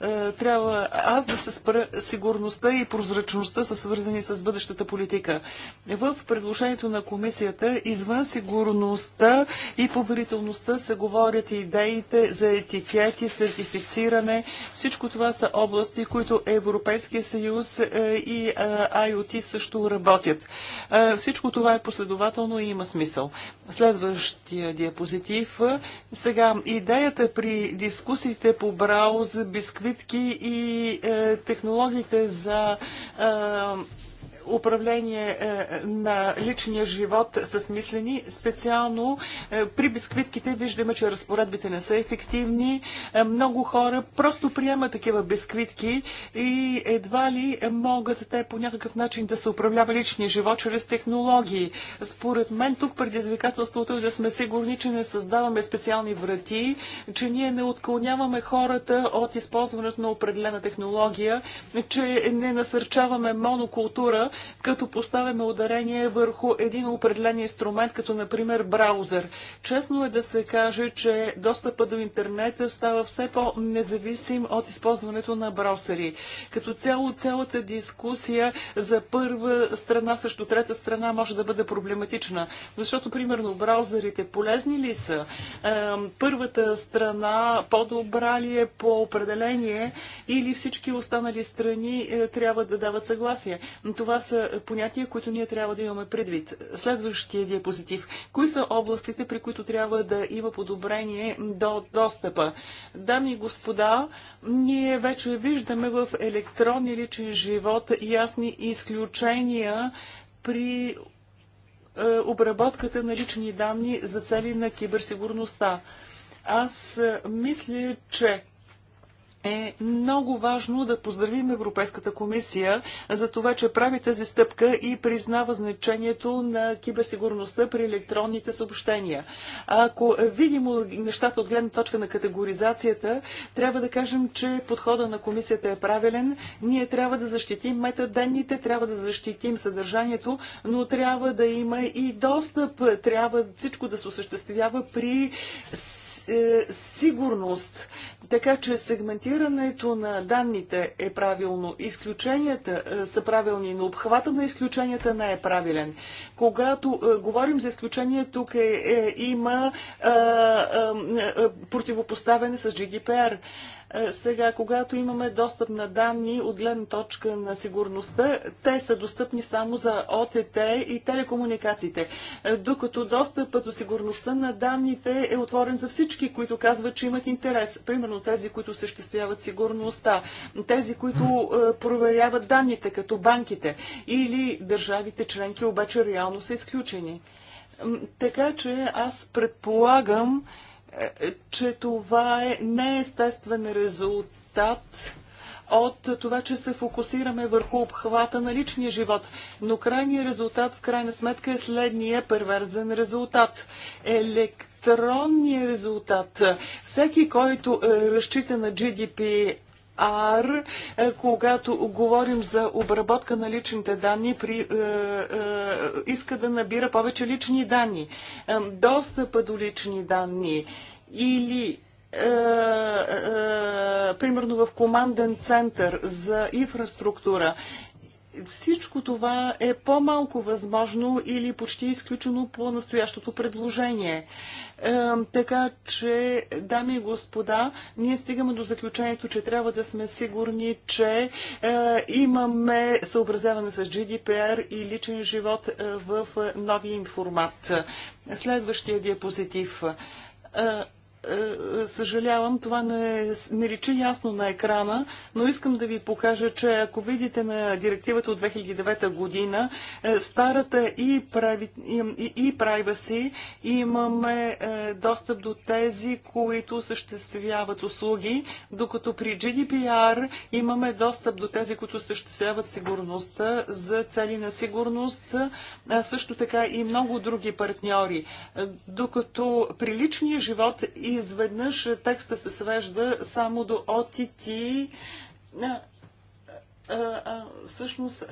е, трябва аз да се спра сигурността и прозрачността са свързани с бъдещата политика. В предложението на комисията извън сигурността и поверителността се говорят идеите за етикети, сертифициране. Всичко това са области, които Европейския съюз е, и IoT е, също работят. Всичко това е последователно и има смисъл. Следващия диапозитив. Сега идеята при дискусиите по брауз, бисквит, напитки и е, технологиите за е, управление е, на личния живот са смислени. Специално е, при бисквитките виждаме, че разпоредбите не са ефективни. Е, много хора просто приемат такива бисквитки и едва ли могат те по някакъв начин да се управлява личния живот чрез технологии. Според мен тук предизвикателството е да сме сигурни, че не създаваме специални врати, че ние не отклоняваме хората от използването на определена технология, че не насърчаваме монокултура, като поставяме ударение върху един определен инструмент, като например браузър. Честно е да се каже, че достъпа до интернет става все по-независим от използването на браузъри. Като цяло, цялата дискусия за първа страна срещу трета страна може да бъде проблематична. Защото, примерно, браузърите полезни ли са? Първата страна по-добра ли е по определение или всички останали страни е, трябва да дават съгласие? Това са понятия, които ние трябва да имаме предвид. Следващия диапозитив. Кои са областите, при които трябва да има подобрение до достъпа? Дами и господа, ние вече виждаме в електронния личен живот ясни изключения при е, обработката на лични данни за цели на киберсигурността. Аз е, мисля, че е много важно да поздравим Европейската комисия за това, че прави тази стъпка и признава значението на киберсигурността при електронните съобщения. Ако видим нещата от гледна точка на категоризацията, трябва да кажем, че подхода на комисията е правилен. Ние трябва да защитим метаданните, трябва да защитим съдържанието, но трябва да има и достъп, трябва всичко да се осъществява при е, сигурност. Така че сегментирането на данните е правилно. Изключенията е, са правилни, но обхвата на изключенията не е правилен. Когато е, говорим за изключения, тук е, е, има е, е, противопоставяне с GDPR. Е, е, сега, когато имаме достъп на данни от гледна точка на сигурността, те са достъпни само за ОТТ и телекомуникациите, е, докато достъпът до сигурността на данните е отворен за всички, които казват, че имат интерес. Примерно тези, които съществяват сигурността, тези, които е, проверяват данните, като банките или държавите членки, обаче реално са изключени. Така че аз предполагам, е, че това е неестествен резултат от това, че се фокусираме върху обхвата на личния живот. Но крайният резултат в крайна сметка е следния перверзен резултат. Електронният резултат. Всеки, който е, разчита на GDP Ар, е, когато говорим за обработка на личните данни, при, е, е, иска да набира повече лични данни. Е, достъпа до лични данни, или е, е, примерно в команден център за инфраструктура. Всичко това е по-малко възможно или почти изключено по настоящото предложение. Е, така че, дами и господа, ние стигаме до заключението, че трябва да сме сигурни, че е, имаме съобразяване с GDPR и личен живот е, в новия им формат. Следващия диапозитив. Е, е, е, съжалявам, това не, не личи ясно на екрана, но искам да ви покажа, че ако видите на директивата от 2009 година, е, старата и, прави, и, и privacy, имаме достъп до тези, които съществяват услуги, докато при GDPR имаме достъп до тези, които съществяват сигурността за цели на сигурност, също така и много други партньори. Докато при личния живот и изведнъж текста се свежда само до ОТТ. Всъщност,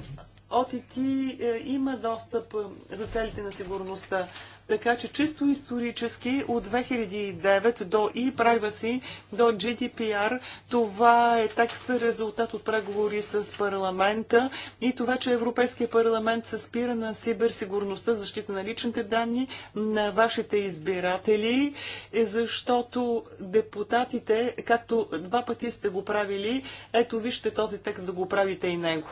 ОТТ е, има достъп е, за целите на сигурността. Така че чисто исторически от 2009 до e-privacy, до GDPR, това е текста резултат от преговори с парламента и това, че Европейския парламент се спира на сиберсигурността, защита на личните данни на вашите избиратели, е защото депутатите, както два пъти сте го правили, ето вижте този текст да го правите и него.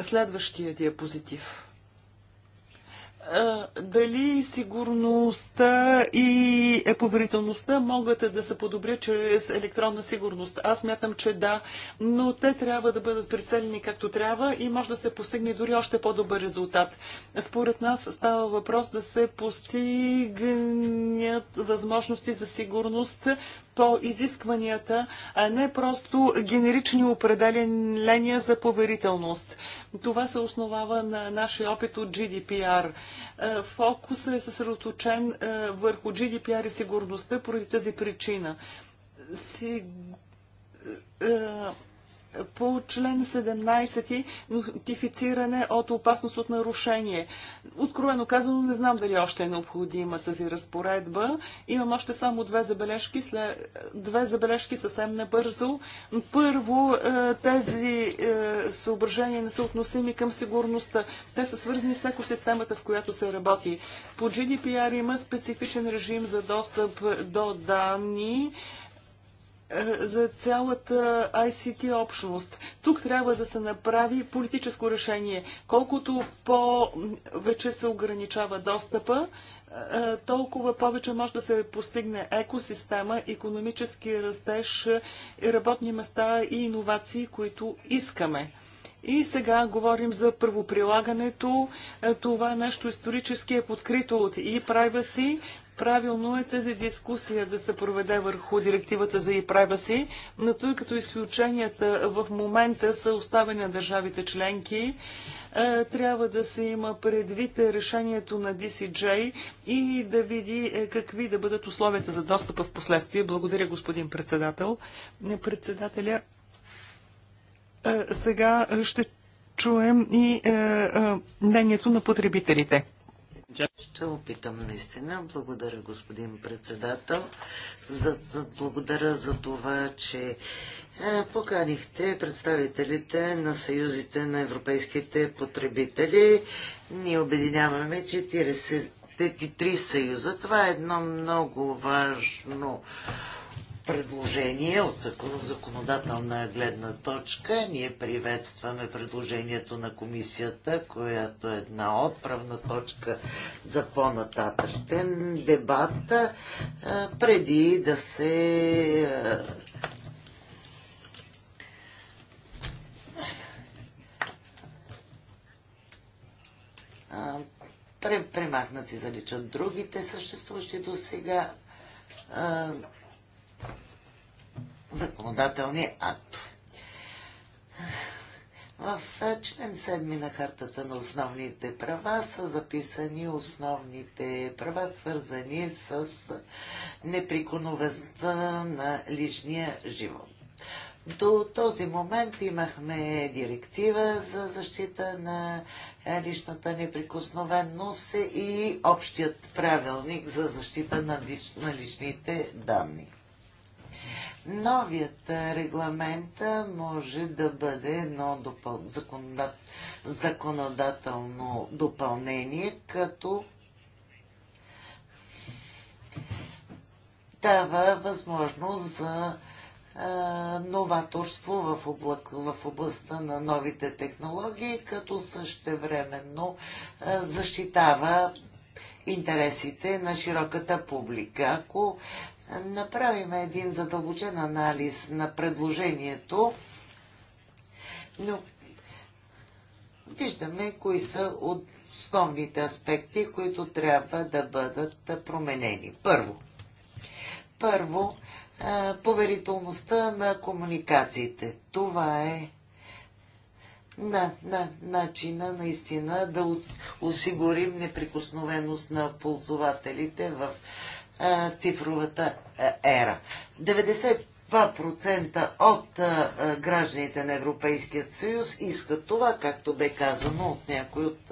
Следващия диапозитив дали сигурността и поверителността могат да се подобрят чрез електронна сигурност? Аз мятам, че да, но те трябва да бъдат прицелени както трябва и може да се постигне дори още по-добър резултат. Според нас става въпрос да се постигнат възможности за сигурност по изискванията, а не просто генерични определения за поверителност. Това се основава на нашия опит от GDPR. Фокусът е съсредоточен върху GDPR и сигурността поради тази причина по член 17 нотифициране от опасност от нарушение. Откровено казано, не знам дали още е необходима тази разпоредба. Имам още само две забележки, след... две забележки съвсем набързо. Първо, е, тези е, съображения не са относими към сигурността. Те са свързани с екосистемата, в която се работи. По GDPR има специфичен режим за достъп до данни. Е, за цялата ICT общност. Тук трябва да се направи политическо решение. Колкото по-вече се ограничава достъпа, е, е, толкова повече може да се постигне екосистема, економически растеж, работни места и иновации, които искаме. И сега говорим за първоприлагането. Това нещо исторически е подкрито от e-privacy, Правилно е тази дискусия да се проведе върху директивата за и си, но тъй като изключенията в момента са оставени на държавите членки, е, трябва да се има предвид решението на DCJ и да види е, какви да бъдат условията за достъпа в последствие. Благодаря, господин председател. Председателя, е, сега ще чуем и мнението на потребителите. Ще опитам наистина. Благодаря, господин председател. За, за, благодаря за това, че е, поканихте представителите на съюзите на европейските потребители. Ние обединяваме 43 съюза. Това е едно много важно предложение от законодателна гледна точка. Ние приветстваме предложението на комисията, която е една отправна точка за по-нататъчен дебат, преди да се премахнат и заличат другите съществуващи до сега законодателни актове. В е, член 7 на Хартата на основните права са записани основните права, свързани с неприконовестта на личния живот. До този момент имахме директива за защита на личната неприкосновеност и общият правилник за защита на личните данни. Новият регламент може да бъде едно допъл... законодат... законодателно допълнение, като дава възможност за новаторство в, обла... в областта на новите технологии, като същевременно защитава интересите на широката публика. Ако направим един задълбочен анализ на предложението, но виждаме кои са основните аспекти, които трябва да бъдат променени. Първо, първо поверителността на комуникациите. Това е на, на начина наистина да осигурим неприкосновеност на ползвателите в цифровата ера. 92% от гражданите на Европейският съюз искат това, както бе казано от някой от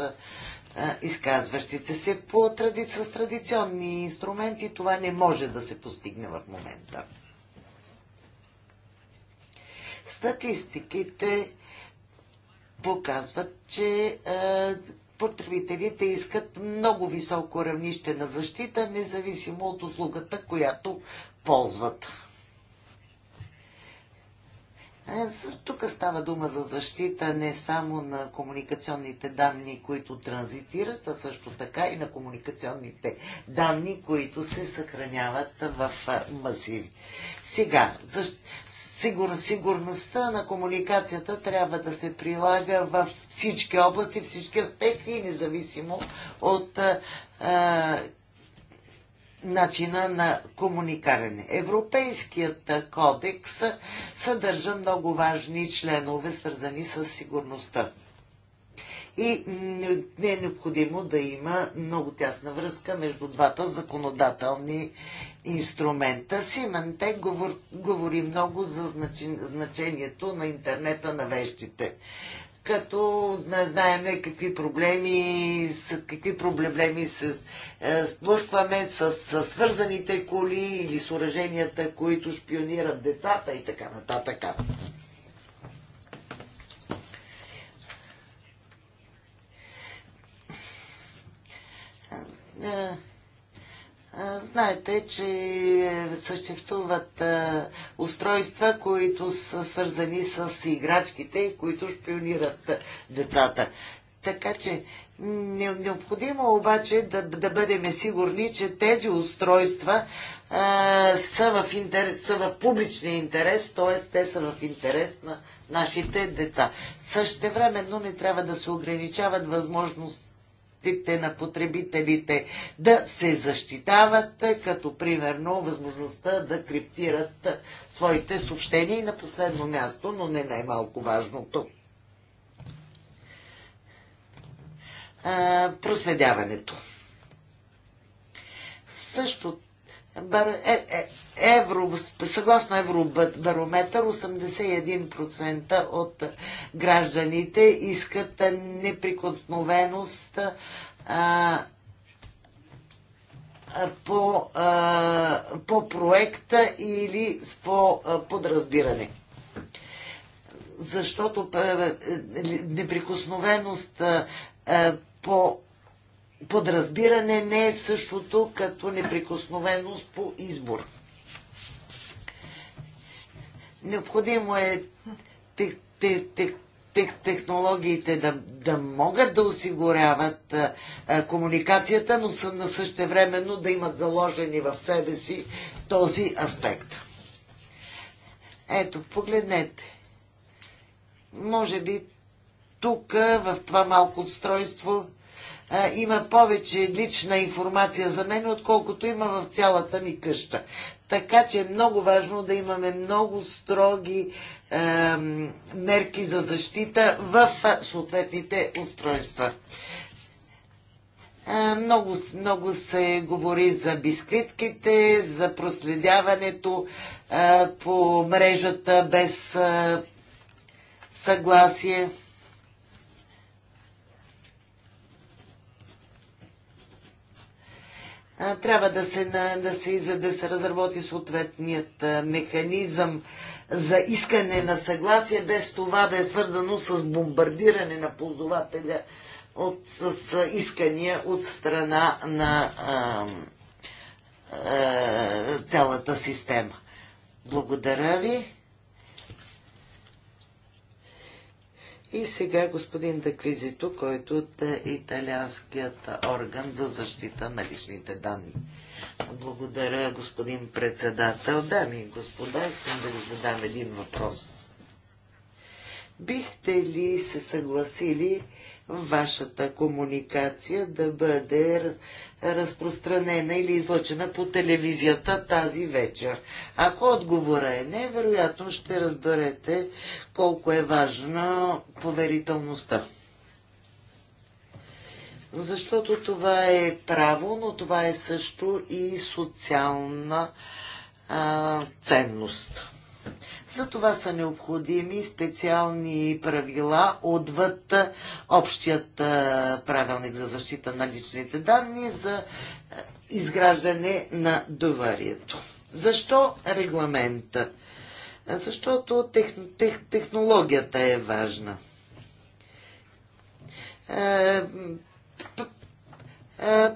изказващите се по тради, с традиционни инструменти. Това не може да се постигне в момента. Статистиките показват, че потребителите искат много високо равнище на защита, независимо от услугата, която ползват. Тук става дума за защита не само на комуникационните данни, които транзитират, а също така и на комуникационните данни, които се съхраняват в масиви. Сега, сигур, сигурността на комуникацията трябва да се прилага във всички области, всички аспекти, независимо от а, а, начина на комуникаране. Европейският кодекс съдържа много важни членове, свързани с сигурността и не е необходимо да има много тясна връзка между двата законодателни инструмента. Те говор, говори много за значи, значението на интернета на вещите като знаем какви проблеми, какви проблеми се е, сблъскваме с, с свързаните коли или с ураженията, които шпионират децата и така нататък. Е, е, знаете, че съществуват е, устройства, които са свързани с играчките и които шпионират децата. Така че необходимо обаче да, да бъдем сигурни, че тези устройства а, са, в интерес, са в публичния интерес, т.е. те са в интерес на нашите деца. Същевременно не трябва да се ограничават възможности защитите на потребителите да се защитават, като примерно възможността да криптират своите съобщения и на последно място, но не най-малко важното. проследяването. Също бар, е, е, евро, съгласно Евробарометър, 81% от гражданите искат неприкосновеност по, а, по проекта или по а, подразбиране. Защото а, е, е, е, неприкосновеност а, по подразбиране не е същото като неприкосновеност по избор. Необходимо е тех, тех, тех, тех, технологиите да, да могат да осигуряват а, комуникацията, но са на същевременно да имат заложени в себе си този аспект. Ето, погледнете. Може би тук, в това малко устройство, има повече лична информация за мен, отколкото има в цялата ми къща. Така че е много важно да имаме много строги е, мерки за защита в съответните устройства. Е, много, много се говори за бисквитките, за проследяването е, по мрежата без е, съгласие. трябва да се, да се, да се разработи съответният механизъм за искане на съгласие, без това да е свързано с бомбардиране на ползвателя от, с искания от страна на а, а, цялата система. Благодаря ви. И сега господин Даквизито, който от е италианският орган за защита на личните данни. Благодаря, господин председател. Дами и господа, искам да ви задам един въпрос. Бихте ли се съгласили вашата комуникация да бъде разпространена или излъчена по телевизията тази вечер. Ако отговора е не, вероятно ще разберете колко е важна поверителността. Защото това е право, но това е също и социална а, ценност. За това са необходими специални правила отвъд общият правилник за защита на личните данни за изграждане на доверието. Защо регламента? Защото тех, тех, технологията е важна. Е, е,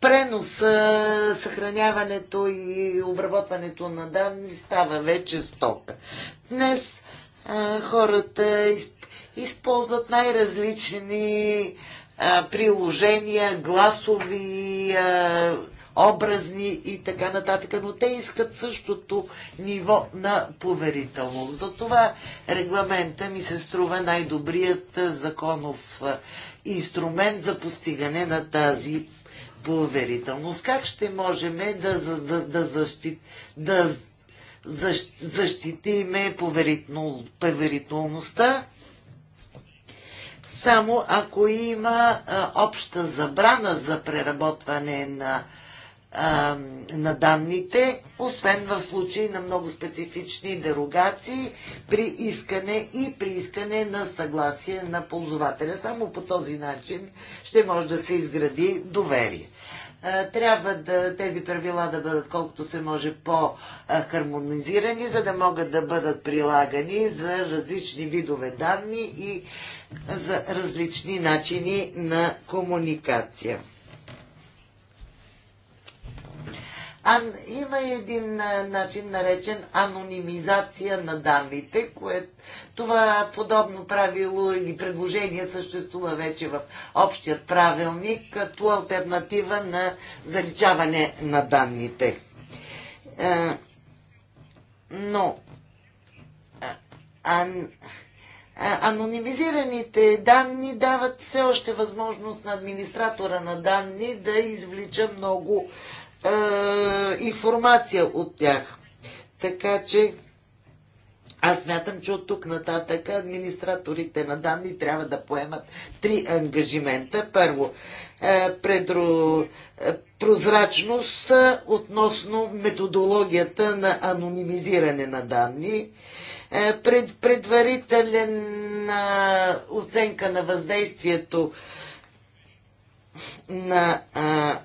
преноса, съхраняването и обработването на данни става вече стока. Днес а, хората из, използват най-различни приложения, гласови, а, образни и така нататък, но те искат същото ниво на поверителност. Затова регламента ми се струва най-добрият законов инструмент за постигане на тази поверителност. Как ще можем да, да, да, защит, да защ, защитиме поверител, поверителността? Само ако има а, обща забрана за преработване на, а, на данните, освен в случай на много специфични дерогации при искане и при искане на съгласие на ползвателя. Само по този начин ще може да се изгради доверие. Е, трябва да, тези правила да бъдат колкото се може по-хармонизирани, за да могат да бъдат прилагани за различни видове данни и за различни начини на комуникация. ан, има един а, начин наречен анонимизация на данните, което това подобно правило или предложение съществува вече в общият правилник като альтернатива на заличаване на данните. А, но а, а, Анонимизираните данни дават все още възможност на администратора на данни да извлича много а, информация от тях. Така че аз смятам, че от тук нататък администраторите на данни трябва да поемат три ангажимента. Първо, предро, прозрачност относно методологията на анонимизиране на данни, пред, предварителен оценка на въздействието на а,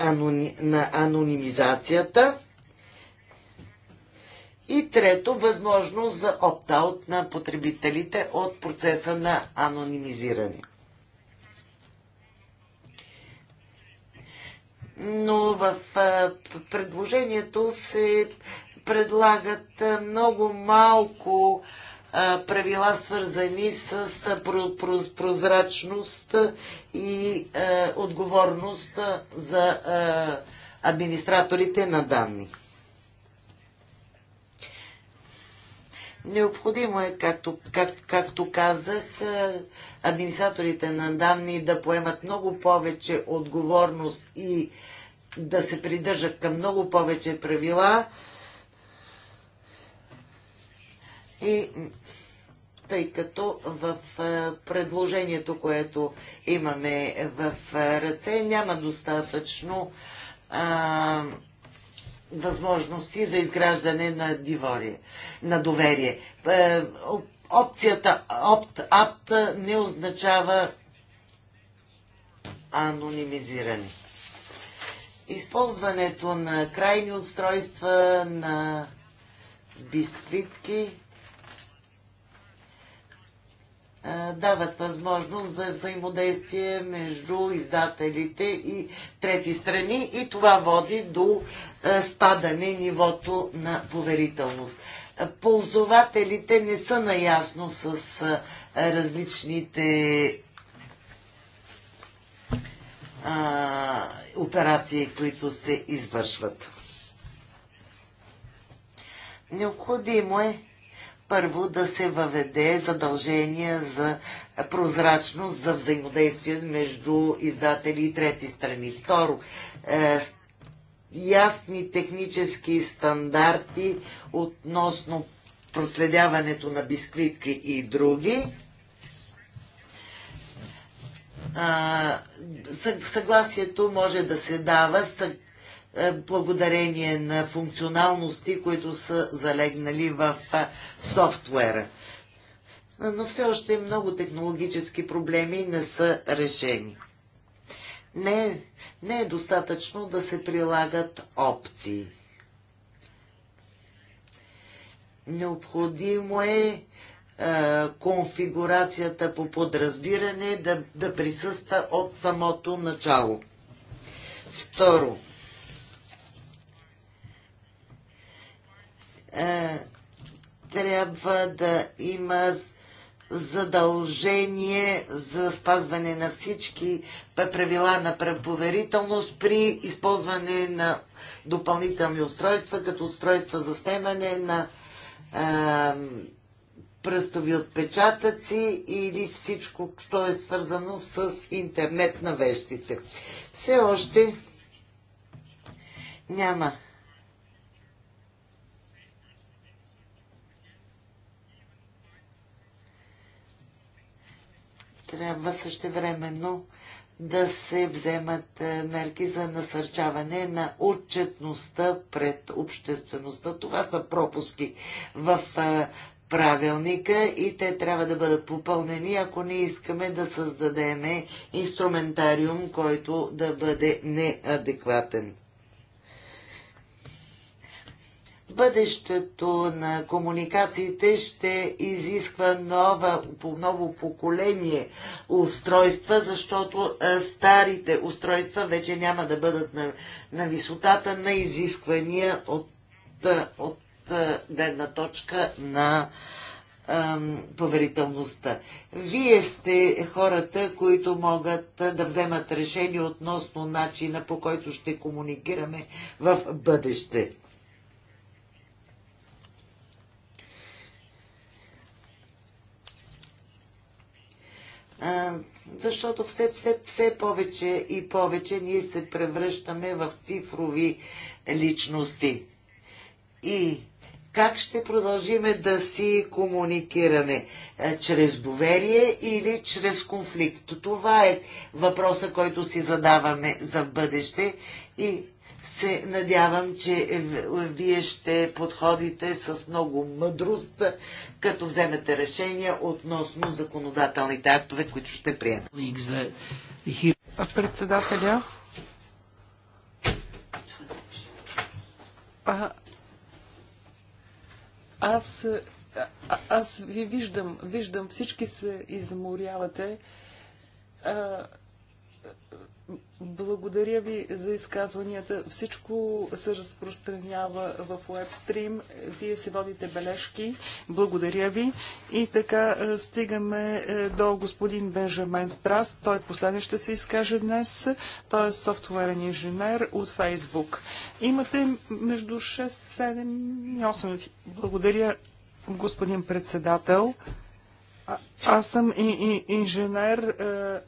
анони... на анонимизацията. И трето, възможност за опт-аут на потребителите от процеса на анонимизиране. Но в предложението се предлагат много малко а, правила, свързани с прозрачност и отговорност за администраторите на данни. Необходимо е, както, как, както казах, администраторите на данни да поемат много повече отговорност и да се придържат към много повече правила, И тъй като в предложението, което имаме в ръце, няма достатъчно а, възможности за изграждане на, диворие, на доверие. Е, опцията опт-апт не означава анонимизиране. Използването на крайни устройства, на бисквитки, дават възможност за взаимодействие между издателите и трети страни и това води до спадане нивото на поверителност. Ползователите не са наясно с различните а, операции, които се извършват. Необходимо е първо да се въведе задължение за прозрачност за взаимодействие между издатели и трети страни. Второ, е, ясни технически стандарти относно проследяването на бисквитки и други. Съгласието може да се дава е, благодарение на функционалности, които са залегнали в е, софтуера. Но все още много технологически проблеми не са решени. Не, не е достатъчно да се прилагат опции. Необходимо е, е конфигурацията по подразбиране да, да присъства от самото начало. Второ, Е, трябва да има задължение за спазване на всички правила на преповерителност при използване на допълнителни устройства, като устройства за снимане на а, е, пръстови отпечатъци или всичко, което е свързано с интернет на вещите. Все още няма трябва същевременно да се вземат е, мерки за насърчаване на отчетността пред обществеността. Това са пропуски в е, правилника и те трябва да бъдат попълнени, ако не искаме да създадем инструментариум, който да бъде неадекватен бъдещето на комуникациите ще изисква нова, ново поколение устройства, защото старите устройства вече няма да бъдат на, на висотата на изисквания от, от гледна точка на поверителността. Вие сте хората, които могат да вземат решение относно начина по който ще комуникираме в бъдеще. защото все, все, все повече и повече ние се превръщаме в цифрови личности. И как ще продължиме да си комуникираме? Чрез доверие или чрез конфликт? Това е въпроса, който си задаваме за бъдеще и се надявам, че е, вие ще подходите с много мъдрост, като вземете решения относно законодателните актове, които ще приемат. Председателя. А, аз, а, аз ви виждам, виждам, всички се изморявате. А, благодаря ви за изказванията. Всичко се разпространява в WebStream. Вие си водите бележки. Благодаря ви. И така е, стигаме е, до господин Бенжамен Страст. Той последен ще се изкаже днес. Той е софтуерен инженер от Facebook. Имате между 6, 7 и 8 минути. Благодаря, господин председател. А, аз съм и, и, инженер. Е,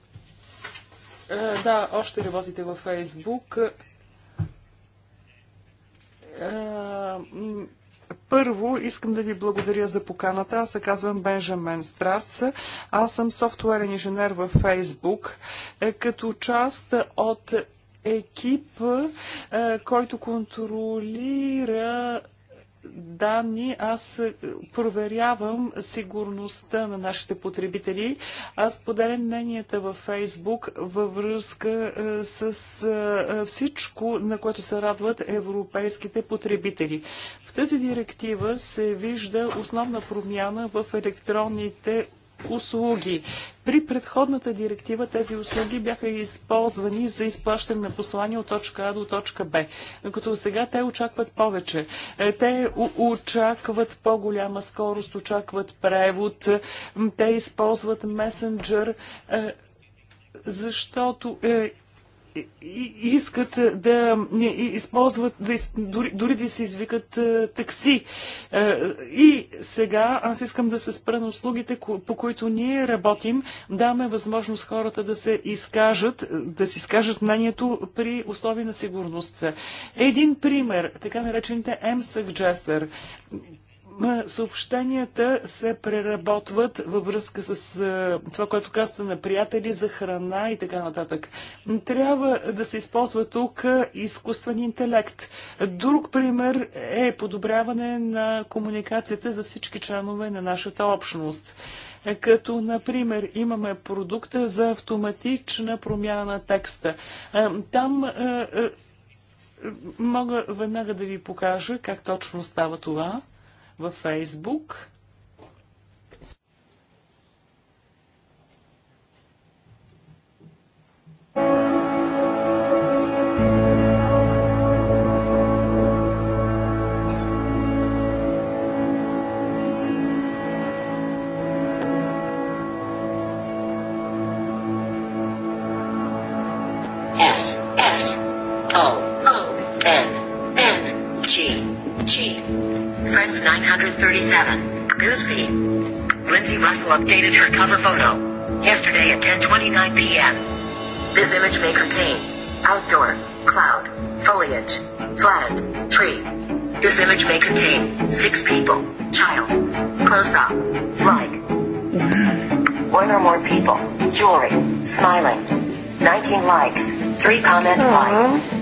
е, да, още работите във Фейсбук. Е, първо, искам да ви благодаря за поканата. Аз се казвам Бенжамен Страс. Аз съм софтуерен инженер във Фейсбук. Е, като част от екип, който контролира данни, аз е, проверявам сигурността на нашите потребители. Аз поделям мненията във Фейсбук във връзка е, с е, всичко, на което се радват европейските потребители. В тази директива се вижда основна промяна в електронните услуги. При предходната директива тези услуги бяха използвани за изплащане на послания от точка А до точка Б, като сега те очакват повече. Е, те очакват по-голяма скорост, очакват превод, те използват месенджер, е, защото е, искат е, да използват, да, дори, дори да се извикат е, такси. Е, и сега аз искам да се спра на услугите, по които ние работим. Даме възможност хората да се изкажат, да си изкажат мнението при условия на сигурност. Един пример, така наречените M-Suggester Съобщенията се преработват във връзка с това, което казвате на приятели за храна и така нататък. Трябва да се използва тук изкуствен интелект. Друг пример е подобряване на комуникацията за всички членове на нашата общност като, например, имаме продукта за автоматична промяна на текста. Там мога веднага да ви покажа как точно става това във Фейсбук News 937. Newsfeed. Lindsay Russell updated her cover photo yesterday at 10:29 p.m. This image may contain outdoor, cloud, foliage, Flat tree. This image may contain six people, child, close up, like one or more people, jewelry, smiling. 19 likes, Three comments Aww. like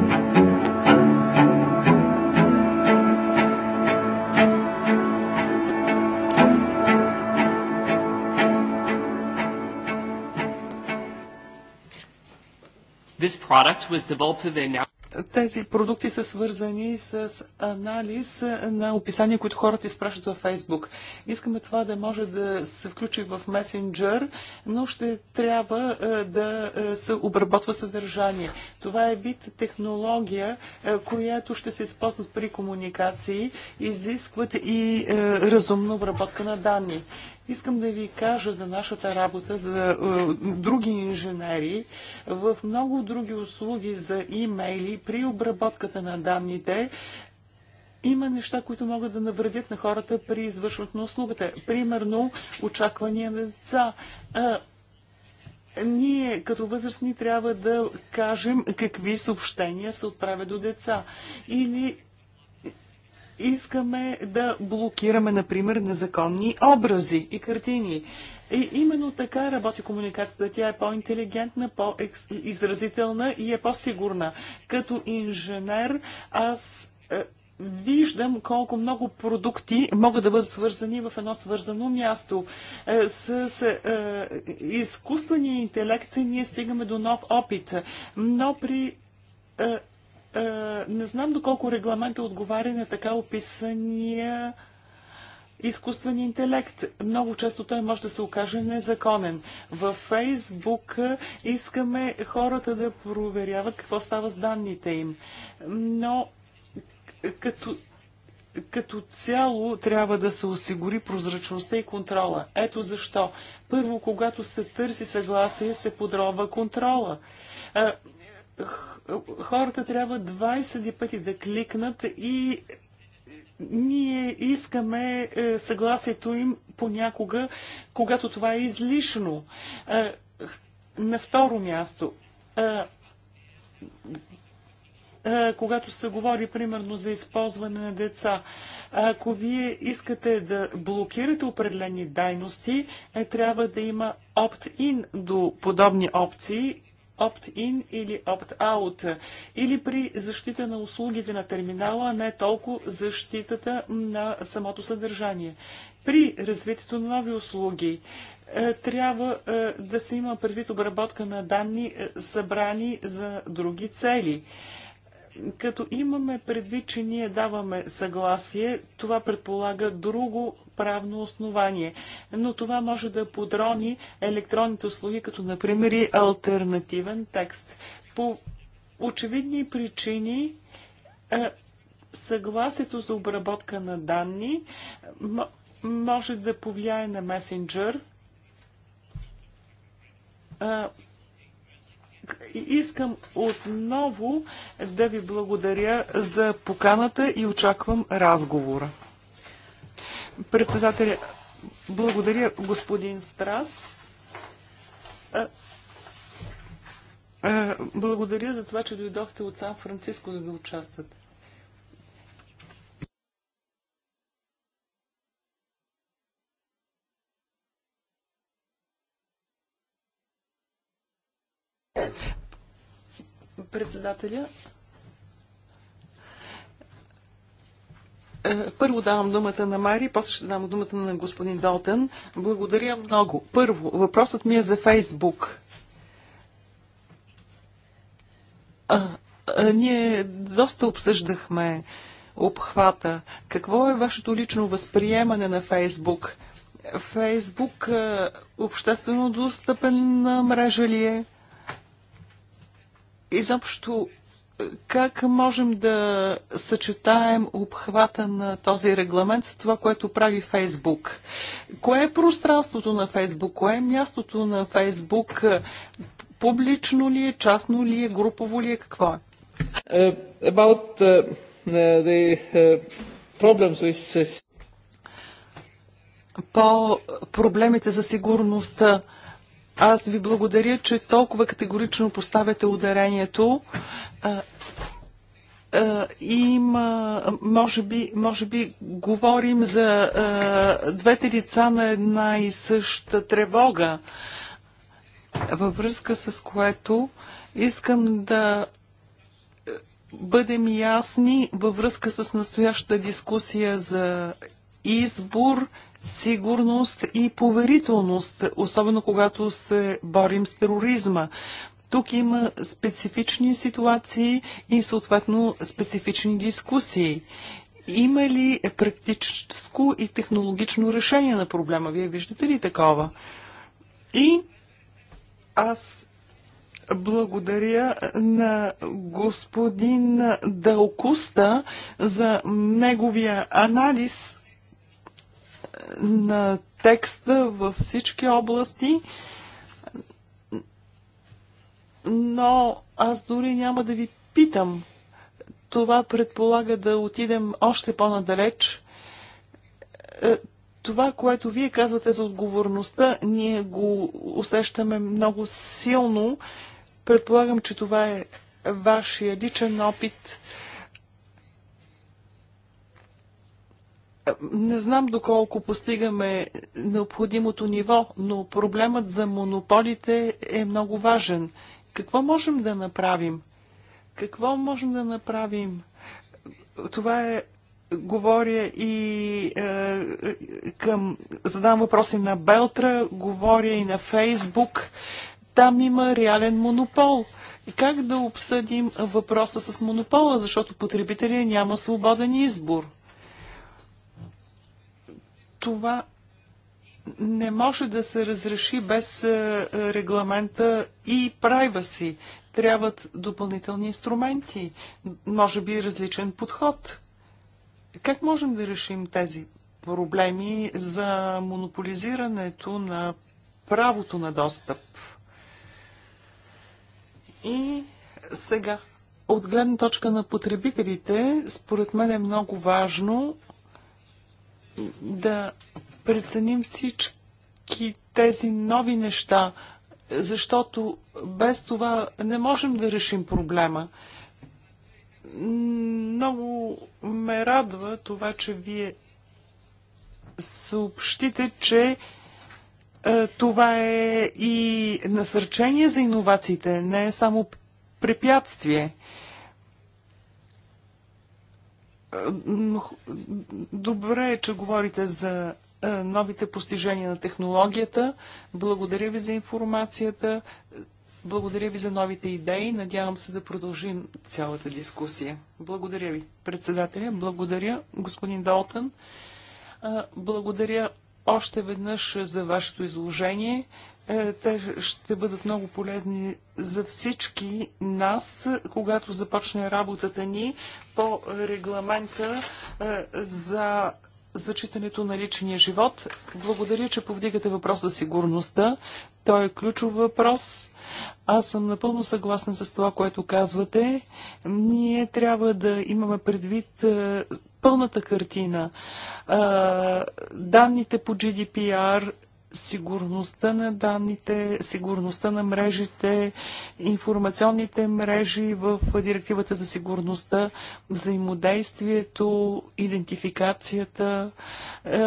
This product was developed now тези продукти са свързани с анализ на описания, които хората изпращат във Фейсбук. Искаме това да може да се включи в месенджер, но ще трябва е, да е, се обработва съдържание. Това е вид технология, е, която ще се използват при комуникации, изискват и разумна обработка на данни. Искам да ви кажа за нашата работа, за е, други инженери. В много други услуги за имейли при обработката на данните има неща, които могат да навредят на хората при извършването на услугата. Примерно, очаквания на деца. Е, ние като възрастни трябва да кажем какви съобщения се отправят до деца. Или искаме да блокираме, например, незаконни образи и картини. И именно така работи комуникацията. Тя е по-интелигентна, по-изразителна и е по-сигурна. Като инженер аз е, виждам колко много продукти могат да бъдат свързани в едно свързано място. Е, с, с е, изкуствения интелект ние стигаме до нов опит, но при е, е, не знам доколко регламента отговаря на така описания изкуствен интелект. Много често той може да се окаже незаконен. Във Фейсбук искаме хората да проверяват какво става с данните им. Но като, като цяло трябва да се осигури прозрачността и контрола. Ето защо. Първо, когато се търси съгласие, се подробва контрола е, хората трябва 20 пъти да кликнат и ние искаме е, съгласието им понякога, когато това е излишно. Е, на второ място, е, когато се говори примерно за използване на деца. Ако вие искате да блокирате определени дайности, трябва да има опт-ин до подобни опции opt-in или opt-out, или при защита на услугите на терминала, а не толкова защитата на самото съдържание. При развитието на нови услуги е, трябва е, да се има предвид обработка на данни, е, събрани за други цели. Като имаме предвид, че ние даваме съгласие, това предполага друго правно основание. Но това може да подрони електронните услуги, като например и альтернативен текст. По очевидни причини съгласието за обработка на данни може да повлияе на месенджер, Искам отново да ви благодаря за поканата и очаквам разговора. Председателя, благодаря господин Страс. Благодаря за това, че дойдохте от Сан Франциско, за да участвате. председателя. Е, първо давам думата на Мари, после ще дам думата на господин Долтън. Благодаря много. Първо, въпросът ми е за Фейсбук. А, а, ние доста обсъждахме обхвата. Какво е вашето лично възприемане на Фейсбук? Фейсбук е, обществено достъпен е, мрежа ли е? изобщо е, как можем да съчетаем обхвата на този регламент с това, което прави Фейсбук? Кое е пространството на Фейсбук? Кое е мястото на Фейсбук? Е, публично ли е, частно ли е, групово ли е, какво е? Uh, about uh, the uh, problems with... По проблемите за сигурността. Uh, аз ви благодаря, че толкова категорично поставяте ударението. има, може би, може би говорим за а, двете лица на една и съща тревога, във връзка с което искам да бъдем ясни във връзка с настоящата дискусия за избор сигурност и поверителност, особено когато се борим с тероризма. Тук има специфични ситуации и съответно специфични дискусии. Има ли практическо и технологично решение на проблема? Вие виждате ли такова? И аз благодаря на господин Далкуста за неговия анализ на текста във всички области, но аз дори няма да ви питам. Това предполага да отидем още по-надалеч. Е, това, което вие казвате за отговорността, ние го усещаме много силно. Предполагам, че това е вашия личен опит. Не знам доколко постигаме необходимото ниво, но проблемът за монополите е много важен. Какво можем да направим? Какво можем да направим? Това е говоря и е, към, задам въпроси на Белтра, говоря и на Фейсбук. Там има реален монопол. И как да обсъдим въпроса с монопола, защото потребителя няма свободен избор? това не може да се разреши без е, регламента и си. Трябват допълнителни инструменти, може би различен подход. Как можем да решим тези проблеми за монополизирането на правото на достъп? И сега, от гледна точка на потребителите, според мен е много важно да преценим всички тези нови неща, защото без това не можем да решим проблема. Много ме радва това, че вие съобщите, че е, това е и насърчение за иновациите, не е само препятствие. Добре е, че говорите за е, новите постижения на технологията. Благодаря ви за информацията. Благодаря ви за новите идеи. Надявам се да продължим цялата дискусия. Благодаря ви, председателя. Благодаря, господин Долтън. Благодаря още веднъж за вашето изложение. Е, те ще бъдат много полезни за всички нас, когато започне работата ни по регламента е, за зачитането на личния живот. Благодаря, че повдигате въпрос за сигурността. Той е ключов въпрос. Аз съм напълно съгласен с това, което казвате. Ние трябва да имаме предвид е, пълната картина. Данните по GDPR, сигурността на данните, сигурността на мрежите, информационните мрежи в директивата за сигурността, взаимодействието, идентификацията. Е,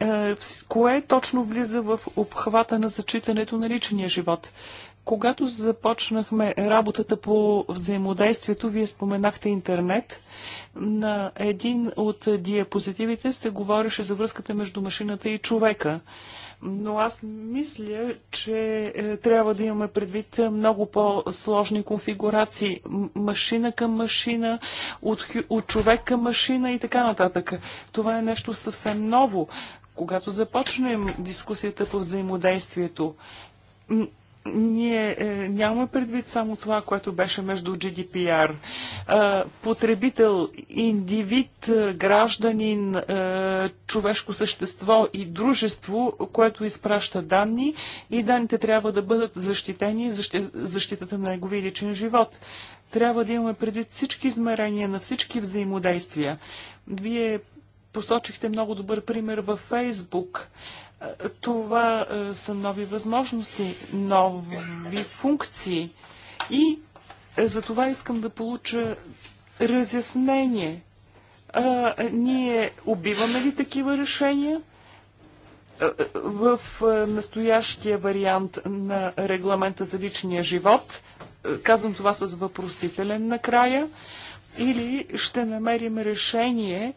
е, кое точно влиза в обхвата на зачитането на личния живот? Когато започнахме работата по взаимодействието, вие споменахте интернет. На един от диапозитивите се говореше за връзката между машината и човека но аз мисля, че е, трябва да имаме предвид много по-сложни конфигурации. Машина към машина, от, от човек към машина и така нататък. Това е нещо съвсем ново. Когато започнем дискусията по взаимодействието, ние е, нямаме предвид само това, което беше между GDPR. Е, потребител, индивид, е, гражданин, е, човешко същество и дружество, което изпраща данни и данните трябва да бъдат защитени, защи, защитата на негови личен живот. Трябва да имаме предвид всички измерения на всички взаимодействия. Вие Посочихте много добър пример във Фейсбук. Това са нови възможности, нови функции. И за това искам да получа разяснение. А, ние убиваме ли такива решения? в настоящия вариант на регламента за личния живот. Казвам това с въпросителен накрая. Или ще намерим решение,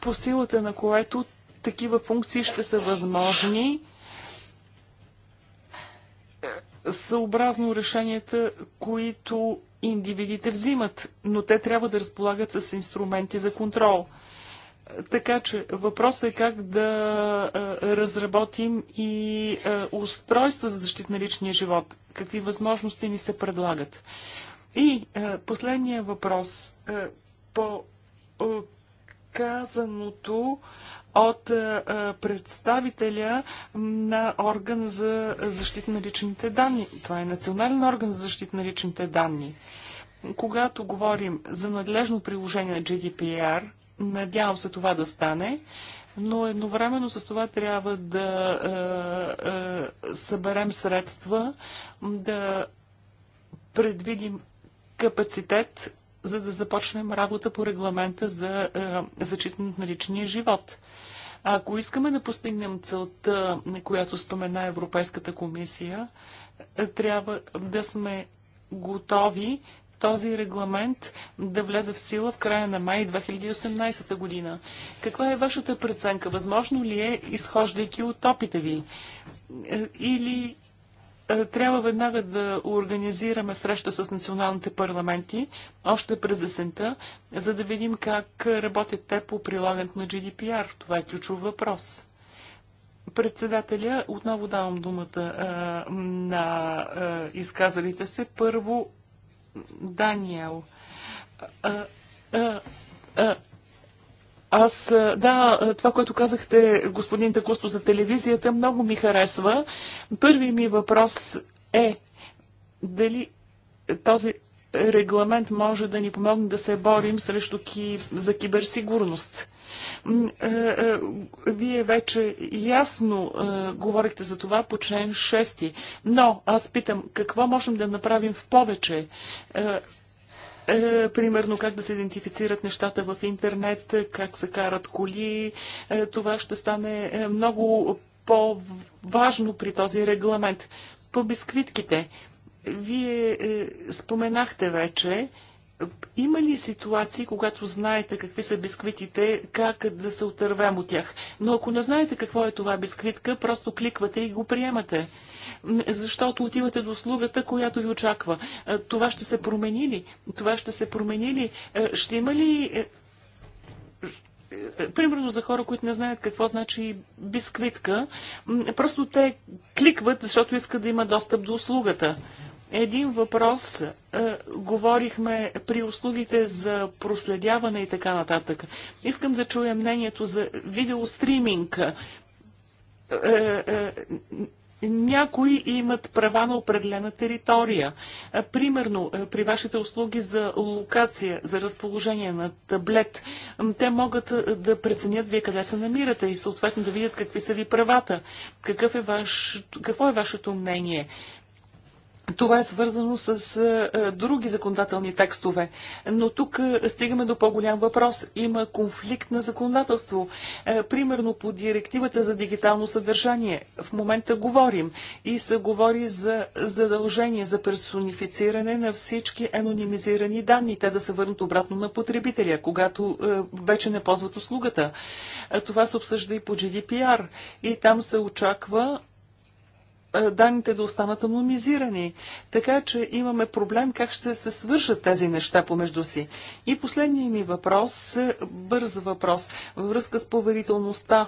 по силата на което такива функции ще са възможни съобразно решенията, които индивидите взимат, но те трябва да разполагат с инструменти за контрол. Така че въпросът е как да разработим и устройства за защита на личния живот. Какви възможности ни се предлагат. И последния въпрос по казаното от представителя на орган за защита на личните данни. Това е национален орган за защита на личните данни. Когато говорим за надлежно приложение на GDPR, надявам се това да стане, но едновременно с това трябва да е, е, съберем средства, да предвидим капацитет за да започнем работа по регламента за е, зачитането на личния живот. Ако искаме да постигнем целта, на която спомена Европейската комисия, е, трябва да сме готови този регламент да влезе в сила в края на май 2018 година. Каква е вашата преценка? Възможно ли е, изхождайки от опита ви? Е, или е, трябва веднага да организираме среща с националните парламенти, още през есента, за да видим как работят те по прилагането на GDPR. Това е ключов въпрос. Председателя, отново давам думата а, е, на а, е, изказалите се. Първо, Даниел. А, а, а, аз, да, това, което казахте, господин Такусто, за телевизията, много ми харесва. Първи ми въпрос е дали този регламент може да ни помогне да се борим срещу ки... за киберсигурност. Вие вече ясно говорихте за това по член 6, но аз питам какво можем да направим в повече е, примерно как да се идентифицират нещата в интернет, как се карат коли. Е, това ще стане е, много по-важно при този регламент. По бисквитките. Вие е, споменахте вече, има ли ситуации, когато знаете какви са бисквитите, как да се отървем от тях? Но ако не знаете какво е това бисквитка, просто кликвате и го приемате защото отивате до услугата, която ви очаква. Е, това ще се промени ли? Това ще се промени ли? Е, ще има ли е, примерно за хора, които не знаят какво значи бисквитка, просто те кликват, защото искат да има достъп до услугата. Един въпрос. Говорихме при услугите за проследяване и така нататък. Искам да чуя мнението за видеостриминг някои имат права на определена територия. Примерно, е, при вашите услуги за локация, за разположение на таблет, те могат е, да преценят вие къде се намирате и съответно да видят какви са ви правата, какъв е ваш, какво е вашето мнение. Това е свързано с други законодателни текстове. Но тук стигаме до по-голям въпрос. Има конфликт на законодателство. примерно по директивата за дигитално съдържание. В момента говорим и се говори за задължение за персонифициране на всички анонимизирани данни. Те да се върнат обратно на потребителя, когато вече не ползват услугата. това се обсъжда и по GDPR. И там се очаква е, данните да останат анонимизирани. Така че имаме проблем как ще се свършат тези неща помежду си. И последният ми въпрос, е, бърз въпрос, във връзка с поверителността.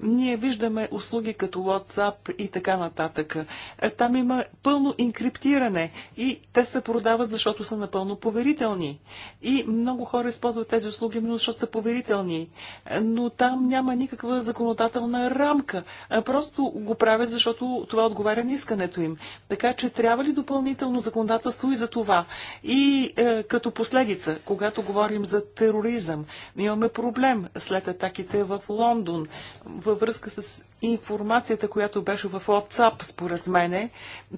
Ние виждаме услуги като WhatsApp и така нататък. Е, там има пълно инкриптиране и те се продават, защото са напълно поверителни. И много хора използват тези услуги, защото са поверителни. Е, но там няма никаква законодателна рамка. Е, просто го правят, защото това отговаря на искането им. Така че трябва ли допълнително законодателство и за това? И е, като последица, когато говорим за тероризъм, имаме проблем след атаките в Лондон във връзка с информацията, която беше в WhatsApp, според мене,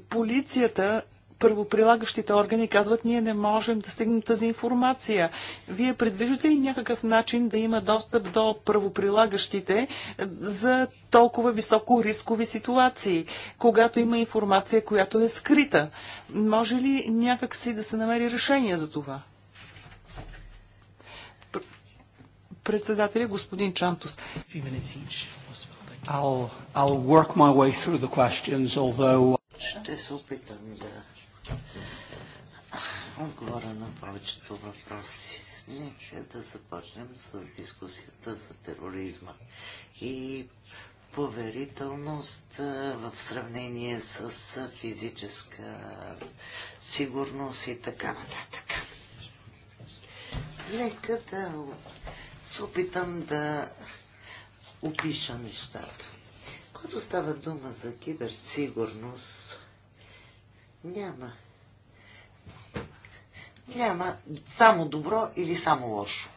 полицията първоприлагащите органи казват, ние не можем да стигнем тази информация. Вие предвиждате ли някакъв начин да има достъп до първоприлагащите е, за толкова високо рискови ситуации, когато има информация, която е скрита? Може ли някакси да се намери решение за това? председателя господин Чантус. I'll, I'll work my way through the questions, although... Uh, Ще се опитам да отговоря на повечето въпроси. Нека да започнем с дискусията за тероризма и поверителност в сравнение с физическа сигурност и така нататък. Нека да се опитам да опиша нещата. Когато става дума за киберсигурност, няма. Няма само добро или само лошо.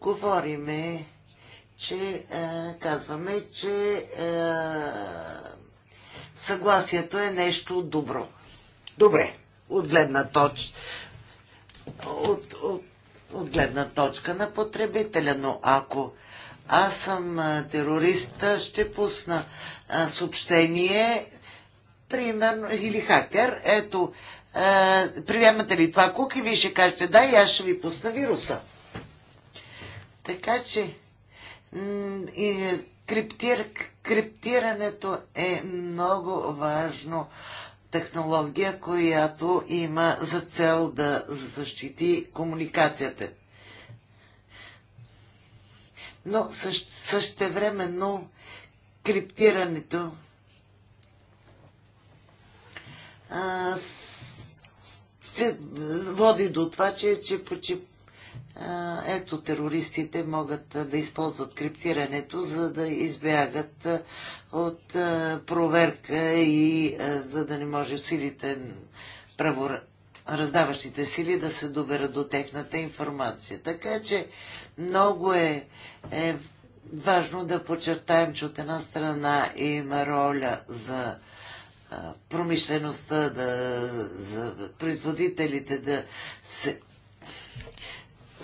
Говориме, че е, казваме, че е, съгласието е нещо добро. Добре, от гледна точка. От от гледна точка на потребителя, но ако аз съм терорист, ще пусна съобщение, примерно, или хакер, ето, приемате ли това куки, ви ще кажете да и аз ще ви пусна вируса. Така че и е, криптир, криптирането е много важно технология, която има за цел да защити комуникацията. Но също, същевременно криптирането а, с, води до това, че, че, че ето терористите могат да използват криптирането, за да избягат от проверка и за да не може силите, правораздаващите сили да се доберат до техната информация. Така че много е, е важно да подчертаем, че от една страна има роля за промишлеността, да, за производителите да се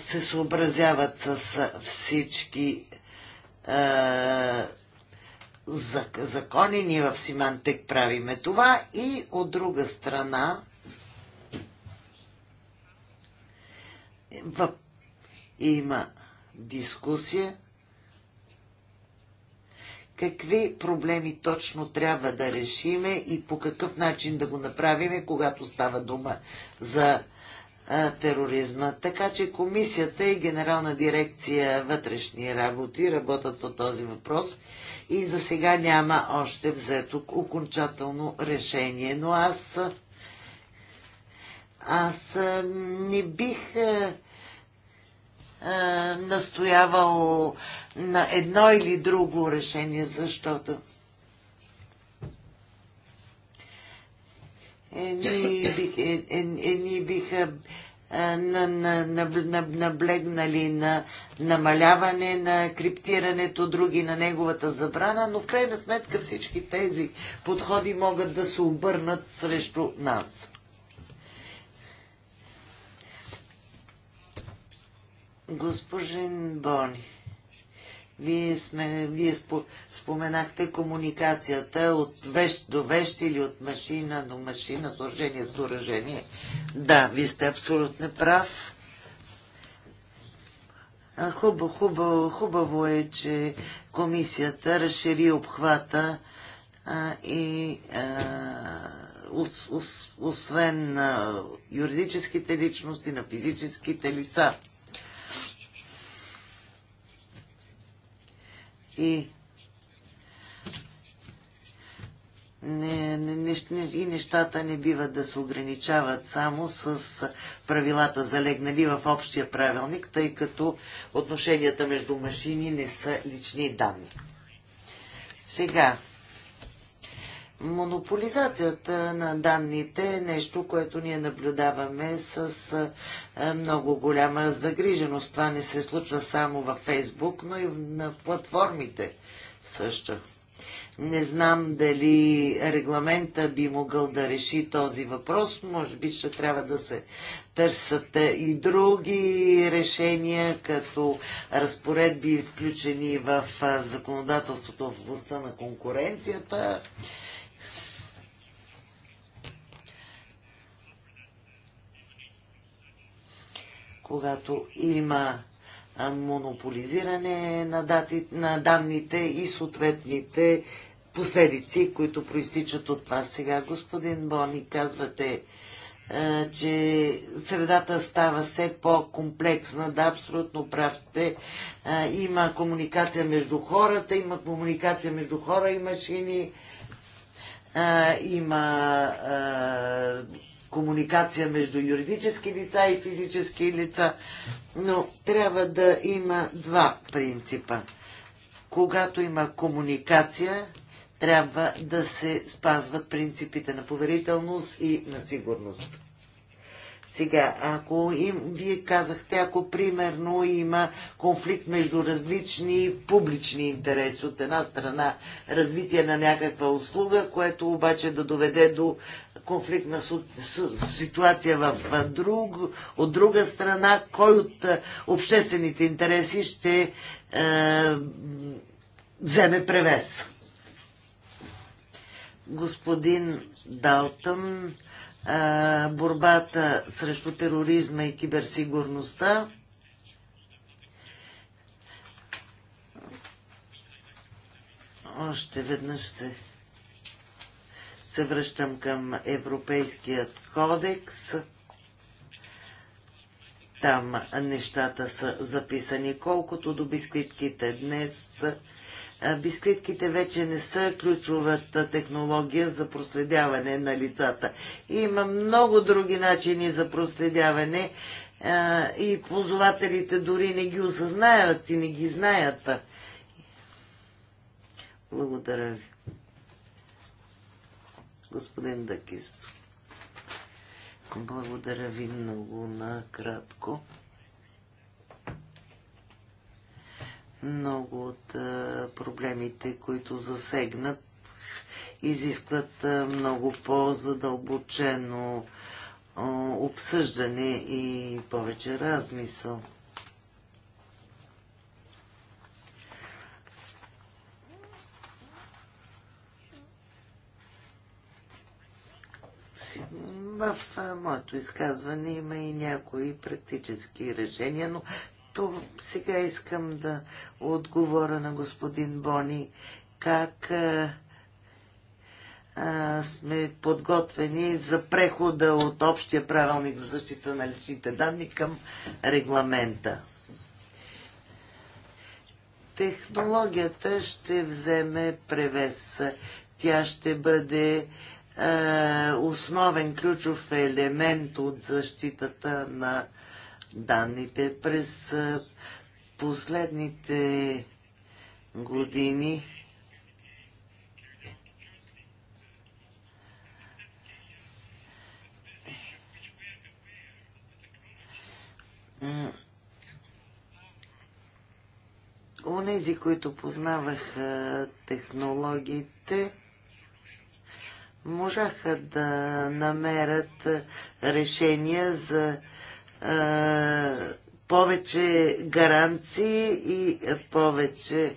се съобразяват с всички закони. Ние в Симантек правиме това и от друга страна в... има дискусия какви проблеми точно трябва да решиме и по какъв начин да го направиме, когато става дума за тероризма. Така че комисията и Генерална дирекция вътрешни работи работят по този въпрос и за сега няма още взето окончателно решение. Но аз аз не бих а, а, настоявал на едно или друго решение, защото едни, биха наблегнали на намаляване на криптирането, други на неговата забрана, но в крайна сметка всички тези подходи могат да се обърнат срещу нас. Госпожин Бони. Вие, сме, вие споменахте комуникацията от вещ до вещ или от машина до машина, съоръжение с съоръжение. Да, вие сте абсолютно прав. Хубаво, хубаво, хубаво е, че комисията разшири обхвата а, и а, ос, ос, освен на юридическите личности, на физическите лица. и не, не, не, и нещата не бива да се ограничават само с правилата залегнали в общия правилник, тъй като отношенията между машини не са лични данни. Сега, Монополизацията на данните е нещо, което ние наблюдаваме с е, много голяма загриженост. Това не се случва само във Фейсбук, но и на платформите също. Не знам дали регламента би могъл да реши този въпрос. Може би ще трябва да се търсят е, и други решения, като разпоредби, включени в е, законодателството в областта на конкуренцията. когато има монополизиране на, дати, на данните и съответните последици, които проистичат от това. Сега, господин Бони, казвате, че средата става все по-комплексна. Да, абсолютно прав сте. Има комуникация между хората, има комуникация между хора и машини, има комуникация между юридически лица и физически лица, но трябва да има два принципа. Когато има комуникация, трябва да се спазват принципите на поверителност и на сигурност. Сега, ако им, вие казахте, ако примерно има конфликт между различни публични интереси от една страна, развитие на някаква услуга, което обаче да доведе до конфликтна ситуация в друг, от друга страна, кой от обществените интереси ще е, вземе превес. Господин Далтън, е, борбата срещу тероризма и киберсигурността. Още веднъж ще се връщам към Европейският кодекс. Там нещата са записани. Колкото до бисквитките днес, бисквитките вече не са ключовата технология за проследяване на лицата. Има много други начини за проследяване и ползвателите дори не ги осъзнаят и не ги знаят. Благодаря ви господин Дакисто. Благодаря ви много накратко. Много от проблемите, които засегнат, изискват много по-задълбочено обсъждане и повече размисъл. В моето изказване има и някои практически решения, но то сега искам да отговоря на господин Бони как а, а, сме подготвени за прехода от общия правилник за защита на личните данни към регламента. Технологията ще вземе превес. Тя ще бъде е, основен ключов елемент от защитата на данните. През е, последните години Онези, които познаваха технологиите, можаха да намерят решения за а, повече гаранции и повече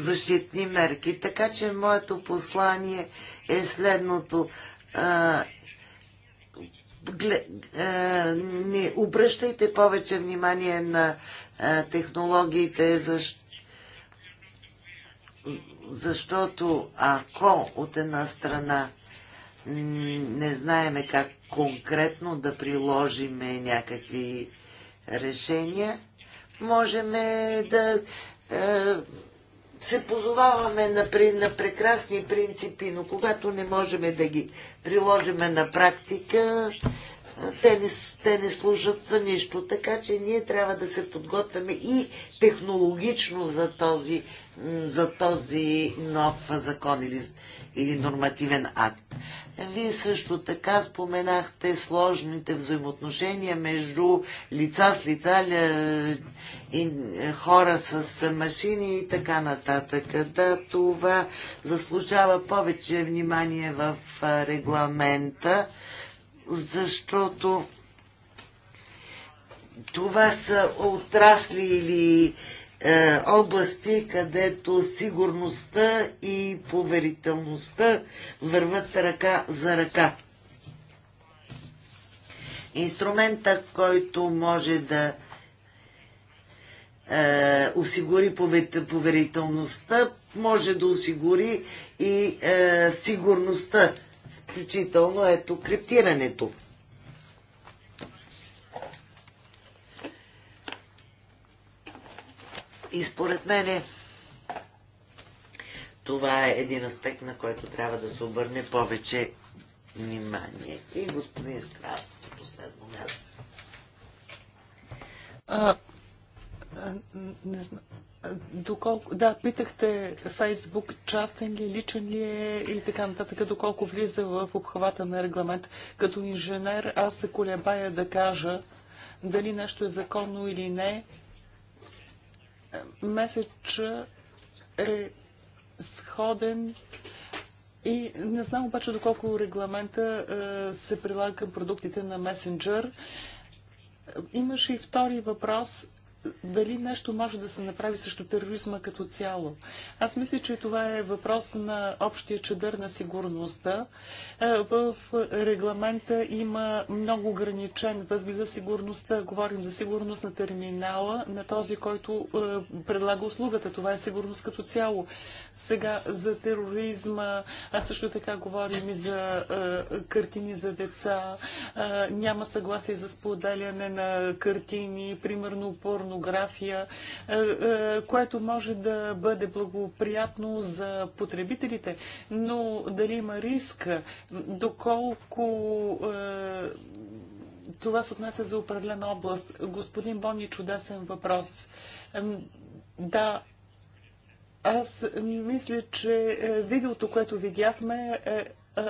защитни мерки. Така че моето послание е следното. А, гле, а, не обръщайте повече внимание на а, технологиите, за защото ако от една страна не знаеме как конкретно да приложиме някакви решения, можем да е, се позоваваме на, на прекрасни принципи, но когато не можем да ги приложиме на практика, те не, те не служат за нищо. Така че ние трябва да се подготвяме и технологично за този, за този нов закон или, или нормативен акт. Вие също така споменахте сложните взаимоотношения между лица с лица, е, и е, хора с машини и така нататък. Да, това заслужава повече внимание в е, регламента защото това са отрасли или е, области, където сигурността и поверителността върват ръка за ръка. Инструмента, който може да е, осигури поверителността, може да осигури и е, сигурността включително ето криптирането. И според мен. Е, това е един аспект, на който трябва да се обърне повече внимание. И господин Страс, последно място. А, а, не знам. Доколко, да, питахте Фейсбук частен ли, личен ли е и така нататък, доколко влиза в обхвата на регламент. Като инженер аз се колебая да кажа дали нещо е законно или не. Месеч е сходен и не знам обаче доколко регламента е, се прилага към продуктите на месенджер. Имаше и втори въпрос дали нещо може да се направи срещу тероризма като цяло. Аз мисля, че това е въпрос на общия чадър на сигурността. Е, в регламента има много ограничен възглед за сигурността. Говорим за сигурност на терминала, на този, който е, предлага услугата. Това е сигурност като цяло. Сега за тероризма, а също така говорим и за е, картини за деца. няма съгласие за споделяне на картини, примерно упорно монография, което може да бъде благоприятно за потребителите, но дали има риск, доколко това се отнася за определена област. Господин Бони, чудесен въпрос. Да, аз мисля, че видеото, което видяхме е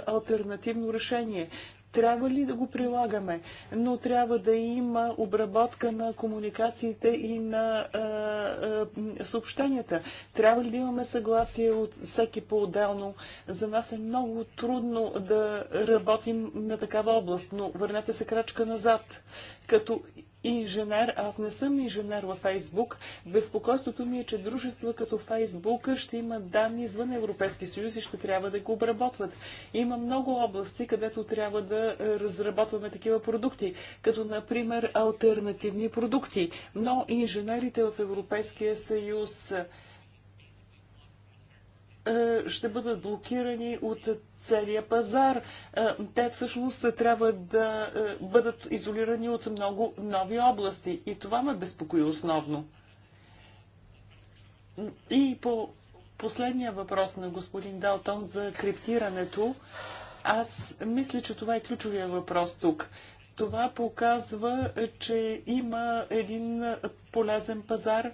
альтернативно решение. Трябва ли да го прилагаме? Но трябва да има обработка на комуникациите и на а, а, съобщенията. Трябва ли да имаме съгласие от всеки по-отделно? За нас е много трудно да работим на такава област, но върнете се крачка назад. Като инженер, аз не съм инженер във Фейсбук. Безпокойството ми е, че дружества като Фейсбук ще имат данни извън Европейски съюз и ще трябва да го обработват. Има много области, където трябва да е, разработваме такива продукти, като например альтернативни продукти. Но инженерите в Европейския съюз е, ще бъдат блокирани от целия пазар. Е, те всъщност трябва да е, бъдат изолирани от много нови области. И това ме безпокои основно. И по последния въпрос на господин Далтон за криптирането, аз мисля, че това е ключовия въпрос тук. Това показва, че има един полезен пазар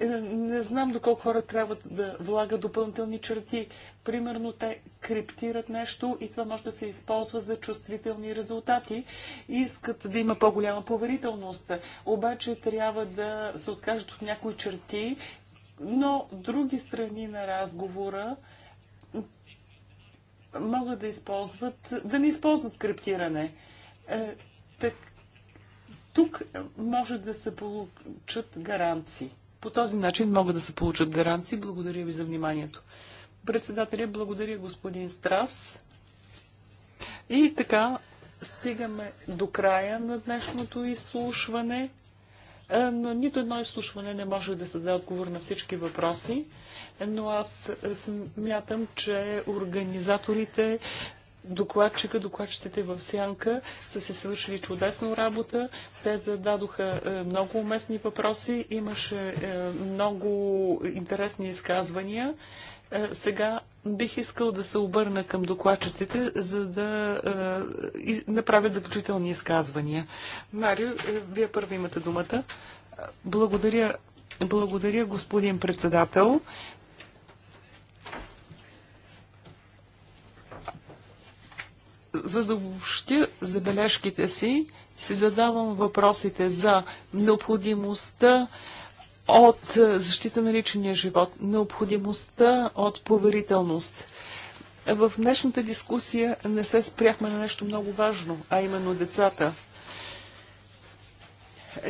е, не знам доколко хора трябва да влагат допълнителни черти. Примерно те криптират нещо и това може да се използва за чувствителни резултати. Искат да има по-голяма поверителност. Обаче трябва да се откажат от някои черти, но други страни на разговора могат да използват, да не използват криптиране. Е, тук може да се получат гаранции. По този начин могат да се получат гаранции. Благодаря ви за вниманието. Председателя, благодаря господин Страс. И така, стигаме до края на днешното изслушване. Е, но нито едно изслушване не може да се даде отговор на всички въпроси, но аз смятам, че организаторите докладчика, докладчиците в Сянка са се свършили чудесно работа. Те зададоха е, много уместни въпроси, имаше е, много интересни изказвания. Е, сега бих искал да се обърна към докладчиците, за да е, направят заключителни изказвания. Марио, вие първи имате думата. Благодаря, благодаря господин председател. за да общя забележките си, си задавам въпросите за необходимостта от е, защита на личния живот, необходимостта от поверителност. В днешната дискусия не се спряхме на нещо много важно, а именно децата.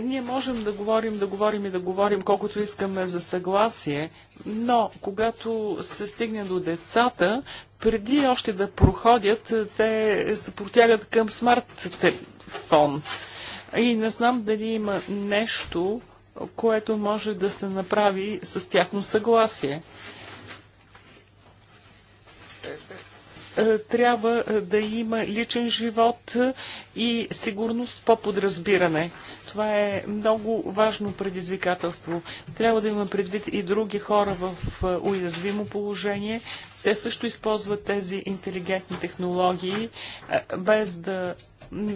Ние можем да говорим, да говорим и да говорим колкото искаме за съгласие, но когато се стигне до децата, преди още да проходят, те се протягат към смартфон И не знам дали има нещо, което може да се направи с тяхно съгласие. Е, е, трябва е, да има личен живот и сигурност по подразбиране. Това е много важно предизвикателство. Трябва да има предвид и други хора в уязвимо положение, те също използват тези интелигентни технологии, без да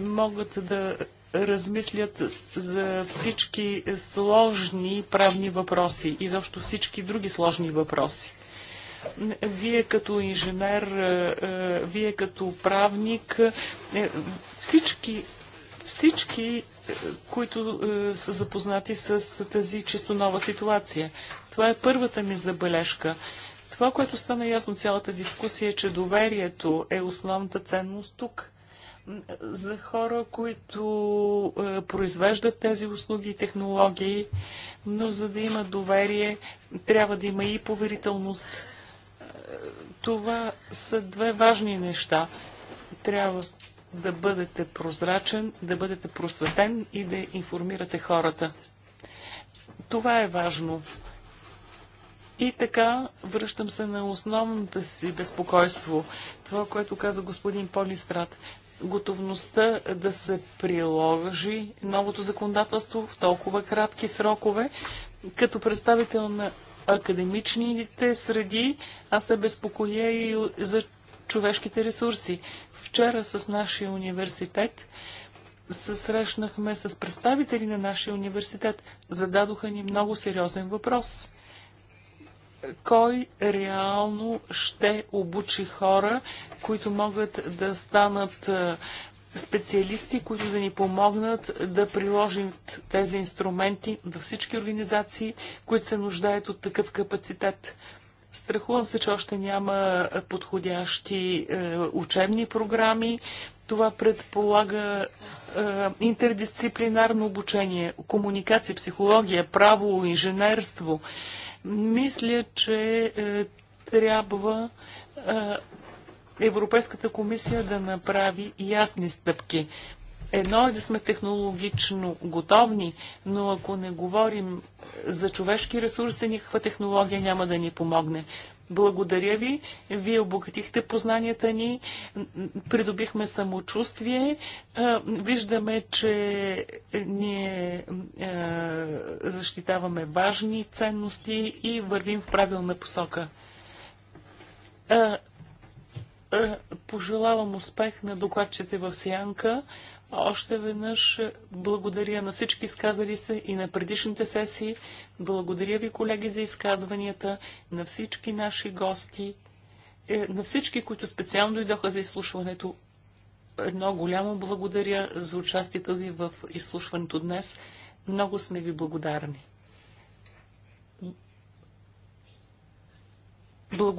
могат да размислят за всички сложни правни въпроси и защо всички други сложни въпроси. Вие като инженер, вие като правник, всички, всички които са запознати с тази чисто нова ситуация. Това е първата ми забележка. Това, което стана ясно цялата дискусия, е, че доверието е основната ценност тук. За хора, които е, произвеждат тези услуги и технологии, но за да има доверие, трябва да има и поверителност. Е, това са две важни неща. Трябва да бъдете прозрачен, да бъдете просветен и да информирате хората. Това е важно. И така, връщам се на основната си безпокойство. Това, което каза господин Полистрат. Готовността да се приложи новото законодателство в толкова кратки срокове. Като представител на академичните среди, аз се безпокоя и за човешките ресурси. Вчера с нашия университет се срещнахме с представители на нашия университет. Зададоха ни много сериозен въпрос кой реално ще обучи хора, които могат да станат е, специалисти, които да ни помогнат да приложим тези инструменти във всички организации, които се нуждаят от такъв капацитет. Страхувам се, че още няма подходящи е, учебни програми. Това предполага е, интердисциплинарно обучение, комуникация, психология, право, инженерство. Е, мисля, че е, трябва е, Европейската комисия да направи ясни стъпки. Едно е да сме технологично готовни, но ако не говорим за човешки ресурси, никаква технология няма да ни помогне. Благодаря ви. Вие обогатихте познанията ни, придобихме самочувствие. Виждаме, че ние защитаваме важни ценности и вървим в правилна посока. Пожелавам успех на докладчите в Сянка. Още веднъж благодаря на всички изказали се и на предишните сесии. Благодаря ви, колеги, за изказванията, на всички наши гости, е, на всички, които специално дойдоха за изслушването. Едно голямо благодаря за участието ви в изслушването днес. Много сме ви благодарни. Благодаря.